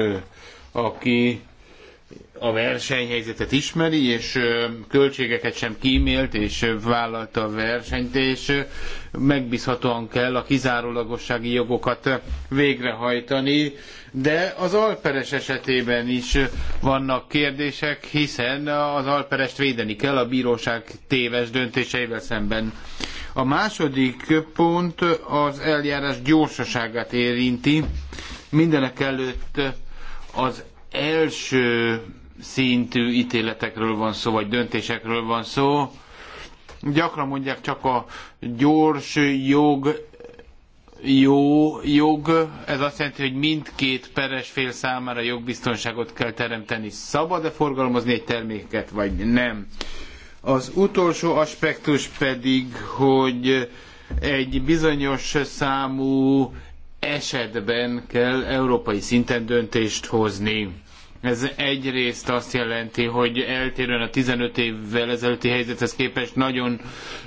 aki a versenyhelyzetet ismeri, és költségeket sem kímélt, és vállalta a versenyt, és megbízhatóan kell a kizárólagossági jogokat végrehajtani, de az Alperes esetében is vannak kérdések, hiszen az Alperest védeni kell a bíróság téves döntéseivel szemben. A második pont az eljárás gyorsaságát érinti. Mindenek előtt az első szintű ítéletekről van szó, vagy döntésekről van szó. Gyakran mondják csak a gyors jog jó jog, ez azt jelenti, hogy mindkét peres fél számára jogbiztonságot kell teremteni. Szabad-e forgalmazni egy terméket, vagy nem? Az utolsó aspektus pedig, hogy egy bizonyos számú esetben kell európai szinten döntést hozni. Ez egyrészt azt jelenti, hogy eltérően a 15 évvel ezelőtti helyzethez képest nagyon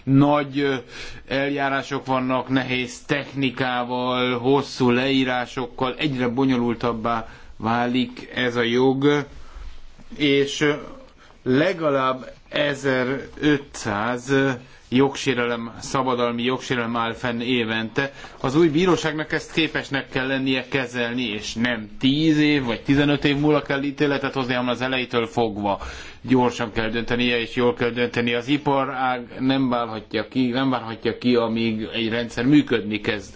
nagy eljárások vannak, nehéz technikával, hosszú leírásokkal, egyre bonyolultabbá válik ez a jog, és legalább 1500 jogsérelem, szabadalmi jogsérelem áll fenn évente. Az új bíróságnak ezt képesnek kell lennie kezelni, és nem 10 év vagy 15 év múlva kell ítéletet hozni, hanem az elejétől fogva gyorsan kell döntenie, és jól kell dönteni. Az iparág nem várhatja ki, nem várhatja ki, amíg egy rendszer működni kezd.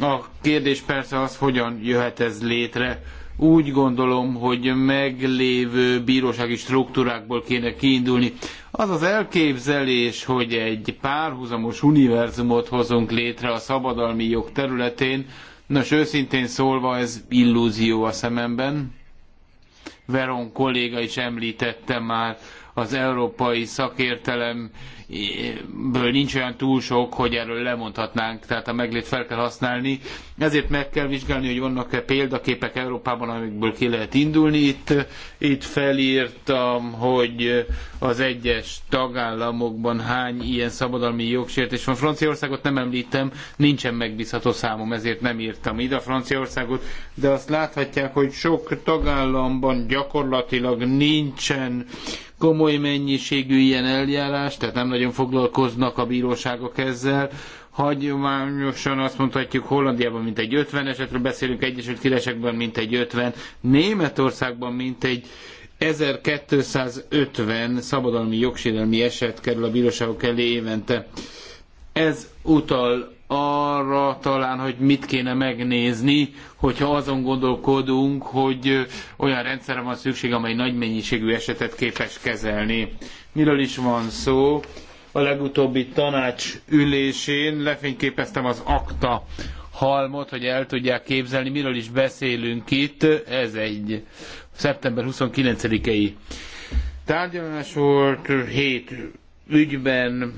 A kérdés persze az, hogyan jöhet ez létre úgy gondolom, hogy meglévő bírósági struktúrákból kéne kiindulni. Az az elképzelés, hogy egy párhuzamos univerzumot hozunk létre a szabadalmi jog területén, nos őszintén szólva ez illúzió a szememben. Veron kolléga is említette már az európai szakértelemből nincs olyan túl sok, hogy erről lemondhatnánk, tehát a meglét fel kell használni. Ezért meg kell vizsgálni, hogy vannak-e példaképek Európában, amikből ki lehet indulni. Itt, itt felírtam, hogy az egyes tagállamokban hány ilyen szabadalmi jogsértés van. Franciaországot nem említem, nincsen megbízható számom, ezért nem írtam ide a Franciaországot, de azt láthatják, hogy sok tagállamban gyakorlatilag nincsen komoly mennyiségű ilyen eljárás, tehát nem nagyon foglalkoznak a bíróságok ezzel. Hagyományosan azt mondhatjuk, Hollandiában mint egy 50 esetről beszélünk, Egyesült Királyságban mint egy 50, Németországban mint egy 1250 szabadalmi jogsérelmi eset kerül a bíróságok elé évente. Ez utal arra talán, hogy mit kéne megnézni, hogyha azon gondolkodunk, hogy olyan rendszerre van szükség, amely nagy mennyiségű esetet képes kezelni. Miről is van szó? A legutóbbi tanács ülésén lefényképeztem az akta halmot, hogy el tudják képzelni, miről is beszélünk itt. Ez egy szeptember 29-i tárgyalás volt, hét ügyben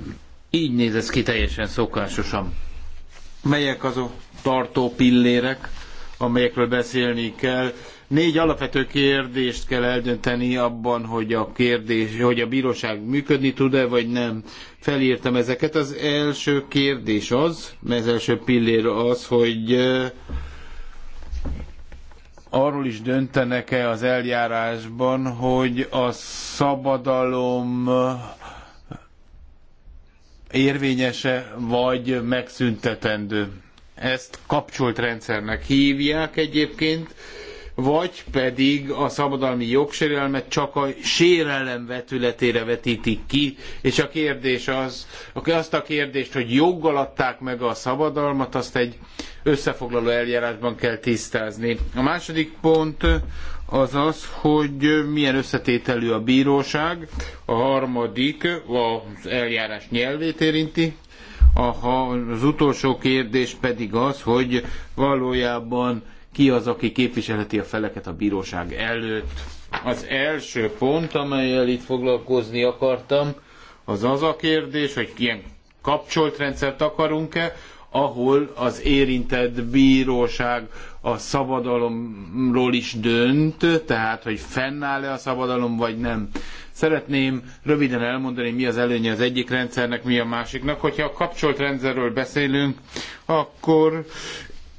így néz ez ki teljesen szokásosan. Melyek azok tartó pillérek, amelyekről beszélni kell? Négy alapvető kérdést kell eldönteni abban, hogy a kérdés, hogy a bíróság működni tud-e, vagy nem. Felírtam ezeket. Az első kérdés az, az első pillér az, hogy arról is döntenek-e az eljárásban, hogy a szabadalom érvényese, vagy megszüntetendő. Ezt kapcsolt rendszernek hívják egyébként, vagy pedig a szabadalmi jogsérelmet csak a sérelem vetületére vetítik ki, és a kérdés az, azt a kérdést, hogy joggal adták meg a szabadalmat, azt egy összefoglaló eljárásban kell tisztázni. A második pont az az, hogy milyen összetételű a bíróság, a harmadik az eljárás nyelvét érinti, Aha, az utolsó kérdés pedig az, hogy valójában ki az, aki képviselheti a feleket a bíróság előtt. Az első pont, amelyel itt foglalkozni akartam, az az a kérdés, hogy ilyen kapcsolt rendszert akarunk-e, ahol az érintett bíróság a szabadalomról is dönt, tehát hogy fennáll-e a szabadalom, vagy nem. Szeretném röviden elmondani, mi az előnye az egyik rendszernek, mi a másiknak. Hogyha a kapcsolt rendszerről beszélünk, akkor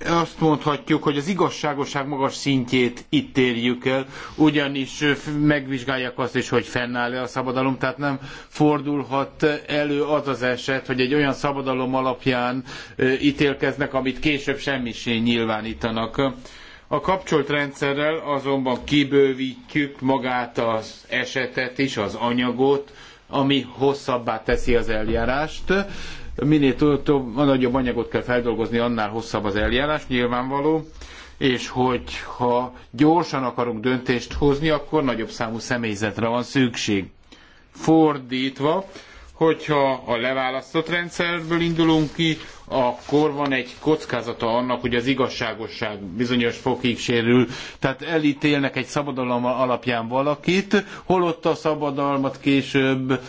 azt mondhatjuk, hogy az igazságosság magas szintjét itt érjük el, ugyanis megvizsgálják azt is, hogy fennáll-e a szabadalom, tehát nem fordulhat elő az az eset, hogy egy olyan szabadalom alapján ítélkeznek, amit később semmisé nyilvánítanak. A kapcsolt rendszerrel azonban kibővítjük magát az esetet is, az anyagot, ami hosszabbá teszi az eljárást, minél több, nagyobb anyagot kell feldolgozni, annál hosszabb az eljárás, nyilvánvaló, és hogyha gyorsan akarunk döntést hozni, akkor nagyobb számú személyzetre van szükség. Fordítva, hogyha a leválasztott rendszerből indulunk ki, akkor van egy kockázata annak, hogy az igazságosság bizonyos fokig sérül. Tehát elítélnek egy szabadalom alapján valakit, holott a szabadalmat később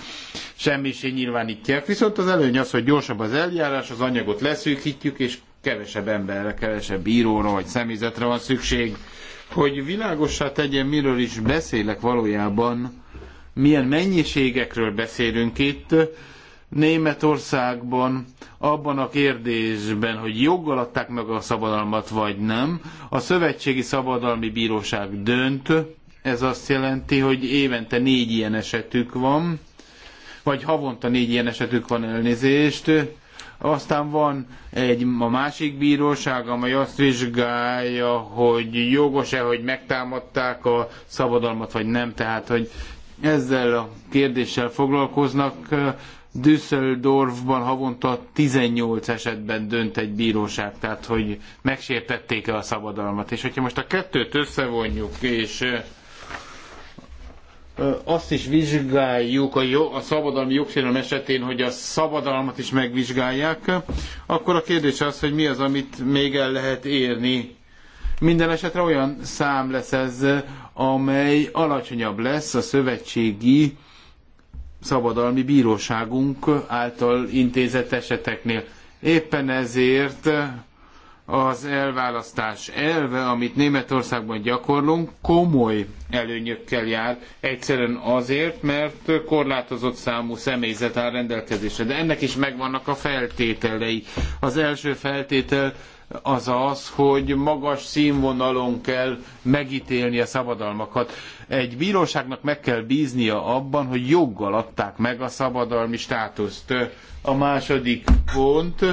semmisé nyilvánítják. Viszont az előny az, hogy gyorsabb az eljárás, az anyagot leszűkítjük, és kevesebb emberre, kevesebb bíróra vagy személyzetre van szükség. Hogy világossá tegyen, miről is beszélek valójában, milyen mennyiségekről beszélünk itt, Németországban abban a kérdésben, hogy joggal adták meg a szabadalmat, vagy nem, a Szövetségi Szabadalmi Bíróság dönt, ez azt jelenti, hogy évente négy ilyen esetük van, vagy havonta négy ilyen esetük van elnézést, aztán van egy, a másik bíróság, amely azt vizsgálja, hogy jogos-e, hogy megtámadták a szabadalmat, vagy nem. Tehát, hogy ezzel a kérdéssel foglalkoznak, Düsseldorfban havonta 18 esetben dönt egy bíróság, tehát hogy megsértették-e a szabadalmat. És hogyha most a kettőt összevonjuk, és azt is vizsgáljuk a, jó, a szabadalmi jogsérelem esetén, hogy a szabadalmat is megvizsgálják, akkor a kérdés az, hogy mi az, amit még el lehet érni. Minden esetre olyan szám lesz ez, amely alacsonyabb lesz a szövetségi szabadalmi bíróságunk által intézett eseteknél. Éppen ezért az elválasztás elve, amit Németországban gyakorlunk, komoly előnyökkel jár. Egyszerűen azért, mert korlátozott számú személyzet áll rendelkezésre. De ennek is megvannak a feltételei. Az első feltétel az az, hogy magas színvonalon kell megítélni a szabadalmakat. Egy bíróságnak meg kell bíznia abban, hogy joggal adták meg a szabadalmi státuszt. A második pont,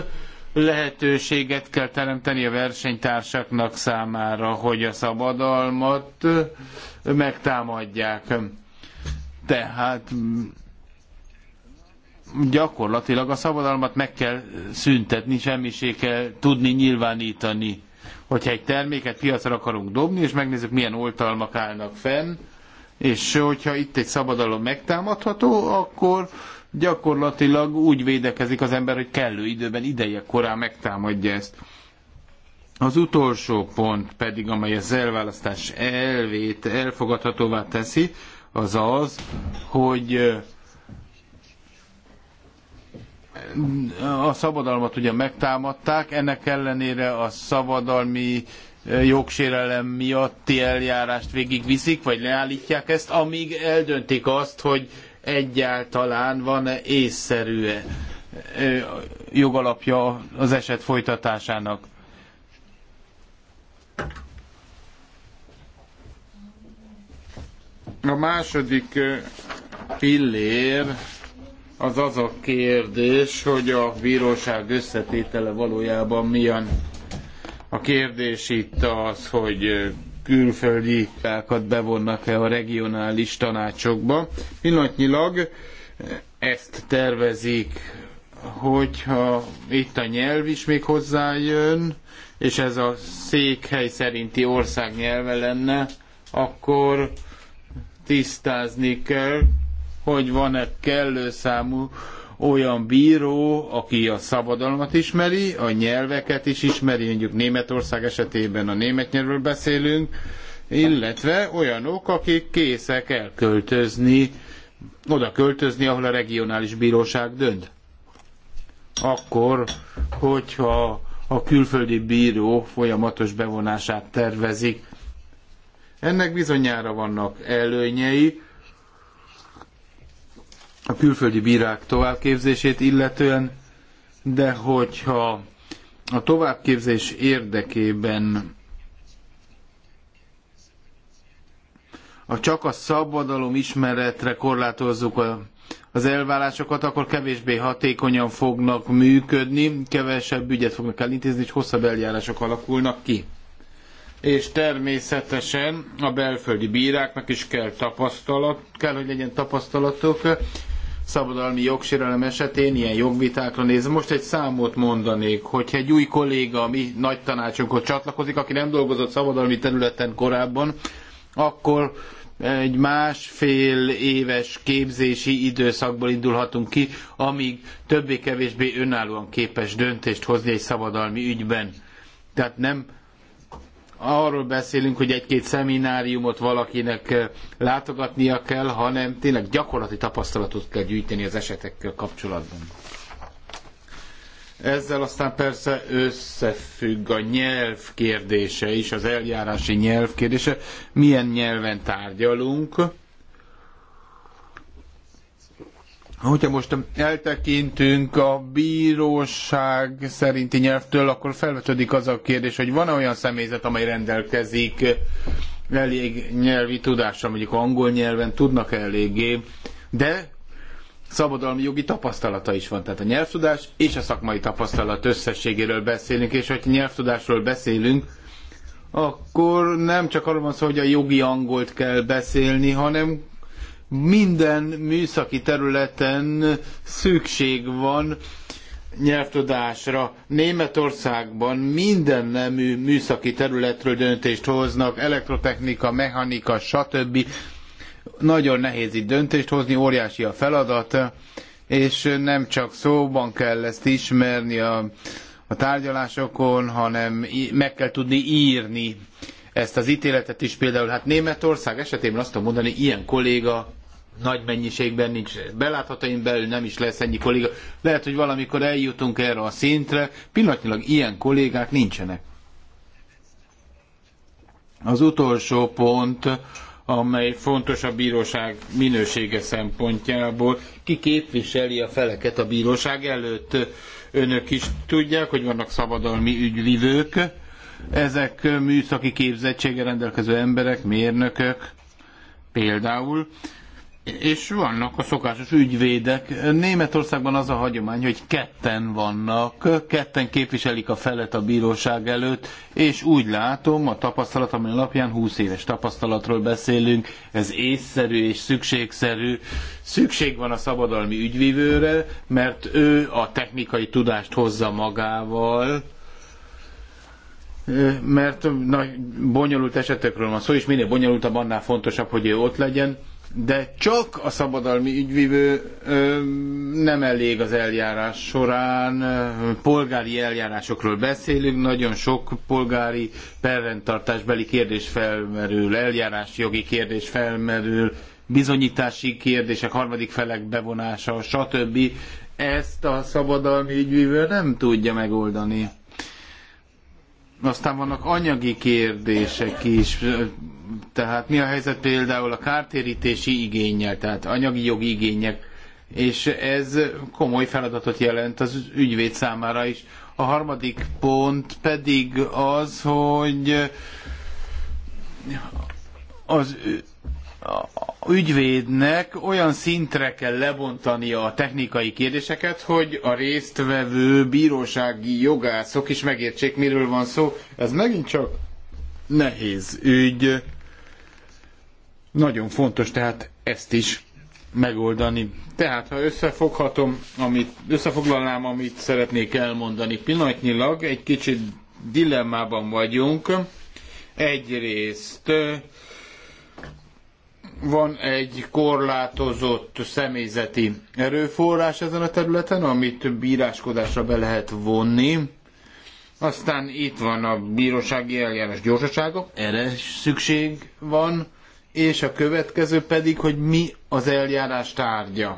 lehetőséget kell teremteni a versenytársaknak számára, hogy a szabadalmat megtámadják. Tehát gyakorlatilag a szabadalmat meg kell szüntetni, semmisé kell tudni nyilvánítani. Hogyha egy terméket piacra akarunk dobni, és megnézzük, milyen oltalmak állnak fenn, és hogyha itt egy szabadalom megtámadható, akkor gyakorlatilag úgy védekezik az ember, hogy kellő időben, ideje korán megtámadja ezt. Az utolsó pont pedig, amely az elválasztás elvét elfogadhatóvá teszi, az az, hogy a szabadalmat ugye megtámadták, ennek ellenére a szabadalmi e, jogsérelem miatti eljárást végigviszik, vagy leállítják ezt, amíg eldöntik azt, hogy egyáltalán van-e észszerű -e jogalapja az eset folytatásának. A második e, pillér az az a kérdés, hogy a bíróság összetétele valójában milyen. A kérdés itt az, hogy külföldi tákat bevonnak-e a regionális tanácsokba. Pillanatnyilag ezt tervezik, hogyha itt a nyelv is még hozzájön, és ez a székhely szerinti ország nyelve lenne, akkor tisztázni kell hogy van-e kellő számú olyan bíró, aki a szabadalmat ismeri, a nyelveket is ismeri, mondjuk Németország esetében a német nyelvről beszélünk, illetve olyanok, akik készek elköltözni, oda költözni, ahol a regionális bíróság dönt. Akkor, hogyha a külföldi bíró folyamatos bevonását tervezik. Ennek bizonyára vannak előnyei, a külföldi bírák továbbképzését illetően, de hogyha a továbbképzés érdekében a csak a szabadalom ismeretre korlátozzuk a, az elvárásokat, akkor kevésbé hatékonyan fognak működni, kevesebb ügyet fognak elintézni, és hosszabb eljárások alakulnak ki. És természetesen a belföldi bíráknak is kell tapasztalat, kell, hogy legyen tapasztalatok, szabadalmi jogsérelem esetén ilyen jogvitákra néz. Most egy számot mondanék, hogyha egy új kolléga a mi nagy tanácsunkhoz csatlakozik, aki nem dolgozott szabadalmi területen korábban, akkor egy másfél éves képzési időszakból indulhatunk ki, amíg többé-kevésbé önállóan képes döntést hozni egy szabadalmi ügyben. Tehát nem arról beszélünk, hogy egy-két szemináriumot valakinek eh, látogatnia kell, hanem tényleg gyakorlati tapasztalatot kell gyűjteni az esetekkel kapcsolatban. Ezzel aztán persze összefügg a nyelv kérdése is, az eljárási nyelv kérdése. Milyen nyelven tárgyalunk? Hogyha most eltekintünk a bíróság szerinti nyelvtől, akkor felvetődik az a kérdés, hogy van-e olyan személyzet, amely rendelkezik elég nyelvi tudással, mondjuk angol nyelven tudnak -e eléggé, de szabadalmi jogi tapasztalata is van. Tehát a nyelvtudás és a szakmai tapasztalat összességéről beszélünk, és hogyha nyelvtudásról beszélünk, akkor nem csak arról van szó, hogy a jogi angolt kell beszélni, hanem minden műszaki területen szükség van nyelvtudásra. Németországban minden nemű műszaki területről döntést hoznak, elektrotechnika, mechanika, stb. Nagyon nehéz itt döntést hozni, óriási a feladat, és nem csak szóban kell ezt ismerni a, a tárgyalásokon, hanem meg kell tudni írni ezt az ítéletet is. Például hát Németország esetében azt tudom mondani, ilyen kolléga nagy mennyiségben nincs. Beláthatóin belül nem is lesz ennyi kolléga. Lehet, hogy valamikor eljutunk erre a szintre, pillanatnyilag ilyen kollégák nincsenek. Az utolsó pont, amely fontos a bíróság minősége szempontjából. Ki képviseli a feleket a bíróság előtt? Önök is tudják, hogy vannak szabadalmi ügyvivők, ezek műszaki képzettsége rendelkező emberek, mérnökök például, és vannak a szokásos ügyvédek. Németországban az a hagyomány, hogy ketten vannak, ketten képviselik a felet a bíróság előtt, és úgy látom, a tapasztalat, ami alapján 20 éves tapasztalatról beszélünk, ez észszerű és szükségszerű. Szükség van a szabadalmi ügyvívőre, mert ő a technikai tudást hozza magával, mert nagy bonyolult esetekről van szó, és minél bonyolultabb, annál fontosabb, hogy ő ott legyen de csak a szabadalmi ügyvivő nem elég az eljárás során. Polgári eljárásokról beszélünk, nagyon sok polgári perrendtartásbeli kérdés felmerül, eljárásjogi kérdés felmerül, bizonyítási kérdések, harmadik felek bevonása, stb. Ezt a szabadalmi ügyvivő nem tudja megoldani. Aztán vannak anyagi kérdések is, tehát mi a helyzet például a kártérítési igényel, tehát anyagi jogi igények, és ez komoly feladatot jelent az ügyvéd számára is. A harmadik pont pedig az, hogy az a ügyvédnek olyan szintre kell lebontania a technikai kérdéseket, hogy a résztvevő bírósági jogászok is megértsék, miről van szó. Ez megint csak nehéz ügy. Nagyon fontos tehát ezt is megoldani. Tehát, ha összefoghatom, amit, összefoglalnám, amit szeretnék elmondani. Pillanatnyilag egy kicsit dilemmában vagyunk. Egyrészt van egy korlátozott személyzeti erőforrás ezen a területen, amit bíráskodásra be lehet vonni. Aztán itt van a bírósági eljárás gyorsasága, erre szükség van, és a következő pedig, hogy mi az eljárás tárgya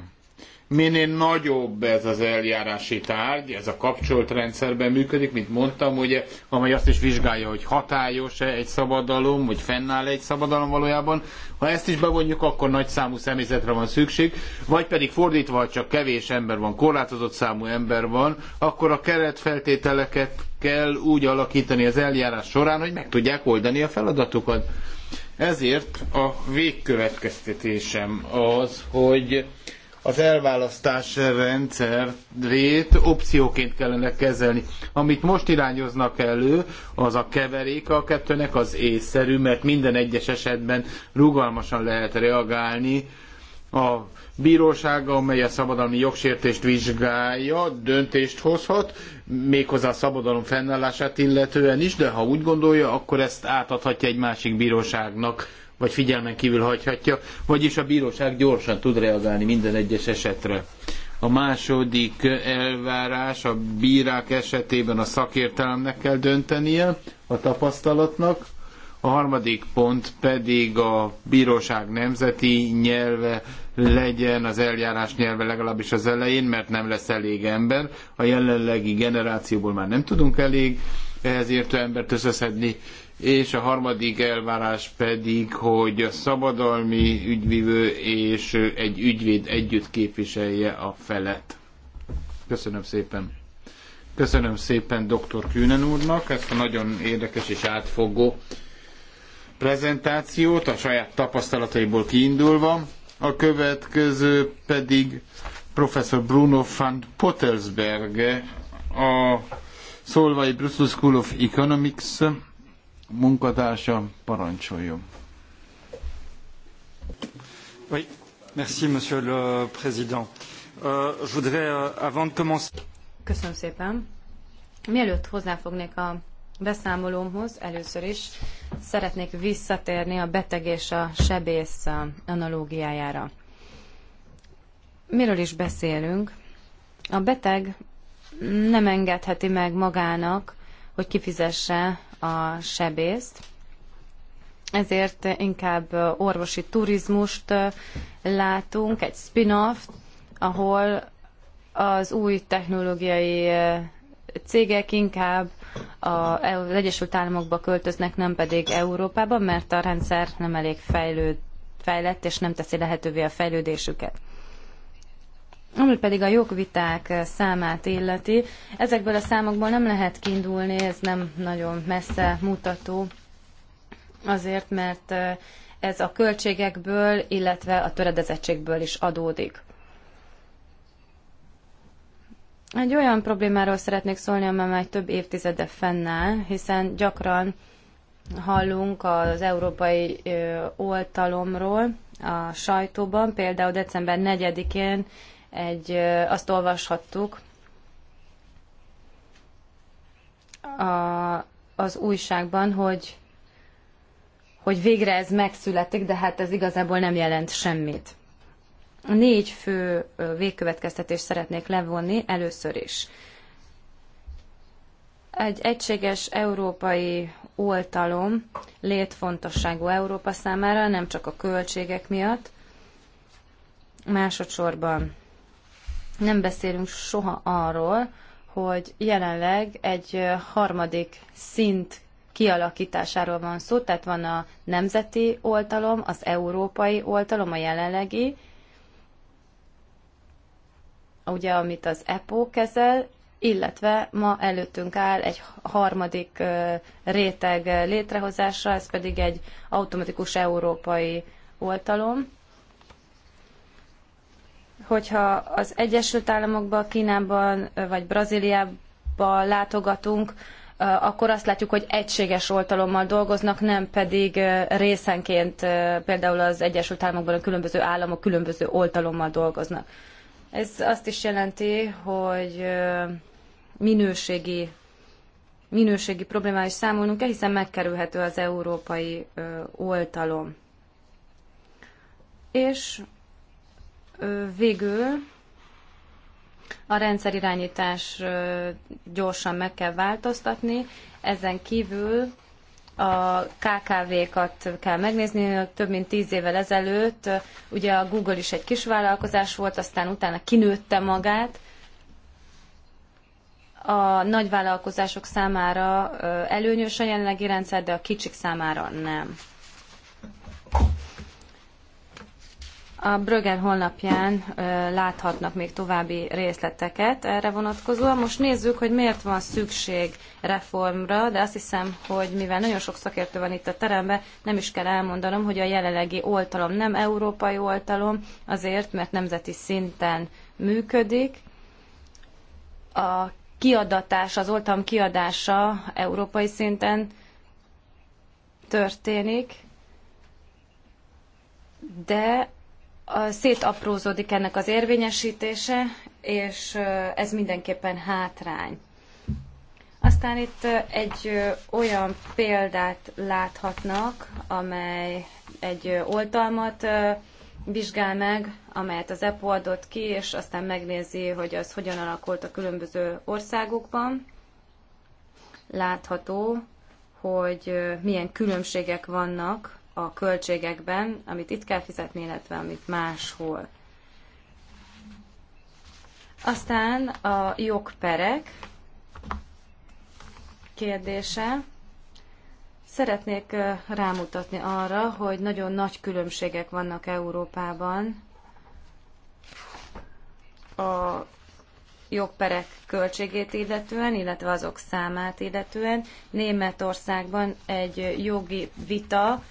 minél nagyobb ez az eljárási tárgy, ez a kapcsolt rendszerben működik, mint mondtam, ugye, amely azt is vizsgálja, hogy hatályos-e egy szabadalom, hogy fennáll -e egy szabadalom valójában. Ha ezt is bevonjuk, akkor nagy számú személyzetre van szükség, vagy pedig fordítva, ha csak kevés ember van, korlátozott számú ember van, akkor a keretfeltételeket kell úgy alakítani az eljárás során, hogy meg tudják oldani a feladatukat. Ezért a végkövetkeztetésem az, hogy az elválasztás rendszerét opcióként kellene kezelni. Amit most irányoznak elő, az a keverék a kettőnek az észszerű, mert minden egyes esetben rugalmasan lehet reagálni. A bíróság, amely a szabadalmi jogsértést vizsgálja, döntést hozhat, méghozzá a szabadalom fennállását illetően is, de ha úgy gondolja, akkor ezt átadhatja egy másik bíróságnak vagy figyelmen kívül hagyhatja, vagyis a bíróság gyorsan tud reagálni minden egyes esetre. A második elvárás a bírák esetében a szakértelemnek kell döntenie, a tapasztalatnak, a harmadik pont pedig a bíróság nemzeti nyelve legyen az eljárás nyelve legalábbis az elején, mert nem lesz elég ember. A jelenlegi generációból már nem tudunk elég ehhez értő embert összeszedni, és a harmadik elvárás pedig, hogy a szabadalmi ügyvivő és egy ügyvéd együtt képviselje a felet. Köszönöm szépen. Köszönöm szépen dr. Kühnen úrnak ezt a nagyon érdekes és átfogó prezentációt, a saját tapasztalataiból kiindulva. A következő pedig professzor Bruno van Pottelsberge, a Solvay Brussels School of Economics munkatársa parancsoljon. Oui, merci, monsieur le président. Euh, je voudrais, euh, avant de commencer... Köszönöm szépen. Mielőtt hozzáfognék a beszámolómhoz, először is szeretnék visszatérni a beteg és a sebész analógiájára. Miről is beszélünk? A beteg nem engedheti meg magának, hogy kifizesse a sebészt, ezért inkább orvosi turizmust látunk, egy spin-off, ahol az új technológiai cégek inkább az Egyesült Államokba költöznek, nem pedig Európába, mert a rendszer nem elég fejlőd, fejlett, és nem teszi lehetővé a fejlődésüket. Ami pedig a jogviták eh, számát illeti, ezekből a számokból nem lehet kiindulni, ez nem nagyon messze mutató, azért mert eh, ez a költségekből, illetve a töredezettségből is adódik. Egy olyan problémáról szeretnék szólni, amely már több évtizede fennáll, hiszen gyakran hallunk az európai eh, oltalomról a sajtóban, például december 4-én egy, azt olvashattuk a, az újságban, hogy, hogy végre ez megszületik, de hát ez igazából nem jelent semmit. Négy fő végkövetkeztetést szeretnék levonni először is. Egy egységes európai oltalom létfontosságú Európa számára, nem csak a költségek miatt. Másodszorban nem beszélünk soha arról, hogy jelenleg egy harmadik szint kialakításáról van szó, tehát van a nemzeti oltalom, az európai oltalom, a jelenlegi, ugye, amit az EPO kezel, illetve ma előttünk áll egy harmadik réteg létrehozása, ez pedig egy automatikus európai oltalom hogyha az Egyesült Államokban, Kínában vagy Brazíliában látogatunk, akkor azt látjuk, hogy egységes oltalommal dolgoznak, nem pedig részenként például az Egyesült Államokban a különböző államok különböző oltalommal dolgoznak. Ez azt is jelenti, hogy minőségi, minőségi problémával is számolnunk kell, hiszen megkerülhető az európai oltalom. És Végül a rendszerirányítás gyorsan meg kell változtatni, ezen kívül a KKV-kat kell megnézni. Több mint tíz évvel ezelőtt ugye a Google is egy kis vállalkozás volt, aztán utána kinőtte magát. A nagy vállalkozások számára előnyös a jelenlegi rendszer, de a kicsik számára nem. A Bröger honlapján láthatnak még további részleteket erre vonatkozóan. Most nézzük, hogy miért van szükség reformra, de azt hiszem, hogy mivel nagyon sok szakértő van itt a teremben, nem is kell elmondanom, hogy a jelenlegi oltalom nem európai oltalom, azért, mert nemzeti szinten működik. A kiadatás, az oltalom kiadása európai szinten történik, de szétaprózódik ennek az érvényesítése, és ez mindenképpen hátrány. Aztán itt egy olyan példát láthatnak, amely egy oltalmat vizsgál meg, amelyet az EPO adott ki, és aztán megnézi, hogy az hogyan alakult a különböző országokban. Látható, hogy milyen különbségek vannak a költségekben, amit itt kell fizetni, illetve amit máshol. Aztán a jogperek kérdése. Szeretnék rámutatni arra, hogy nagyon nagy különbségek vannak Európában a jogperek költségét illetően, illetve azok számát illetően. Németországban egy jogi vita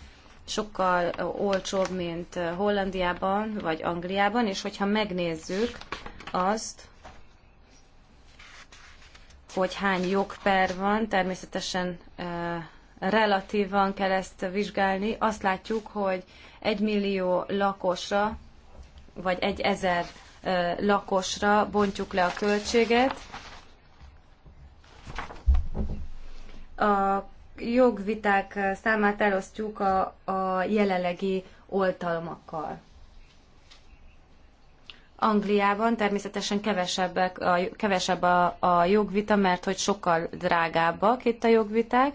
sokkal olcsóbb, mint Hollandiában vagy Angliában, és hogyha megnézzük azt, hogy hány jogper van, természetesen relatívan kell ezt vizsgálni, azt látjuk, hogy egy millió lakosra, vagy egy ezer lakosra bontjuk le a költséget. A jogviták eh, számát elosztjuk a, a jelenlegi oltalmakkal. Angliában természetesen kevesebb a, kevesebb a, a jogvita, mert hogy sokkal drágábbak itt a jogviták,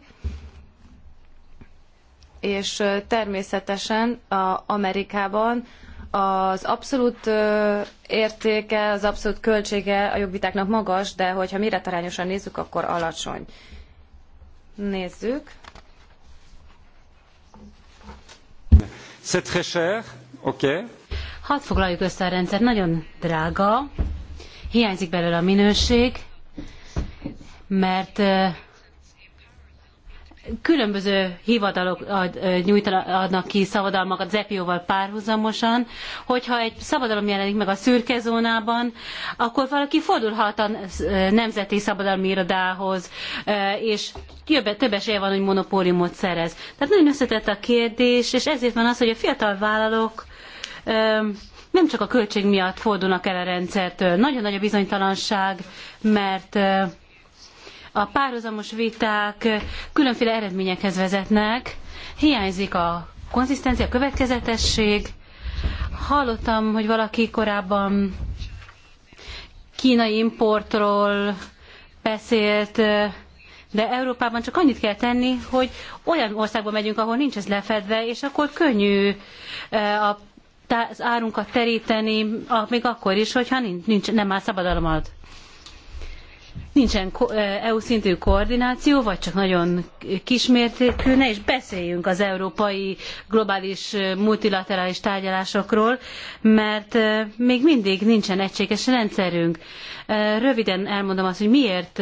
és eh, természetesen a Amerikában az abszolút eh, értéke, az abszolút költsége a jogvitáknak magas, de hogyha méretarányosan nézzük, akkor alacsony. Nézzük. C'est très cher, Hadd foglaljuk össze a rendszer, nagyon drága, hiányzik belőle a minőség, mert különböző hivatalok ad, nyújtanak, adnak ki szabadalmakat az EPO-val párhuzamosan, hogyha egy szabadalom jelenik meg a szürke zónában, akkor valaki fordulhat a nemzeti szabadalmi irodához, és több esélye van, hogy monopóliumot szerez. Tehát nagyon összetett a kérdés, és ezért van az, hogy a fiatal vállalók nem csak a költség miatt fordulnak el a rendszertől. Nagyon nagy a bizonytalanság, mert a párhuzamos viták különféle eredményekhez vezetnek. Hiányzik a konzisztencia, a következetesség. Hallottam, hogy valaki korábban kínai importról beszélt, de Európában csak annyit kell tenni, hogy olyan országba megyünk, ahol nincs ez lefedve, és akkor könnyű e, az árunkat teríteni, még akkor is, hogyha nincs, nem áll szabadalom nincsen EU szintű koordináció, vagy csak nagyon kismértékű, ne is beszéljünk az európai globális multilaterális tárgyalásokról, mert még mindig nincsen egységes rendszerünk. Röviden elmondom azt, hogy miért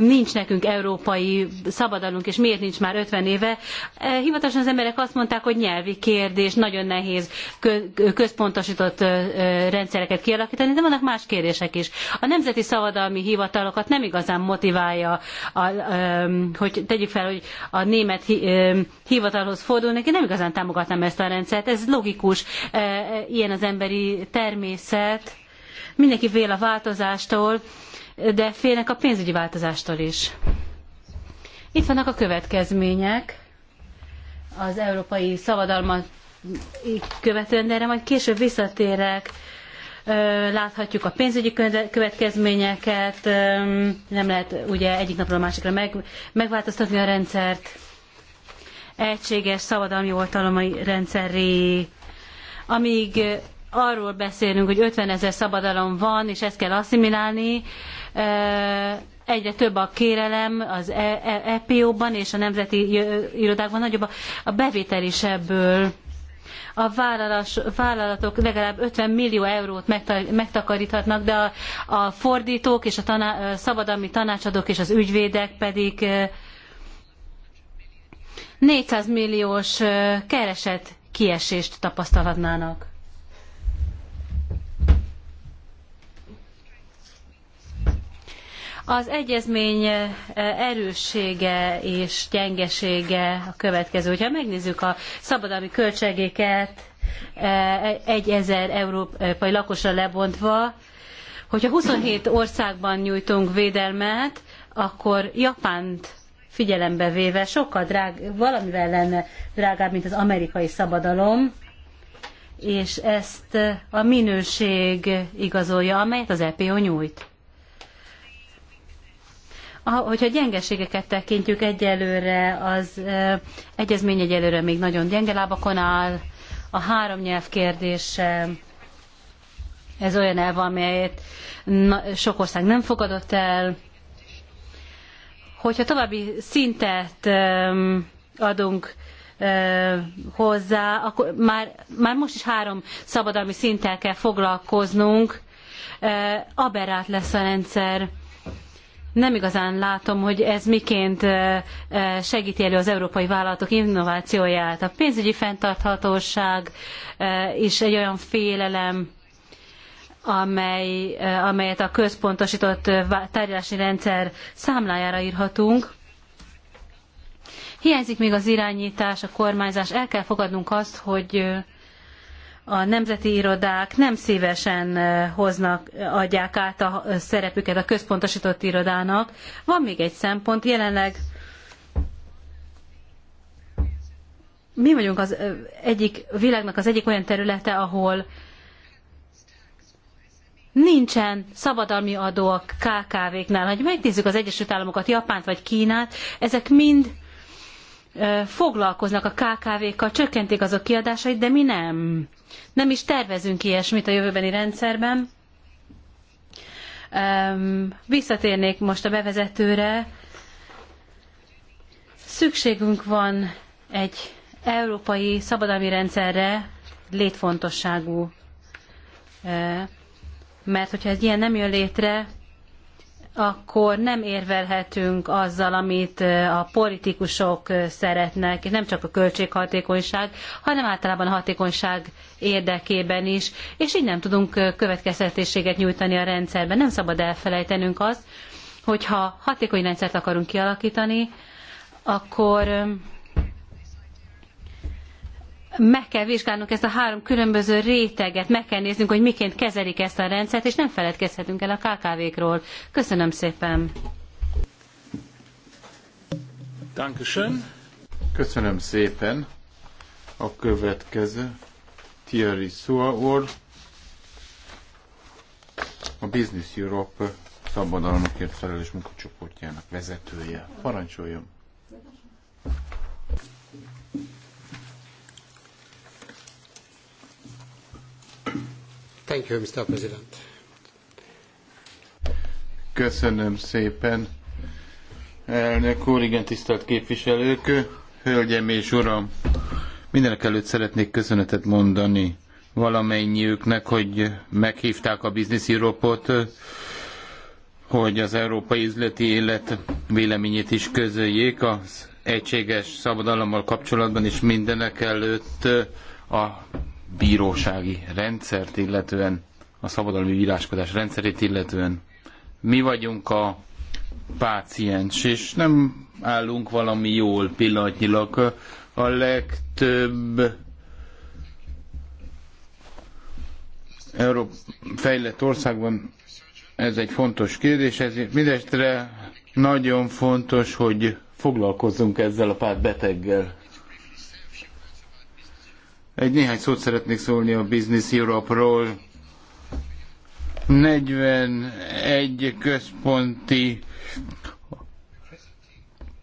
nincs nekünk európai szabadalunk, és miért nincs már 50 éve. Eh, hivatalosan az emberek azt mondták, hogy nyelvi kérdés, nagyon nehéz központosított eh, eh, rendszereket kialakítani, de vannak más kérdések is. A nemzeti szabadalmi hivatalokat nem igazán motiválja, hogy tegyük fel, hogy a német hivatalhoz fordulnak, én nem igazán támogatnám ezt a rendszert, ez logikus, ilyen az emberi természet, mindenki fél a változástól, de félnek a pénzügyi változástól is. Itt vannak a következmények az európai szabadalmat követően, de erre majd később visszatérek. Láthatjuk a pénzügyi következményeket, nem lehet ugye egyik napról a másikra meg, megváltoztatni a rendszert. Egységes szabadalmi oltalmai rendszerré, amíg arról beszélünk, hogy 50 ezer szabadalom van, és ezt kell asszimilálni. Egyre több a kérelem az EPO-ban e-, e és a nemzeti irodákban nagyobb a bevétel is ebből. A vállalatok legalább 50 millió eurót megtakaríthatnak, de a, fordítók és a taná, szabadalmi tanácsadók és az ügyvédek pedig 400 milliós kereset kiesést tapasztalhatnának. Az egyezmény eh, erőssége és gyengesége a következő. Ha megnézzük a szabadalmi költségeket 1000 eh, európai lakosra lebontva, hogyha 27 országban nyújtunk védelmet, akkor Japánt figyelembe véve sokkal drág, valamivel lenne drágább, mint az amerikai szabadalom, és ezt a minőség igazolja, amelyet az EPO nyújt hogyha gyengeségeket tekintjük egyelőre, az egyezmény egyelőre még nagyon gyenge lábakon áll. A három nyelv kérdése, ez olyan elv, amelyet sok ország nem fogadott el. Hogyha további szintet adunk hozzá, akkor már, már most is három szabadalmi szinttel kell foglalkoznunk, Aberát lesz a rendszer nem igazán látom, hogy ez miként segíti elő az európai vállalatok innovációját. A pénzügyi fenntarthatóság is egy olyan félelem, amely, amelyet a központosított tárgyalási rendszer számlájára írhatunk. Hiányzik még az irányítás, a kormányzás. El kell fogadnunk azt, hogy a nemzeti irodák nem szívesen hoznak, adják át a szerepüket a központosított irodának. Van még egy szempont, jelenleg mi vagyunk az egyik, világnak az egyik olyan területe, ahol nincsen szabadalmi adó a KKV-knál. Ha megnézzük az Egyesült Államokat, Japánt vagy Kínát, ezek mind foglalkoznak a KKV-kkal, csökkentik azok kiadásait, de mi nem. Nem is tervezünk ilyesmit a jövőbeni rendszerben. Visszatérnék most a bevezetőre. Szükségünk van egy európai szabadalmi rendszerre létfontosságú. Mert hogyha ez ilyen nem jön létre, akkor nem érvelhetünk azzal, amit a politikusok szeretnek, és nem csak a költséghatékonyság, hanem általában a hatékonyság érdekében is, és így nem tudunk következtetésséget nyújtani a rendszerben. Nem szabad elfelejtenünk azt, hogy ha hatékony rendszert akarunk kialakítani, akkor meg kell vizsgálnunk ezt a három különböző réteget, meg kell néznünk, hogy miként kezelik ezt a rendszert, és nem feledkezhetünk el a KKV-król. Köszönöm szépen! Dankeschön. Köszönöm szépen. A következő Thierry Suaor, a Business Europe szabadalmakért felelős munkacsoportjának vezetője. Parancsoljon! Thank you, Mr. President. Köszönöm szépen. Elnök úr, igen, tisztelt képviselők, hölgyem és uram, mindenek előtt szeretnék köszönetet mondani valamennyiüknek, hogy meghívták a Business Europe-ot, hogy az európai üzleti élet véleményét is közöljék az egységes szabadalommal kapcsolatban, és mindenek előtt a bírósági rendszert illetően, a szabadalmi bíráskodás rendszerét illetően. Mi vagyunk a páciens, és nem állunk valami jól pillanatnyilag. A legtöbb Európa fejlett országban ez egy fontos kérdés, ezért mindestre nagyon fontos, hogy foglalkozzunk ezzel a pár beteggel. Egy néhány szót szeretnék szólni a Business Europe-ról. 41 központi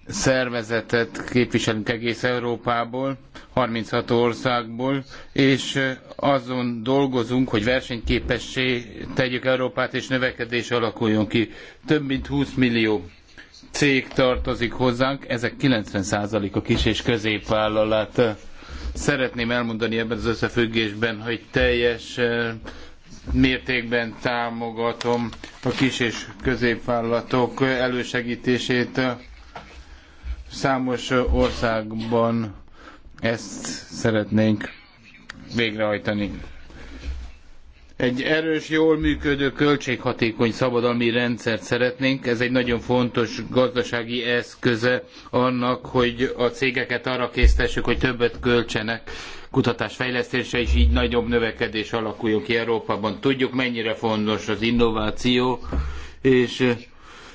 szervezetet képviselünk egész Európából, 36 országból, és azon dolgozunk, hogy versenyképessé tegyük Európát, és növekedés alakuljon ki. Több mint 20 millió cég tartozik hozzánk, ezek 90% a kis és középvállalat Szeretném elmondani ebben az összefüggésben, hogy teljes eh, mértékben támogatom a kis és középvállalatok elősegítését számos országban ezt szeretnénk végrehajtani. Egy erős, jól működő, költséghatékony szabadalmi rendszert szeretnénk. Ez egy nagyon fontos gazdasági eszköze annak, hogy a cégeket arra késztessük, hogy többet költsenek kutatás fejlesztése és így nagyobb növekedés alakuljon ki Európában. Tudjuk, mennyire fontos az innováció, és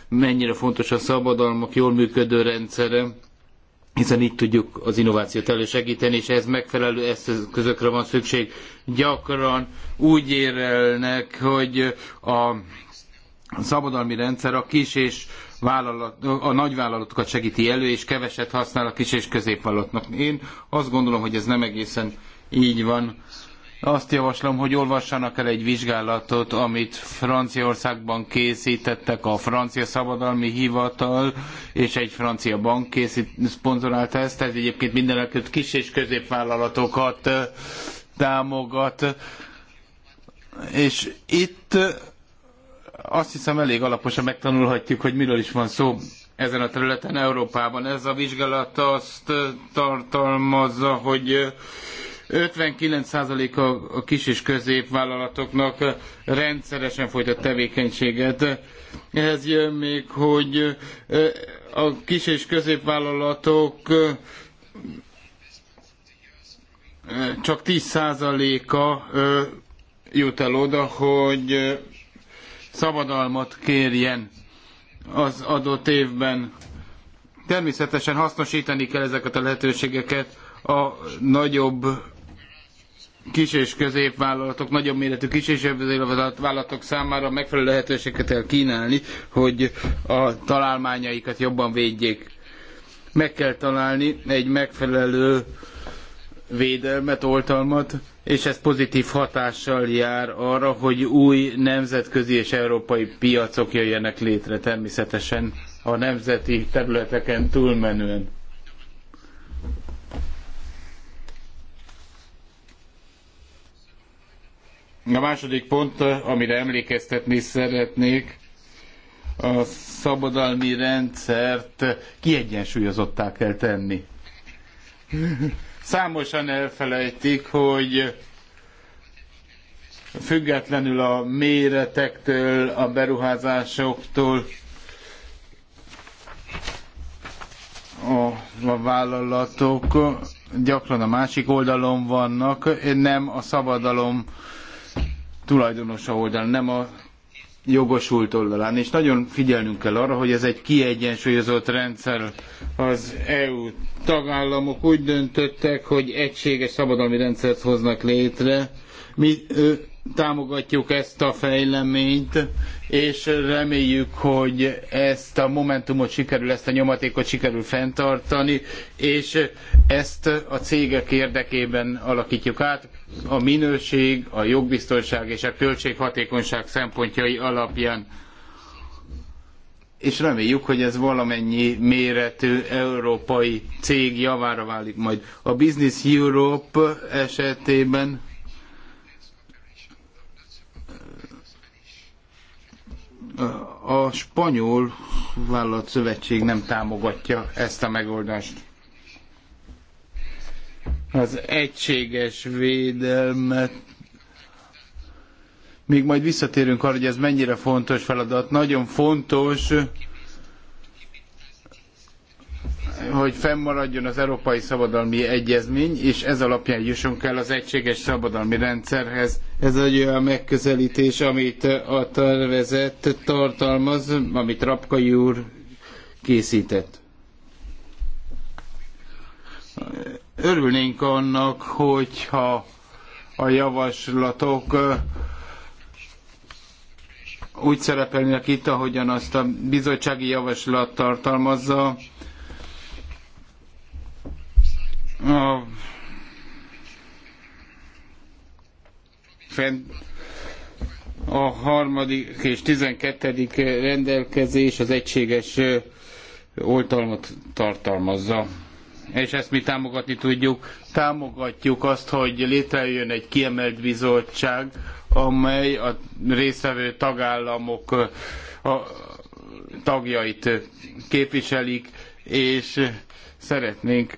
mennyire fontos a szabadalmak jól működő rendszere hiszen így tudjuk az innovációt elősegíteni, és ehhez megfelelő eszközökre van szükség. Gyakran úgy érelnek, hogy a szabadalmi rendszer a kis és vállalat, a nagyvállalatokat segíti elő, és keveset használ a kis és középvállalatnak. Én azt gondolom, hogy ez nem egészen így van. Azt javaslom, hogy olvassanak el egy vizsgálatot, amit Franciaországban készítettek a Francia Szabadalmi Hivatal, és egy francia bank készít, szponzorálta ezt, Ez egyébként mindenekült kis és középvállalatokat támogat. És itt azt hiszem elég alaposan megtanulhatjuk, hogy miről is van szó ezen a területen Európában. Ez a vizsgálat azt tartalmazza, hogy 59%-a a kis és középvállalatoknak eh, rendszeresen folytat tevékenységet. Ehhez jön még, hogy eh, a kis és középvállalatok eh, csak 10%-a jut el oda, hogy szabadalmat kérjen az adott évben. Természetesen hasznosítani kell ezeket a lehetőségeket a nagyobb kis és középvállalatok, nagyobb méretű kis és középvállalatok számára megfelelő lehetőséget kell kínálni, hogy a találmányaikat jobban védjék. Meg kell találni egy megfelelő védelmet, oltalmat, és ez pozitív hatással jár arra, hogy új nemzetközi és európai piacok jöjjenek létre természetesen a nemzeti területeken túlmenően A második pont, amire emlékeztetni szeretnék, a szabadalmi rendszert kiegyensúlyozottá kell tenni. Számosan elfelejtik, hogy függetlenül a méretektől, a beruházásoktól, a, vállalatok gyakran a másik oldalon vannak, nem a szabadalom tulajdonosa oldalán, nem a jogosult oldalán, és nagyon figyelnünk kell arra, hogy ez egy kiegyensúlyozott rendszer. Az EU tagállamok úgy döntöttek, hogy egységes szabadalmi rendszert hoznak létre. Mi támogatjuk ezt a fejleményt, és reméljük, hogy ezt a momentumot sikerül, ezt a nyomatékot sikerül fenntartani, és ezt a cégek érdekében alakítjuk át a minőség, a jogbiztonság és a költséghatékonyság szempontjai alapján és reméljük, hogy ez valamennyi méretű európai cég javára válik majd. A Business Europe esetében a spanyol vállalatszövetség nem támogatja ezt a megoldást. Az egységes védelmet még majd visszatérünk arra, hogy ez mennyire fontos feladat. Nagyon fontos, hogy fennmaradjon az Európai Szabadalmi Egyezmény, és ez alapján jussunk el az egységes szabadalmi rendszerhez. Ez egy olyan megközelítés, amit a tervezet tartalmaz, amit Rapkai úr készített. Örülnénk annak, hogyha a javaslatok úgy szerepelnek itt, ahogyan azt a bizottsági javaslat tartalmazza, a fent a harmadik és tizenkettedik rendelkezés az egységes oltalmat tartalmazza. És ezt mi támogatni tudjuk. Támogatjuk azt, hogy létrejön egy kiemelt bizottság, amely a részvevő tagállamok a tagjait képviselik, és szeretnénk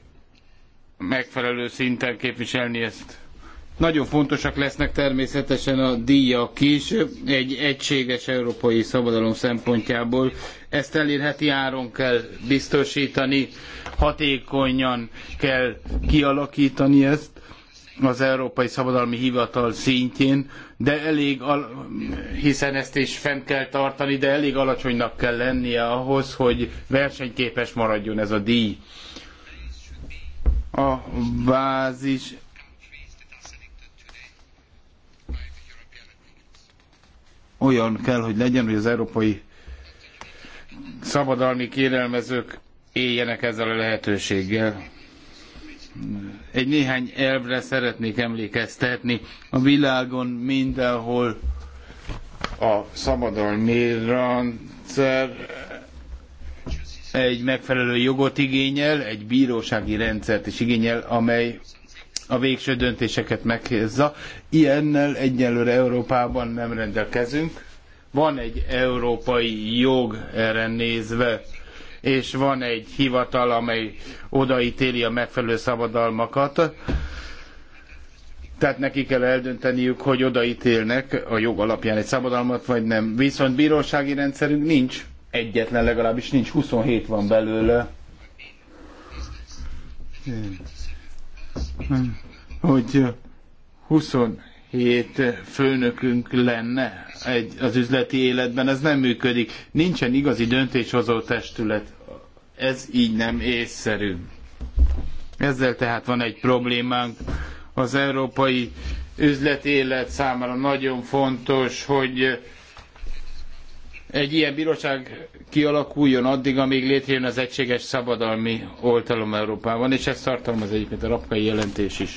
megfelelő szinten képviselni ezt. Nagyon fontosak lesznek természetesen a díjak is, egy egységes európai szabadalom szempontjából. Ezt elérheti áron kell biztosítani, hatékonyan kell kialakítani ezt az Európai Szabadalmi Hivatal szintjén, de elég, hiszen ezt is fent kell tartani, de elég alacsonynak kell lennie ahhoz, hogy versenyképes maradjon ez a díj a bázis olyan kell, hogy legyen, hogy az európai szabadalmi kérelmezők éljenek ezzel a lehetőséggel. Egy néhány elvre szeretnék emlékeztetni. A világon mindenhol a szabadalmi rendszer egy megfelelő jogot igényel, egy bírósági rendszert is igényel, amely a végső döntéseket meghozza. Ilyennel egyelőre Európában nem rendelkezünk. Van egy európai jog erre nézve, és van egy hivatal, amely odaítéli a megfelelő szabadalmakat. Tehát neki kell eldönteniük, hogy odaítélnek a jog alapján egy szabadalmat, vagy nem. Viszont bírósági rendszerünk nincs egyetlen legalábbis nincs, 27 van belőle. Hogy 27 főnökünk lenne egy, az üzleti életben, ez nem működik. Nincsen igazi döntéshozó testület. Ez így nem észszerű. Ezzel tehát van egy problémánk. Az európai üzleti élet számára nagyon fontos, hogy egy ilyen bíróság kialakuljon addig, amíg létrejön az egységes szabadalmi oltalom Európában, és ezt tartalmaz egyébként a rapkai jelentés is.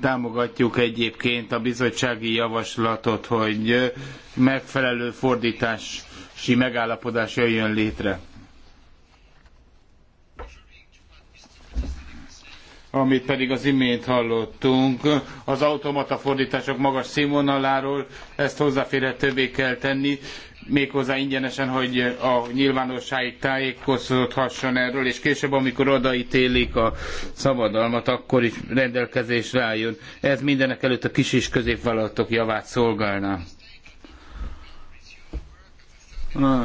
Támogatjuk egyébként a bizottsági javaslatot, hogy megfelelő fordítási megállapodás jöjjön létre. amit pedig az imént hallottunk, az automata fordítások magas színvonaláról, ezt hozzáférhetővé kell tenni, méghozzá ingyenesen, hogy a nyilvánosság tájékozódhasson erről, és később, amikor odaítélik a szabadalmat, akkor is rendelkezésre álljon. Ez mindenekelőtt a kis és középvállalatok javát szolgálná.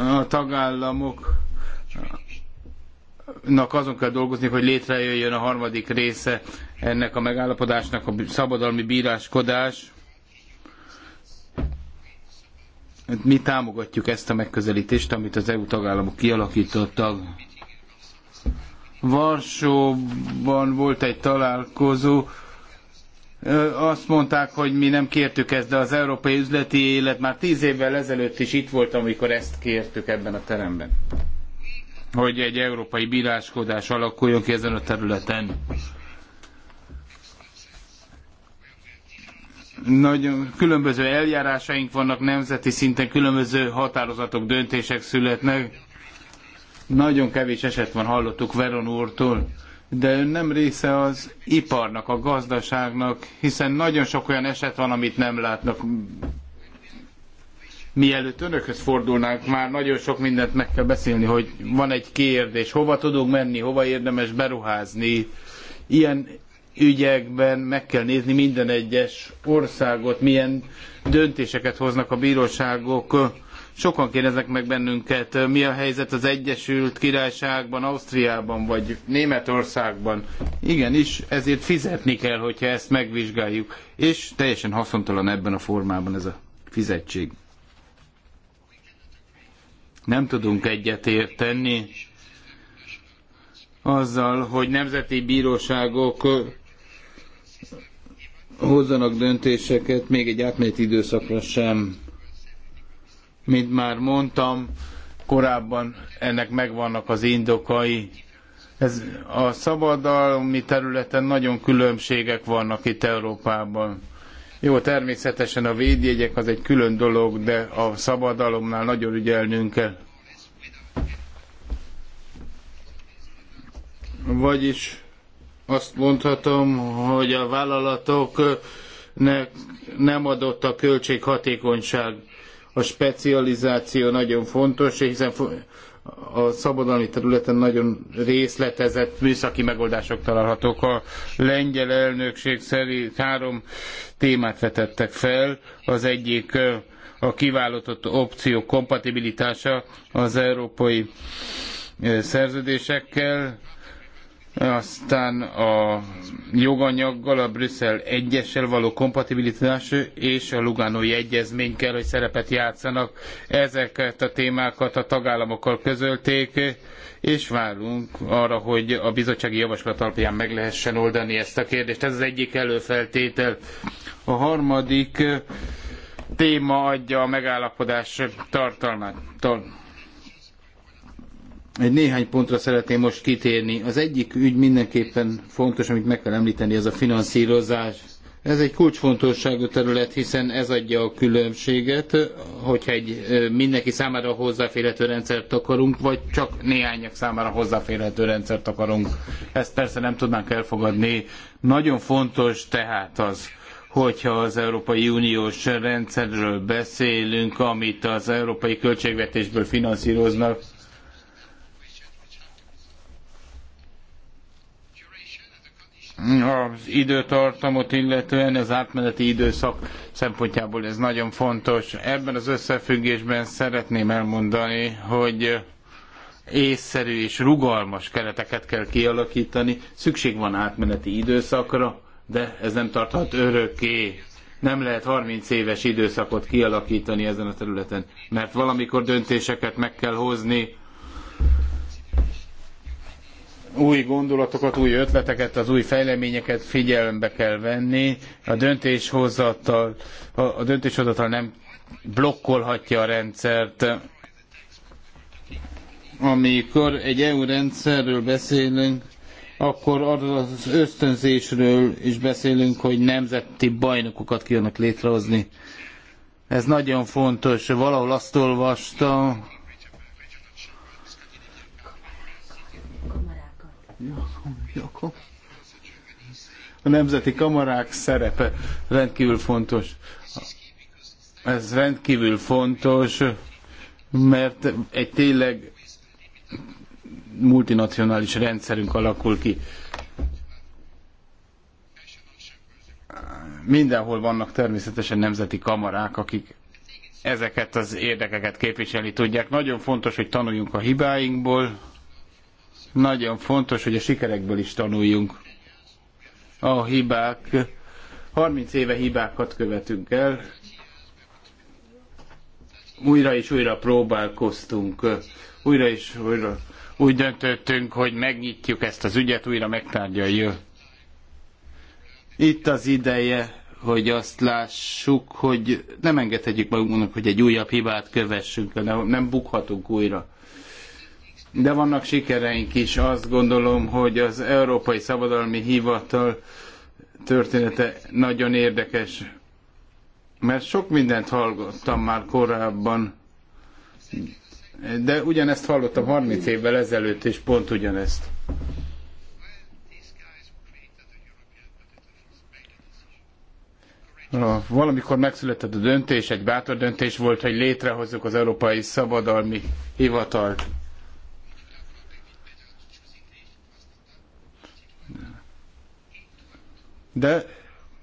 A tagállamok nak azon kell dolgozni, hogy létrejöjjön a harmadik része ennek a megállapodásnak, a szabadalmi bíráskodás. Mi támogatjuk ezt a megközelítést, amit az EU tagállamok kialakítottak. Varsóban volt egy találkozó, azt mondták, hogy mi nem kértük ezt, de az európai üzleti élet már tíz évvel ezelőtt is itt volt, amikor ezt kértük ebben a teremben hogy egy európai bíráskodás alakuljon ki ezen a területen. Nagyon különböző eljárásaink vannak nemzeti szinten, különböző határozatok, döntések születnek. Nagyon kevés eset van, hallottuk Veron úrtól, de ön nem része az iparnak, a gazdaságnak, hiszen nagyon sok olyan eset van, amit nem látnak mielőtt önökhöz fordulnánk, már nagyon sok mindent meg kell beszélni, hogy van egy kérdés, hova tudunk menni, hova érdemes beruházni. Ilyen ügyekben meg kell nézni minden egyes országot, milyen döntéseket hoznak a bíróságok. Sokan kérdeznek meg bennünket, mi a helyzet az Egyesült Királyságban, Ausztriában vagy Németországban. Igenis, ezért fizetni kell, hogyha ezt megvizsgáljuk. És teljesen haszontalan ebben a formában ez a fizetség nem tudunk egyetérteni azzal, hogy nemzeti bíróságok hozzanak döntéseket még egy átmeneti időszakra sem. Mint már mondtam, korábban ennek megvannak az indokai. Ez a szabadalmi területen nagyon különbségek vannak itt Európában jó, természetesen a védjegyek az egy külön dolog, de a szabadalomnál nagyon ügyelnünk kell. Vagyis azt mondhatom, hogy a vállalatoknak nem adott a költséghatékonyság. A specializáció nagyon fontos, hiszen a szabadalmi területen nagyon részletezett műszaki megoldások találhatók. A lengyel elnökség szerint három témát vetettek fel. Az egyik a kiválasztott opció kompatibilitása az európai szerződésekkel, aztán a joganyaggal, a Brüsszel egyessel való kompatibilitás és a Luganói Egyezmény kell, hogy szerepet játszanak. Ezeket a témákat a tagállamokkal közölték, és várunk arra, hogy a bizottsági javaslat alapján meg lehessen oldani ezt a kérdést. Ez az egyik előfeltétel. A harmadik téma adja a megállapodás tartalmát. Egy néhány pontra szeretném most kitérni. Az egyik ügy mindenképpen fontos, amit meg kell említeni, ez a finanszírozás. Ez egy kulcsfontosságú terület, hiszen ez adja a különbséget, hogyha egy mindenki számára hozzáférhető rendszert akarunk, vagy csak néhányak számára hozzáférhető rendszert akarunk. Ezt persze nem tudnánk elfogadni. Nagyon fontos tehát az, hogyha az Európai Uniós rendszerről beszélünk, amit az európai költségvetésből finanszíroznak, az időtartamot illetően, az átmeneti időszak szempontjából ez nagyon fontos. Ebben az összefüggésben szeretném elmondani, hogy észszerű és rugalmas kereteket kell kialakítani. Szükség van átmeneti időszakra, de ez nem tarthat örökké. Nem lehet 30 éves időszakot kialakítani ezen a területen, mert valamikor döntéseket meg kell hozni, új gondolatokat, új ötleteket, az új fejleményeket figyelembe kell venni. A döntéshozatal, a döntéshozatal nem blokkolhatja a rendszert. Amikor egy EU rendszerről beszélünk, akkor arról az ösztönzésről is beszélünk, hogy nemzeti bajnokokat kívánnak létrehozni. Ez nagyon fontos. Valahol azt olvastam, A nemzeti kamarák szerepe rendkívül fontos. Ez rendkívül fontos, mert egy tényleg multinacionális rendszerünk alakul ki. Mindenhol vannak természetesen nemzeti kamarák, akik ezeket az érdekeket képviselni tudják. Nagyon fontos, hogy tanuljunk a hibáinkból, nagyon fontos, hogy a sikerekből is tanuljunk. A hibák, 30 éve hibákat követünk el, újra és újra próbálkoztunk, újra és újra úgy döntöttünk, hogy megnyitjuk ezt az ügyet, újra megtárgyaljuk. Itt az ideje, hogy azt lássuk, hogy nem engedhetjük magunknak, hogy egy újabb hibát kövessünk, nem, nem bukhatunk újra de vannak sikereink is. Azt gondolom, hogy az Európai Szabadalmi Hivatal története nagyon érdekes, mert sok mindent hallottam már korábban, de ugyanezt hallottam 30 évvel ezelőtt, és pont ugyanezt. Valamikor megszületett a döntés, egy bátor döntés volt, hogy létrehozzuk az Európai Szabadalmi Hivatalt. de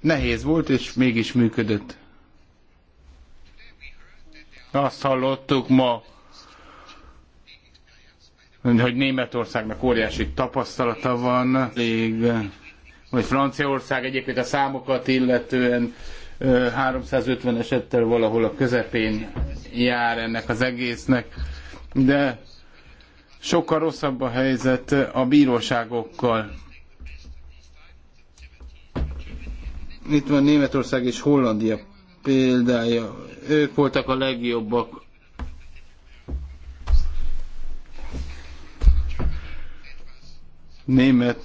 nehéz volt, és mégis működött. Azt hallottuk ma, hogy Németországnak óriási tapasztalata van, még, vagy Franciaország egyébként a számokat illetően 350 esettel valahol a közepén jár ennek az egésznek, de sokkal rosszabb a helyzet a bíróságokkal Itt van Németország és Hollandia példája. Ők voltak a legjobbak. Német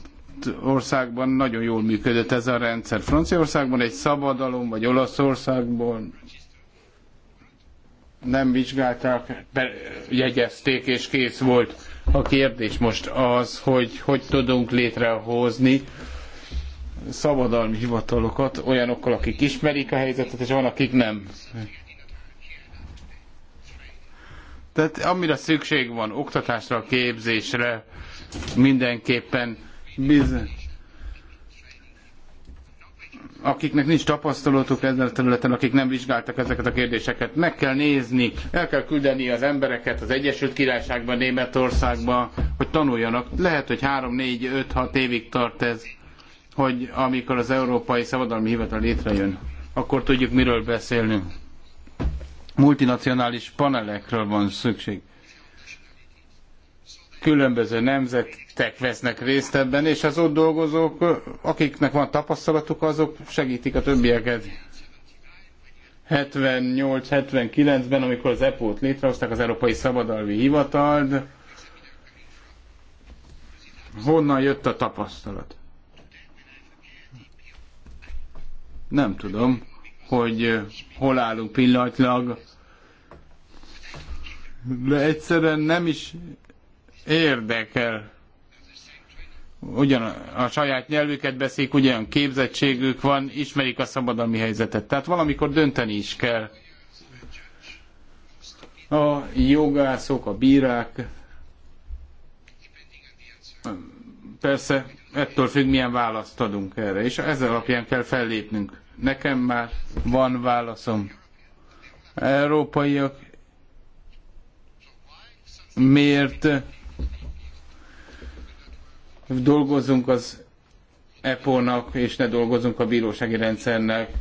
országban nagyon jól működött ez a rendszer. Franciaországban egy szabadalom, vagy Olaszországban nem vizsgálták, jegyezték és kész volt. A kérdés most az, hogy hogy tudunk létrehozni szabadalmi hivatalokat olyanokkal, akik ismerik a helyzetet, és van, akik nem. Tehát amire szükség van, oktatásra, képzésre, mindenképpen bizony. Akiknek nincs tapasztalatuk ezen a területen, akik nem vizsgáltak ezeket a kérdéseket, meg kell nézni, el kell küldeni az embereket az Egyesült Királyságban, Németországban, hogy tanuljanak. Lehet, hogy 3, 4, 5, 6 évig tart ez hogy amikor az Európai Szabadalmi Hivatal létrejön, akkor tudjuk, miről beszélünk. Multinacionális panelekről van szükség. Különböző nemzetek vesznek részt ebben, és az ott dolgozók, akiknek van tapasztalatuk, azok segítik a többieket. 78-79-ben, amikor az EPO-t létrehozták, az Európai Szabadalmi Hivatalt, honnan jött a tapasztalat? Nem tudom, hogy eh, hol állunk pillanatlag, de egyszerűen nem is érdekel. Ugyan a saját nyelvüket beszélik, ugyan képzettségük van, ismerik a szabadalmi helyzetet. Tehát valamikor dönteni is kell. A jogászok, a bírák, persze ettől függ, milyen választ adunk erre, és ezzel alapján kell fellépnünk. Nekem már van válaszom. Európaiak miért dolgozunk az EPO-nak, és ne dolgozunk a bírósági rendszernek.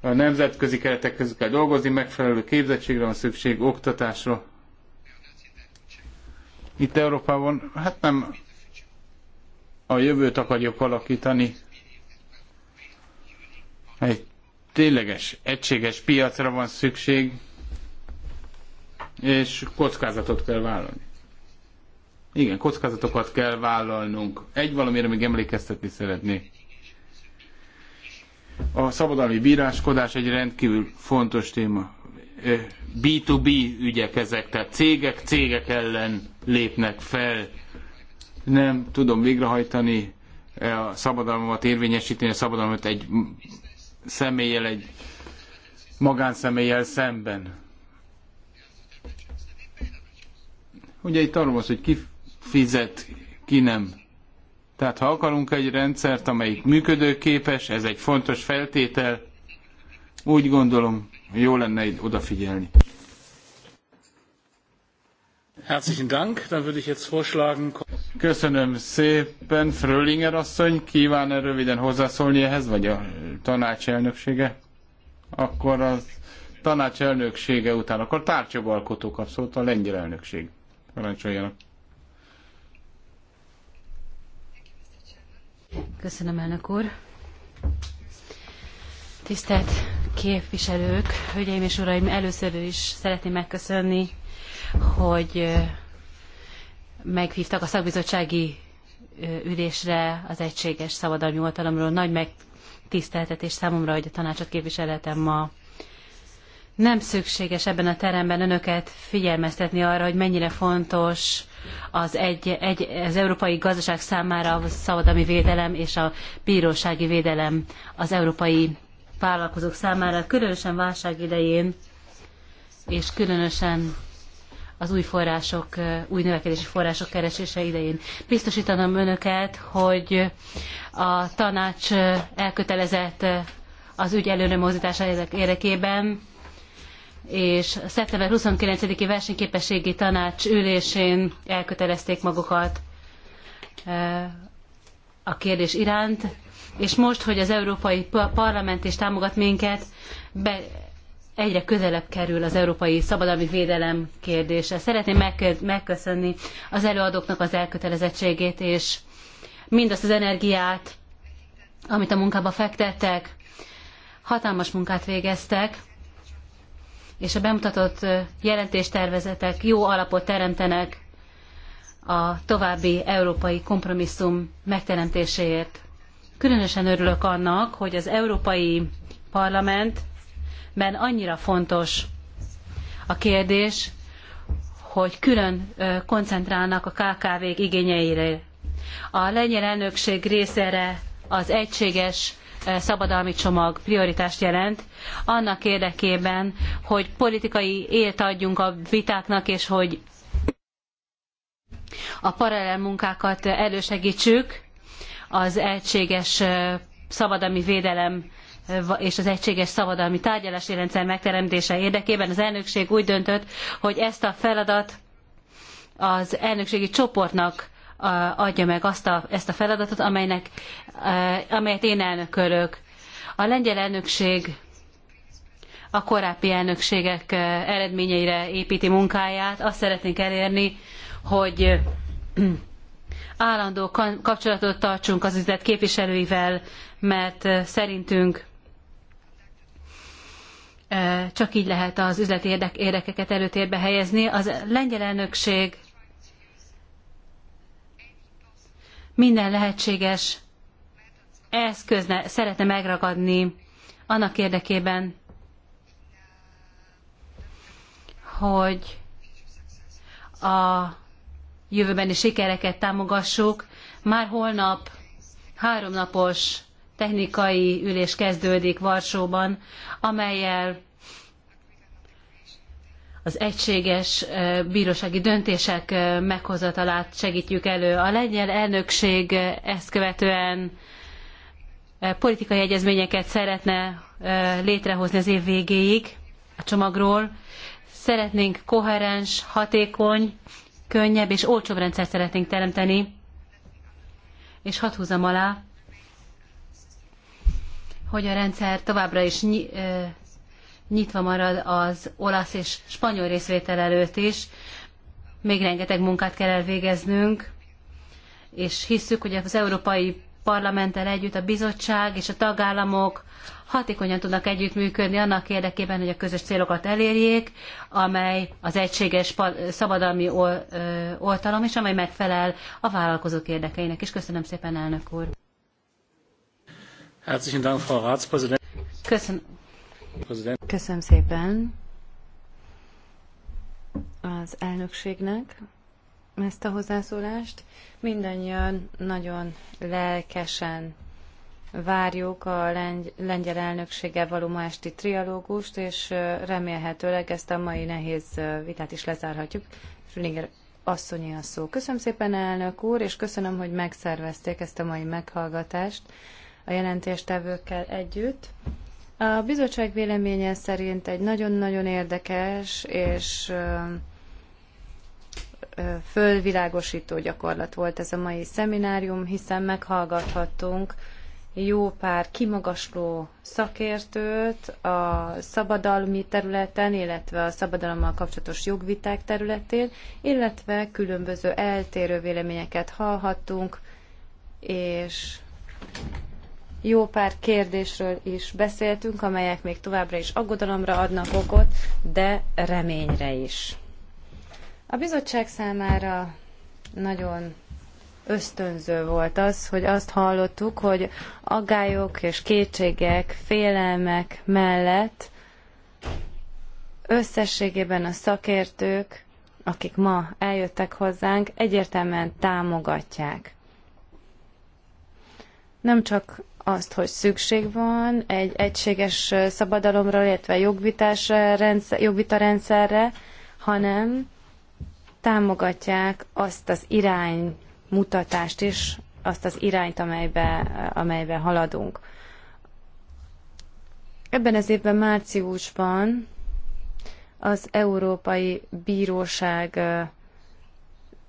A nemzetközi keretek között kell dolgozni, megfelelő képzettségre van szükség, oktatásra. Itt Európában, hát nem a jövőt akarjuk alakítani, egy tényleges, egységes piacra van szükség, és kockázatot kell vállalni. Igen, kockázatokat kell vállalnunk. Egy valamire még emlékeztetni szeretnék. A szabadalmi bíráskodás egy rendkívül fontos téma. B2B ügyek ezek, tehát cégek cégek ellen lépnek fel. Nem tudom végrehajtani e, a szabadalmat, érvényesíteni a szabadalmat egy személlyel, egy magánszemélyel szemben. Ugye itt arról hogy ki fizet, ki nem. Tehát ha akarunk egy rendszert, amelyik működőképes, ez egy fontos feltétel, úgy gondolom, jó lenne egy odafigyelni. Herzlichen Dank. Dann würde ich jetzt vorschlagen... Köszönöm szépen. Fröllinger asszony, kíván -e röviden hozzászólni ehhez, vagy a tanács elnöksége? Akkor a tanács elnöksége után, akkor tárgyabalkotó kap szót a lengyel elnökség. Parancsoljanak. Köszönöm, elnök úr. Tisztelt képviselők, hölgyeim és uraim, először is szeretném megköszönni, hogy meghívtak a szakbizottsági ülésre az egységes szabadalmi oltalomról. Nagy megtiszteltetés számomra, hogy a tanácsot képviselhetem ma. Nem szükséges ebben a teremben önöket figyelmeztetni arra, hogy mennyire fontos az, egy, egy, az európai gazdaság számára a szabadalmi védelem és a bírósági védelem az európai vállalkozók számára, különösen válság idején, és különösen az új források, új növekedési források keresése idején. Biztosítanom önöket, hogy a tanács elkötelezett az ügy előremozítása érdekében, és szeptember 29-i versenyképességi tanács ülésén elkötelezték magukat a kérdés iránt, és most, hogy az Európai Parlament is támogat minket, be, egyre közelebb kerül az európai szabadalmi védelem kérdése. Szeretném megköszönni az előadóknak az elkötelezettségét és mindazt az energiát, amit a munkába fektettek. Hatalmas munkát végeztek, és a bemutatott jelentéstervezetek jó alapot teremtenek a további európai kompromisszum megteremtéséért. Különösen örülök annak, hogy az Európai Parlament ben annyira fontos a kérdés, hogy külön koncentrálnak a KKV-k igényeire. A lengyel elnökség részére az egységes szabadalmi csomag prioritást jelent, annak érdekében, hogy politikai élt adjunk a vitáknak, és hogy a paralel munkákat elősegítsük az egységes szabadalmi védelem és az egységes szabadalmi tárgyalási rendszer megteremtése érdekében az elnökség úgy döntött, hogy ezt a feladat az elnökségi csoportnak adja meg azt a, ezt a feladatot, amelynek, e, amelyet én elnökölök. A lengyel elnökség a korábbi elnökségek e, eredményeire építi munkáját. Azt szeretnénk elérni, hogy állandó kapcsolatot tartsunk az üzlet képviselőivel, mert e, szerintünk csak így lehet az üzleti érdek, érdekeket előtérbe helyezni. Az lengyel elnökség minden lehetséges eszközne szeretne megragadni annak érdekében, hogy a jövőbeni sikereket támogassuk. Már holnap háromnapos technikai ülés kezdődik Varsóban, amelyel az egységes eh, bírósági döntések eh, meghozatalát segítjük elő. A lengyel elnökség eh, ezt követően politikai egyezményeket szeretne létrehozni az év végéig a csomagról. Szeretnénk koherens, hatékony, könnyebb és olcsóbb rendszert szeretnénk teremteni. És hadd húzam alá, hogy a rendszer továbbra is nyitva marad az olasz és spanyol részvétel előtt is. Még rengeteg munkát kell elvégeznünk, és hisszük, hogy az Európai Parlamenttel együtt a bizottság és a tagállamok hatékonyan tudnak együttműködni annak érdekében, hogy a közös célokat elérjék, amely az egységes szabadalmi oltalom, és amely megfelel a vállalkozók érdekeinek. És köszönöm szépen, elnök úr! Köszönöm. szépen az elnökségnek ezt a hozzászólást. Mindannyian nagyon lelkesen várjuk a lengyel elnökséggel való ma esti trialógust, és remélhetőleg ezt a mai nehéz vitát is lezárhatjuk. Frülinger asszonyi a szó. Köszönöm szépen, elnök úr, és köszönöm, hogy megszervezték ezt a mai meghallgatást a jelentéstevőkkel együtt. A bizottság véleménye szerint egy nagyon-nagyon érdekes és fölvilágosító gyakorlat volt ez a mai szeminárium, hiszen meghallgathattunk jó pár kimagasló szakértőt a szabadalmi területen, illetve a szabadalommal kapcsolatos jogviták területén, illetve különböző eltérő véleményeket hallhattunk, és jó pár kérdésről is beszéltünk, amelyek még továbbra is aggodalomra adnak okot, de reményre is. A bizottság számára nagyon ösztönző volt az, hogy azt hallottuk, hogy aggályok és kétségek, félelmek mellett összességében a szakértők, akik ma eljöttek hozzánk, egyértelműen támogatják. Nem csak azt, hogy szükség van egy egységes szabadalomra, illetve jogvitás rendszer, jogvita rendszerre, hanem támogatják azt az iránymutatást is, azt az irányt, amelybe, amelybe haladunk. Ebben az évben márciusban az Európai Bíróság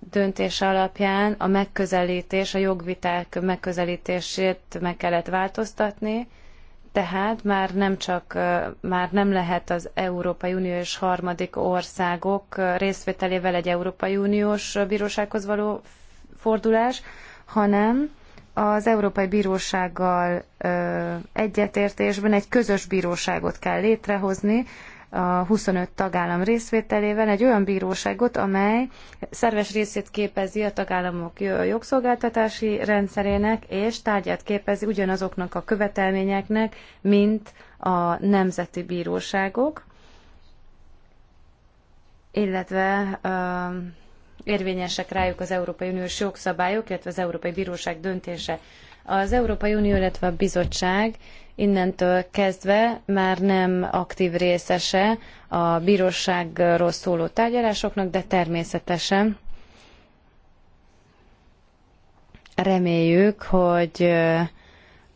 döntés alapján a megközelítés, a jogviták megközelítését meg kellett változtatni, tehát már nem csak, már nem lehet az Európai Unió és harmadik országok részvételével egy Európai Uniós bírósághoz való fordulás, hanem az Európai Bírósággal egyetértésben egy közös bíróságot kell létrehozni, a 25 tagállam részvételével egy olyan bíróságot, amely szerves részét képezi a tagállamok jogszolgáltatási rendszerének, és tárgyát képezi ugyanazoknak a követelményeknek, mint a nemzeti bíróságok, illetve érvényesek rájuk az Európai Uniós jogszabályok, illetve az Európai Bíróság döntése. Az Európai Unió, illetve a bizottság innentől kezdve már nem aktív részese a bíróságról szóló tárgyalásoknak, de természetesen reméljük, hogy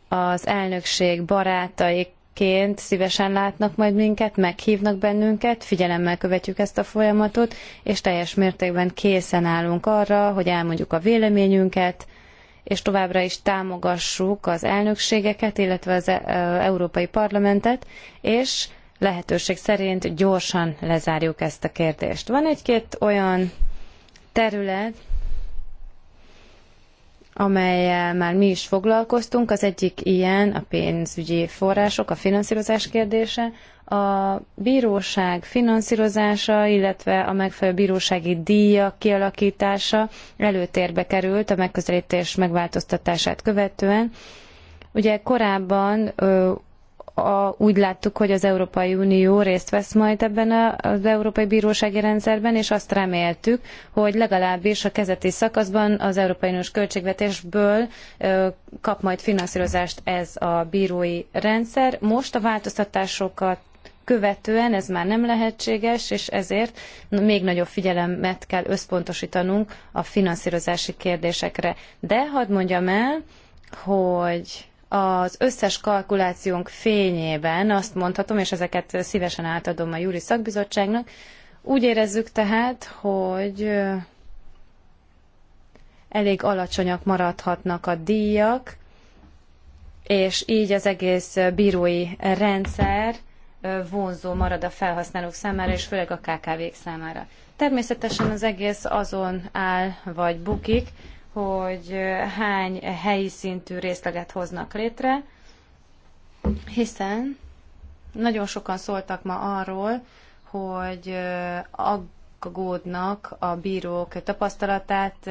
az elnökség barátaiként szívesen látnak majd minket, meghívnak bennünket, figyelemmel követjük ezt a folyamatot, és teljes mértékben készen állunk arra, hogy elmondjuk a véleményünket, és továbbra is támogassuk az elnökségeket, illetve az e, e, Európai Parlamentet, és lehetőség szerint gyorsan lezárjuk ezt a kérdést. Van egy-két olyan terület, amelyel már mi is foglalkoztunk. Az egyik ilyen a pénzügyi források, a finanszírozás kérdése, a bíróság finanszírozása, illetve a megfelelő bírósági díjak kialakítása előtérbe került a megközelítés megváltoztatását követően. Ugye korábban a, úgy láttuk, hogy az Európai Unió részt vesz majd ebben a, az Európai Bírósági Rendszerben, és azt reméltük, hogy legalábbis a kezdeti szakaszban az Európai Uniós költségvetésből ö, kap majd finanszírozást ez a bírói rendszer. Most a változtatásokat követően ez már nem lehetséges, és ezért még nagyobb figyelemet kell összpontosítanunk a finanszírozási kérdésekre. De hadd mondjam el, hogy az összes kalkulációnk fényében azt mondhatom, és ezeket szívesen átadom a Júri Szakbizottságnak, úgy érezzük tehát, hogy elég alacsonyak maradhatnak a díjak, és így az egész bírói rendszer vonzó marad a felhasználók számára, és főleg a KKV-k számára. Természetesen az egész azon áll, vagy bukik, hogy hány helyi szintű részleget hoznak létre, hiszen nagyon sokan szóltak ma arról, hogy aggódnak a bírók tapasztalatát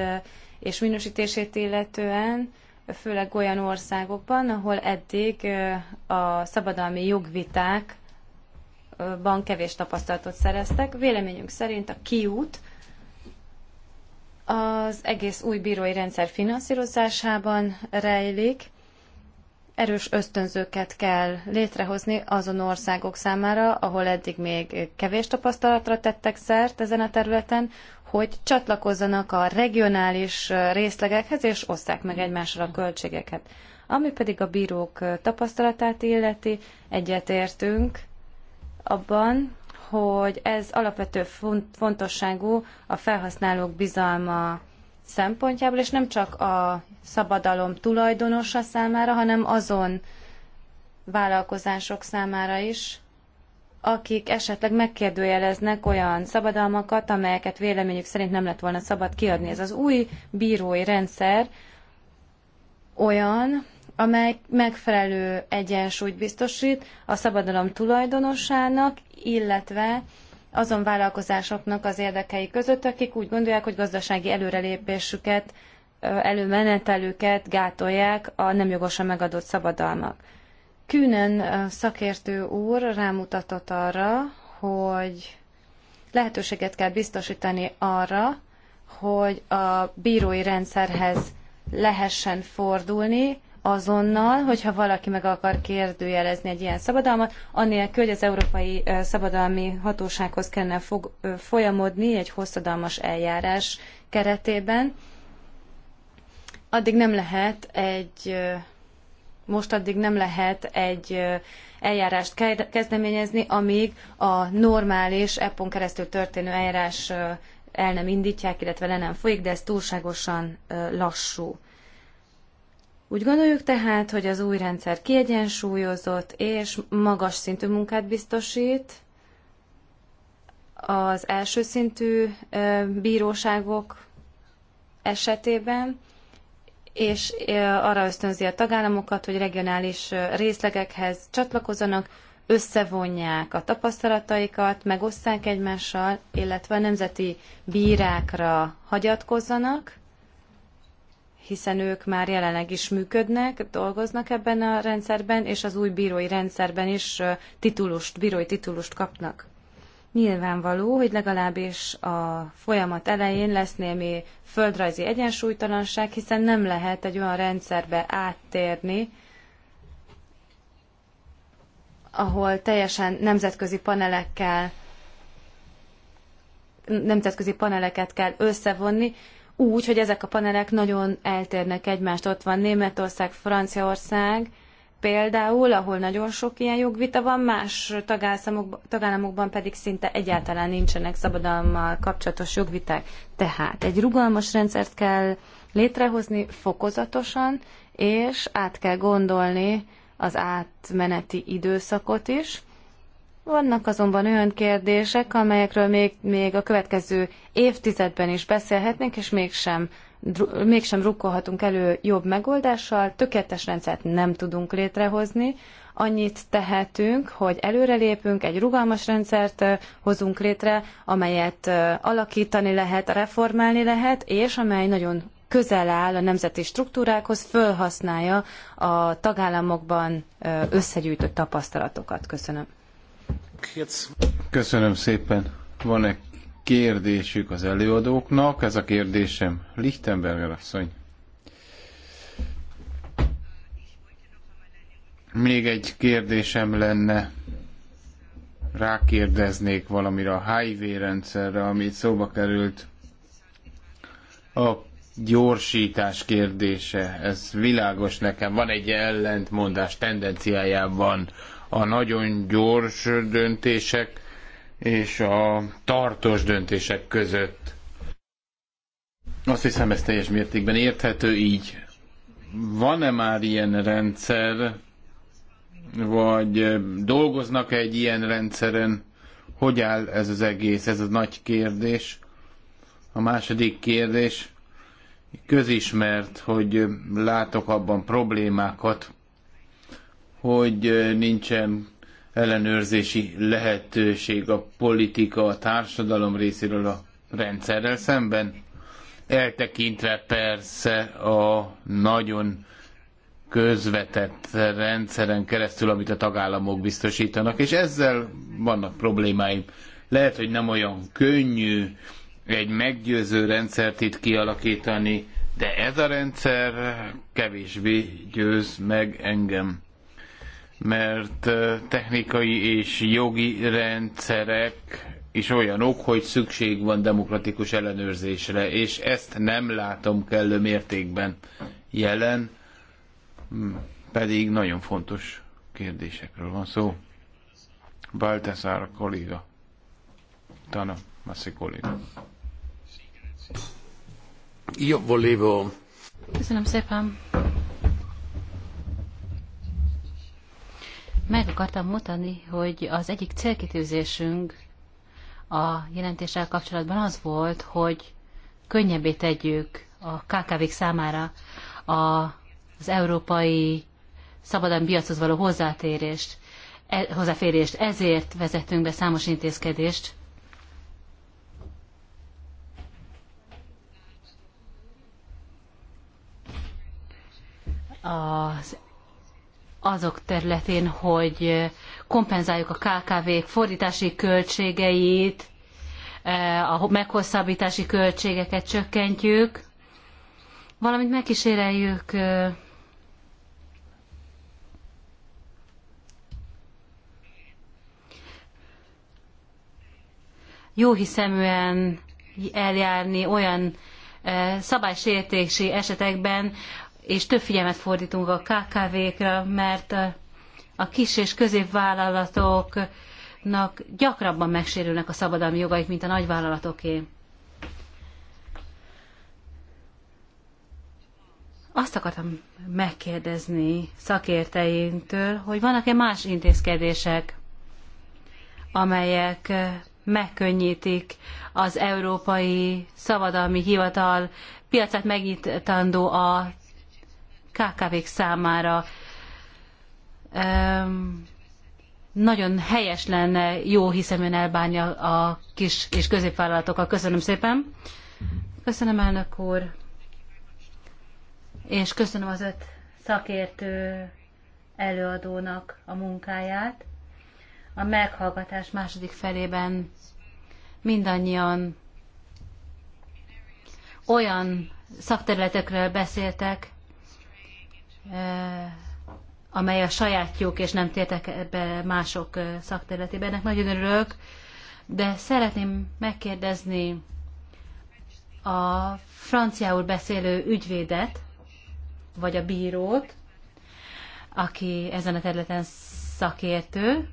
és minősítését illetően, főleg olyan országokban, ahol eddig a szabadalmi jogviták ban kevés tapasztalatot szereztek. Véleményünk szerint a kiút az egész új bírói rendszer finanszírozásában rejlik. Erős ösztönzőket kell létrehozni azon országok számára, ahol eddig még kevés tapasztalatra tettek szert ezen a területen, hogy csatlakozzanak a regionális részlegekhez, és osszák meg egymással a költségeket. Ami pedig a bírók tapasztalatát illeti, egyetértünk abban, hogy ez alapvető fontosságú a felhasználók bizalma szempontjából, és nem csak a szabadalom tulajdonosa számára, hanem azon vállalkozások számára is, akik esetleg megkérdőjeleznek olyan szabadalmakat, amelyeket véleményük szerint nem lett volna szabad kiadni. Ez az új bírói rendszer olyan, amely megfelelő egyensúlyt biztosít a szabadalom tulajdonosának, illetve azon vállalkozásoknak az érdekei között, akik úgy gondolják, hogy gazdasági előrelépésüket, előmenetelüket gátolják a nem jogosan megadott szabadalmak. Kühnen szakértő úr rámutatott arra, hogy lehetőséget kell biztosítani arra, hogy a bírói rendszerhez lehessen fordulni azonnal, hogyha valaki meg akar kérdőjelezni egy ilyen szabadalmat, annélkül, hogy az Európai Szabadalmi Hatósághoz kellene fog, folyamodni egy hosszadalmas eljárás keretében, addig nem lehet egy most addig nem lehet egy eljárást kezdeményezni, amíg a normális EPPON keresztül történő eljárás el nem indítják, illetve le nem folyik, de ez túlságosan lassú. Úgy gondoljuk tehát, hogy az új rendszer kiegyensúlyozott és magas szintű munkát biztosít az első szintű bíróságok esetében, és arra ösztönzi a tagállamokat, hogy regionális részlegekhez csatlakozzanak, összevonják a tapasztalataikat, megosszák egymással, illetve a nemzeti bírákra hagyatkozzanak, hiszen ők már jelenleg is működnek, dolgoznak ebben a rendszerben, és az új bírói rendszerben is titulust, bírói titulust kapnak. Nyilvánvaló, hogy legalábbis a folyamat elején lesz némi földrajzi egyensúlytalanság, hiszen nem lehet egy olyan rendszerbe áttérni, ahol teljesen nemzetközi panelekkel nemzetközi paneleket kell összevonni, úgy, hogy ezek a panelek nagyon eltérnek egymást. Ott van Németország, Franciaország, például, ahol nagyon sok ilyen jogvita van, más tagállamokban pedig szinte egyáltalán nincsenek szabadalmmal kapcsolatos jogviták. Tehát egy rugalmas rendszert kell létrehozni fokozatosan, és át kell gondolni az átmeneti időszakot is, vannak azonban olyan kérdések, amelyekről még, még a következő évtizedben is beszélhetnénk, és mégsem, mégsem rukkolhatunk elő jobb megoldással, tökéletes rendszert nem tudunk létrehozni, annyit tehetünk, hogy előrelépünk, egy rugalmas rendszert hozunk létre, amelyet alakítani lehet, reformálni lehet, és amely nagyon közel áll a nemzeti struktúrákhoz, fölhasználja a tagállamokban összegyűjtött tapasztalatokat. Köszönöm. Köszönöm szépen. Van-e kérdésük az előadóknak? Ez a kérdésem. Lichtenberger asszony. Még egy kérdésem lenne. Rákérdeznék valamire a HIV rendszerre, amit szóba került. A gyorsítás kérdése, ez világos nekem. Van egy ellentmondás tendenciájában a nagyon gyors döntések és a tartós döntések között. Azt hiszem, ez teljes mértékben érthető így. Van-e már ilyen rendszer, vagy dolgoznak -e egy ilyen rendszeren? Hogy áll ez az egész? Ez a nagy kérdés. A második kérdés, közismert, hogy látok abban problémákat, hogy nincsen ellenőrzési lehetőség a politika, a társadalom részéről a rendszerrel szemben, eltekintve persze a nagyon közvetett rendszeren keresztül, amit a tagállamok biztosítanak, és ezzel vannak problémáim. Lehet, hogy nem olyan könnyű egy meggyőző rendszert itt kialakítani, de ez a rendszer kevésbé győz meg engem mert technikai és jogi rendszerek is olyanok, hogy szükség van demokratikus ellenőrzésre, és ezt nem látom kellő mértékben jelen, hmm, pedig nagyon fontos kérdésekről van szó. Baltasar kolléga. Tana, Massi kolléga. Io volevo... Köszönöm szépen. Meg akartam mutatni, hogy az egyik célkitűzésünk a jelentéssel kapcsolatban az volt, hogy könnyebbé tegyük a KKV-k számára az európai szabadon piachoz való hozzátérést, e, hozzáférést. Ezért vezettünk be számos intézkedést, az azok területén, hogy kompenzáljuk a kkv fordítási költségeit, eh, a meghosszabbítási költségeket csökkentjük, valamint megkíséreljük eh, hiszeműen eljárni olyan eh, szabálysértési esetekben, és több figyelmet fordítunk a KKV-kra, mert a kis és középvállalatoknak gyakrabban megsérülnek a szabadalmi jogaik, mint a nagyvállalatoké. Azt akartam megkérdezni szakérteinktől, hogy vannak-e más intézkedések, amelyek megkönnyítik az Európai Szabadalmi Hivatal piacát megnyitandó a KKV-k számára nagyon helyes lenne jó hiszeműen elbánni a kis és középvállalatokkal. Köszönöm szépen. Köszönöm elnök úr, és köszönöm az öt szakértő előadónak a munkáját. A meghallgatás második felében mindannyian olyan szakterületekről beszéltek, E, amely a sajátjuk, és nem tértek be mások e, szakterületében. Ennek nagyon örülök, de szeretném megkérdezni a franciául beszélő ügyvédet, vagy a bírót, aki ezen a területen szakértő,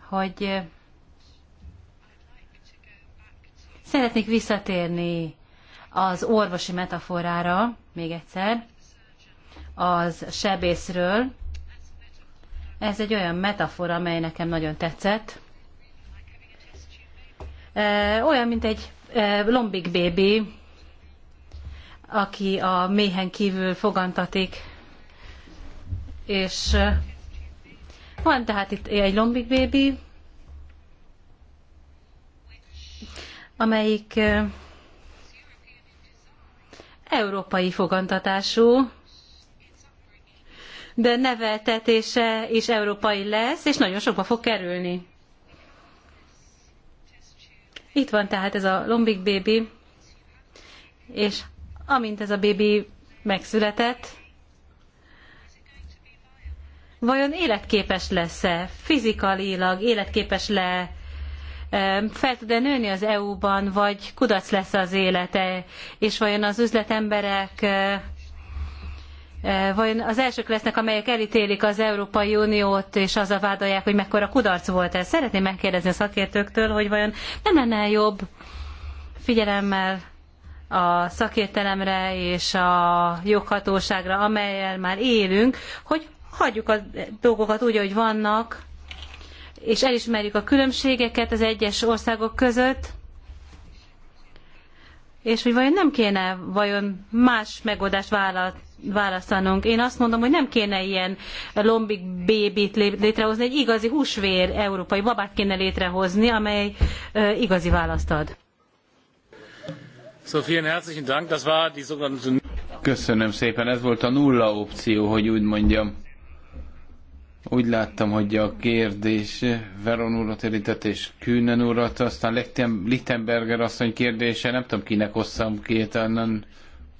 hogy szeretnék visszatérni az orvosi metaforára még egyszer, az sebészről. Ez egy olyan metafora, amely nekem nagyon tetszett. Olyan, mint egy lombik bébi, aki a méhen kívül fogantatik, és van tehát itt egy lombik bébi, amelyik európai fogantatású, de neveltetése is európai lesz, és nagyon sokba fog kerülni. Itt van tehát ez a lombik bébi, és amint ez a bébi megszületett, vajon életképes lesz-e, fizikailag életképes le, e, fel tud-e nőni az EU-ban, vagy kudarc lesz az élete, és vajon az üzletemberek e, E, vajon az elsők lesznek, amelyek elítélik az Európai Uniót, és azzal vádolják, hogy mekkora kudarc volt ez. Szeretném megkérdezni a szakértőktől, hogy vajon nem lenne jobb figyelemmel a szakértelemre és a joghatóságra, amelyel már élünk, hogy hagyjuk a dolgokat úgy, ahogy vannak, és elismerjük a különbségeket az egyes országok között, és hogy vajon nem kéne vajon más megoldást vállalt, választanunk. Én azt mondom, hogy nem kéne ilyen lombik bébit létrehozni, egy igazi húsvér európai babát kéne létrehozni, amely igazi választ ad. Köszönöm szépen, ez volt a nulla opció, hogy úgy mondjam. Úgy láttam, hogy a kérdés Veron urat érintett és Kühnen urat, aztán Lichtenberger asszony kérdése, nem tudom kinek hoztam két, annan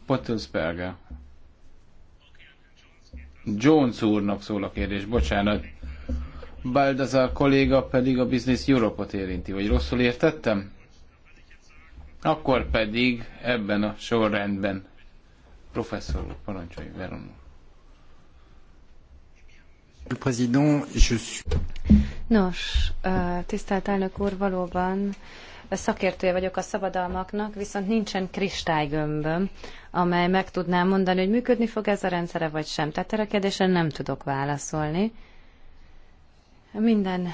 Pottelsberger Jones úrnak szól a kérdés, bocsánat. Baldazar kolléga pedig a Business Europe-ot érinti, vagy rosszul értettem? Akkor pedig ebben a sorrendben. Professzor úr, parancsolj, Veron Nos, tisztelt elnök úr, valóban szakértője vagyok a szabadalmaknak, viszont nincsen kristálygömböm, amely meg tudná mondani, hogy működni fog ez a rendszere, vagy sem. Tehát erre a kérdésre nem tudok válaszolni. Minden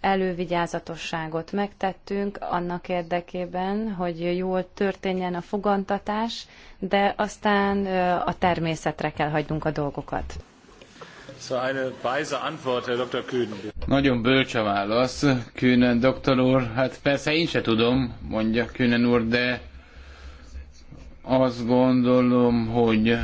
elővigyázatosságot megtettünk annak érdekében, hogy jól történjen a fogantatás, de aztán a természetre kell hagynunk a dolgokat. Nagyon bölcs a válasz, Kühnen doktor úr. Hát persze én se tudom, mondja Kühnen úr, de azt gondolom, hogy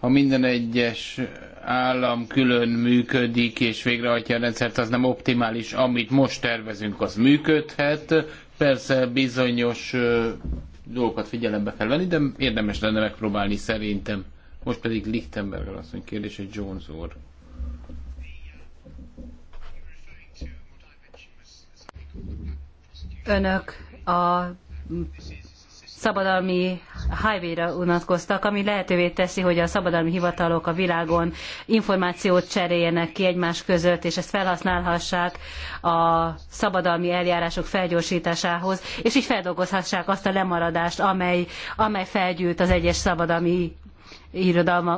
ha minden egyes állam külön működik és végrehajtja a rendszert, az nem optimális. Amit most tervezünk, az működhet. Persze bizonyos dolgokat figyelembe kell venni, de érdemes lenne megpróbálni szerintem. Most pedig Lichtenberger asszony kérdése Jones úr. Önök a szabadalmi highway-ra unatkoztak, ami lehetővé teszi, hogy a szabadalmi hivatalok a világon információt cseréljenek ki egymás között, és ezt felhasználhassák a szabadalmi eljárások felgyorsításához, és így feldolgozhassák azt a lemaradást, amely, amely felgyűlt az egyes szabadalmi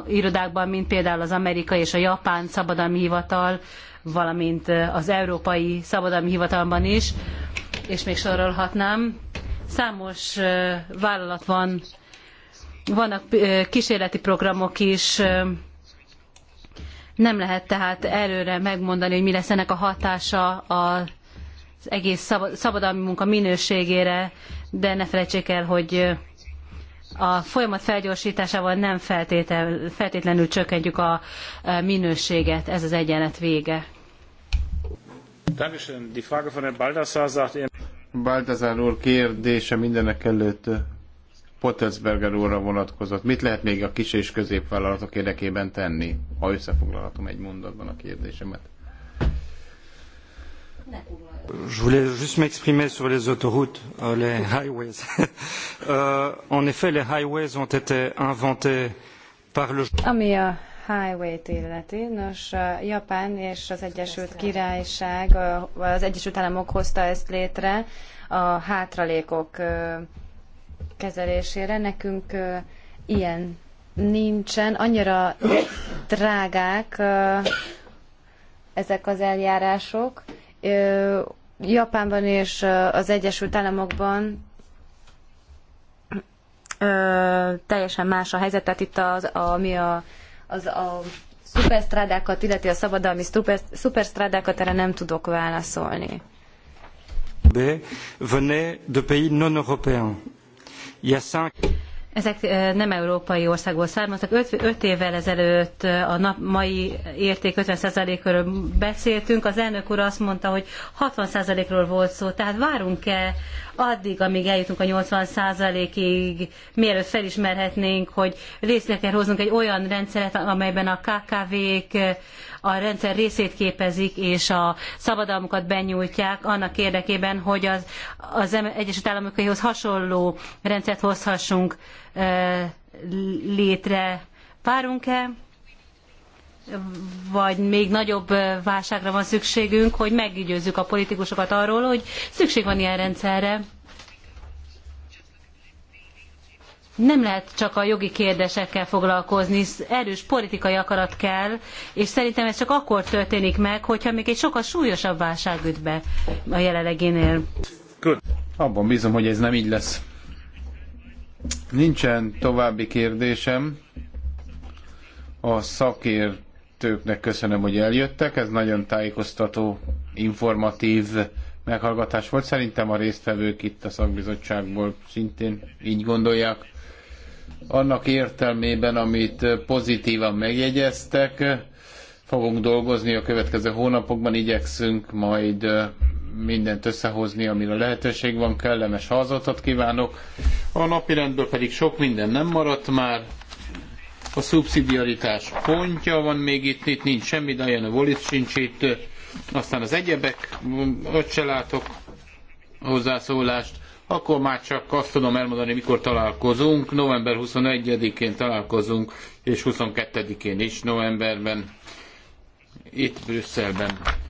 irodákban, mint például az amerikai és a japán szabadalmi hivatal, valamint eh, az európai szabadalmi hivatalban is, és még sorolhatnám. Számos eh, vállalat van, vannak eh, kísérleti programok is, nem lehet tehát előre megmondani, hogy mi lesz ennek a hatása az egész szabadalmi munka minőségére, de ne felejtsék el, hogy a folyamat felgyorsításával nem feltétel, feltétlenül csökkentjük a e, minőséget. Ez az egyenlet vége. Baldassar er- úr kérdése mindenek előtt Potelsberger úrra vonatkozott. Mit lehet még a kis és középvállalatok érdekében tenni, ha összefoglalhatom egy mondatban a kérdésemet? Ne Je voulais juste m'exprimer sur les autoroutes, euh, les highways. euh, en effet, les highways ont été inventés par le... Ami a highway-t illeti, nos uh, Japán és az Egyesült Királyság, uh, az Egyesült Államok hozta ezt létre a hátralékok uh, kezelésére. Nekünk ilyen nincsen, annyira drágák ezek az eljárások, Japánban és az Egyesült Államokban ö, teljesen más a helyzet, tehát itt az, ami a, az a szuperstrádákat, illeti a szabadalmi szuperstrádákat, erre nem tudok válaszolni. de pays non Il y a cinq ezek nem európai országból származnak. 5 évvel ezelőtt a nap, mai érték 50%-ről beszéltünk, az elnök úr azt mondta, hogy 60%-ról volt szó, tehát várunk-e addig, amíg eljutunk a 80%-ig, mielőtt felismerhetnénk, hogy részre kell hoznunk egy olyan rendszeret, amelyben a KKV-k a rendszer részét képezik, és a szabadalmukat benyújtják annak érdekében, hogy az, az Egyesült Államokhoz hasonló rendszert hozhassunk létre. Várunk-e? vagy még nagyobb válságra van szükségünk, hogy meggyőzzük a politikusokat arról, hogy szükség van ilyen rendszerre. Nem lehet csak a jogi kérdésekkel foglalkozni, erős politikai akarat kell, és szerintem ez csak akkor történik meg, hogyha még egy sokkal súlyosabb válság üt be a jelenleginél. Good. Abban bízom, hogy ez nem így lesz. Nincsen további kérdésem. A szakért szakértőknek köszönöm, hogy eljöttek. Ez nagyon tájékoztató, informatív meghallgatás volt. Szerintem a résztvevők itt a szakbizottságból szintén így gondolják. Annak értelmében, amit pozitívan megjegyeztek, fogunk dolgozni a következő hónapokban, igyekszünk majd mindent összehozni, amire lehetőség van, kellemes hazatot kívánok. A napirendből pedig sok minden nem maradt már, a szubszidiaritás pontja van még itt, itt nincs semmi, a Wallis sincs itt, aztán az egyebek, ott se látok hozzászólást, akkor már csak azt tudom elmondani, mikor találkozunk. November 21-én találkozunk, és 22-én is novemberben, itt Brüsszelben.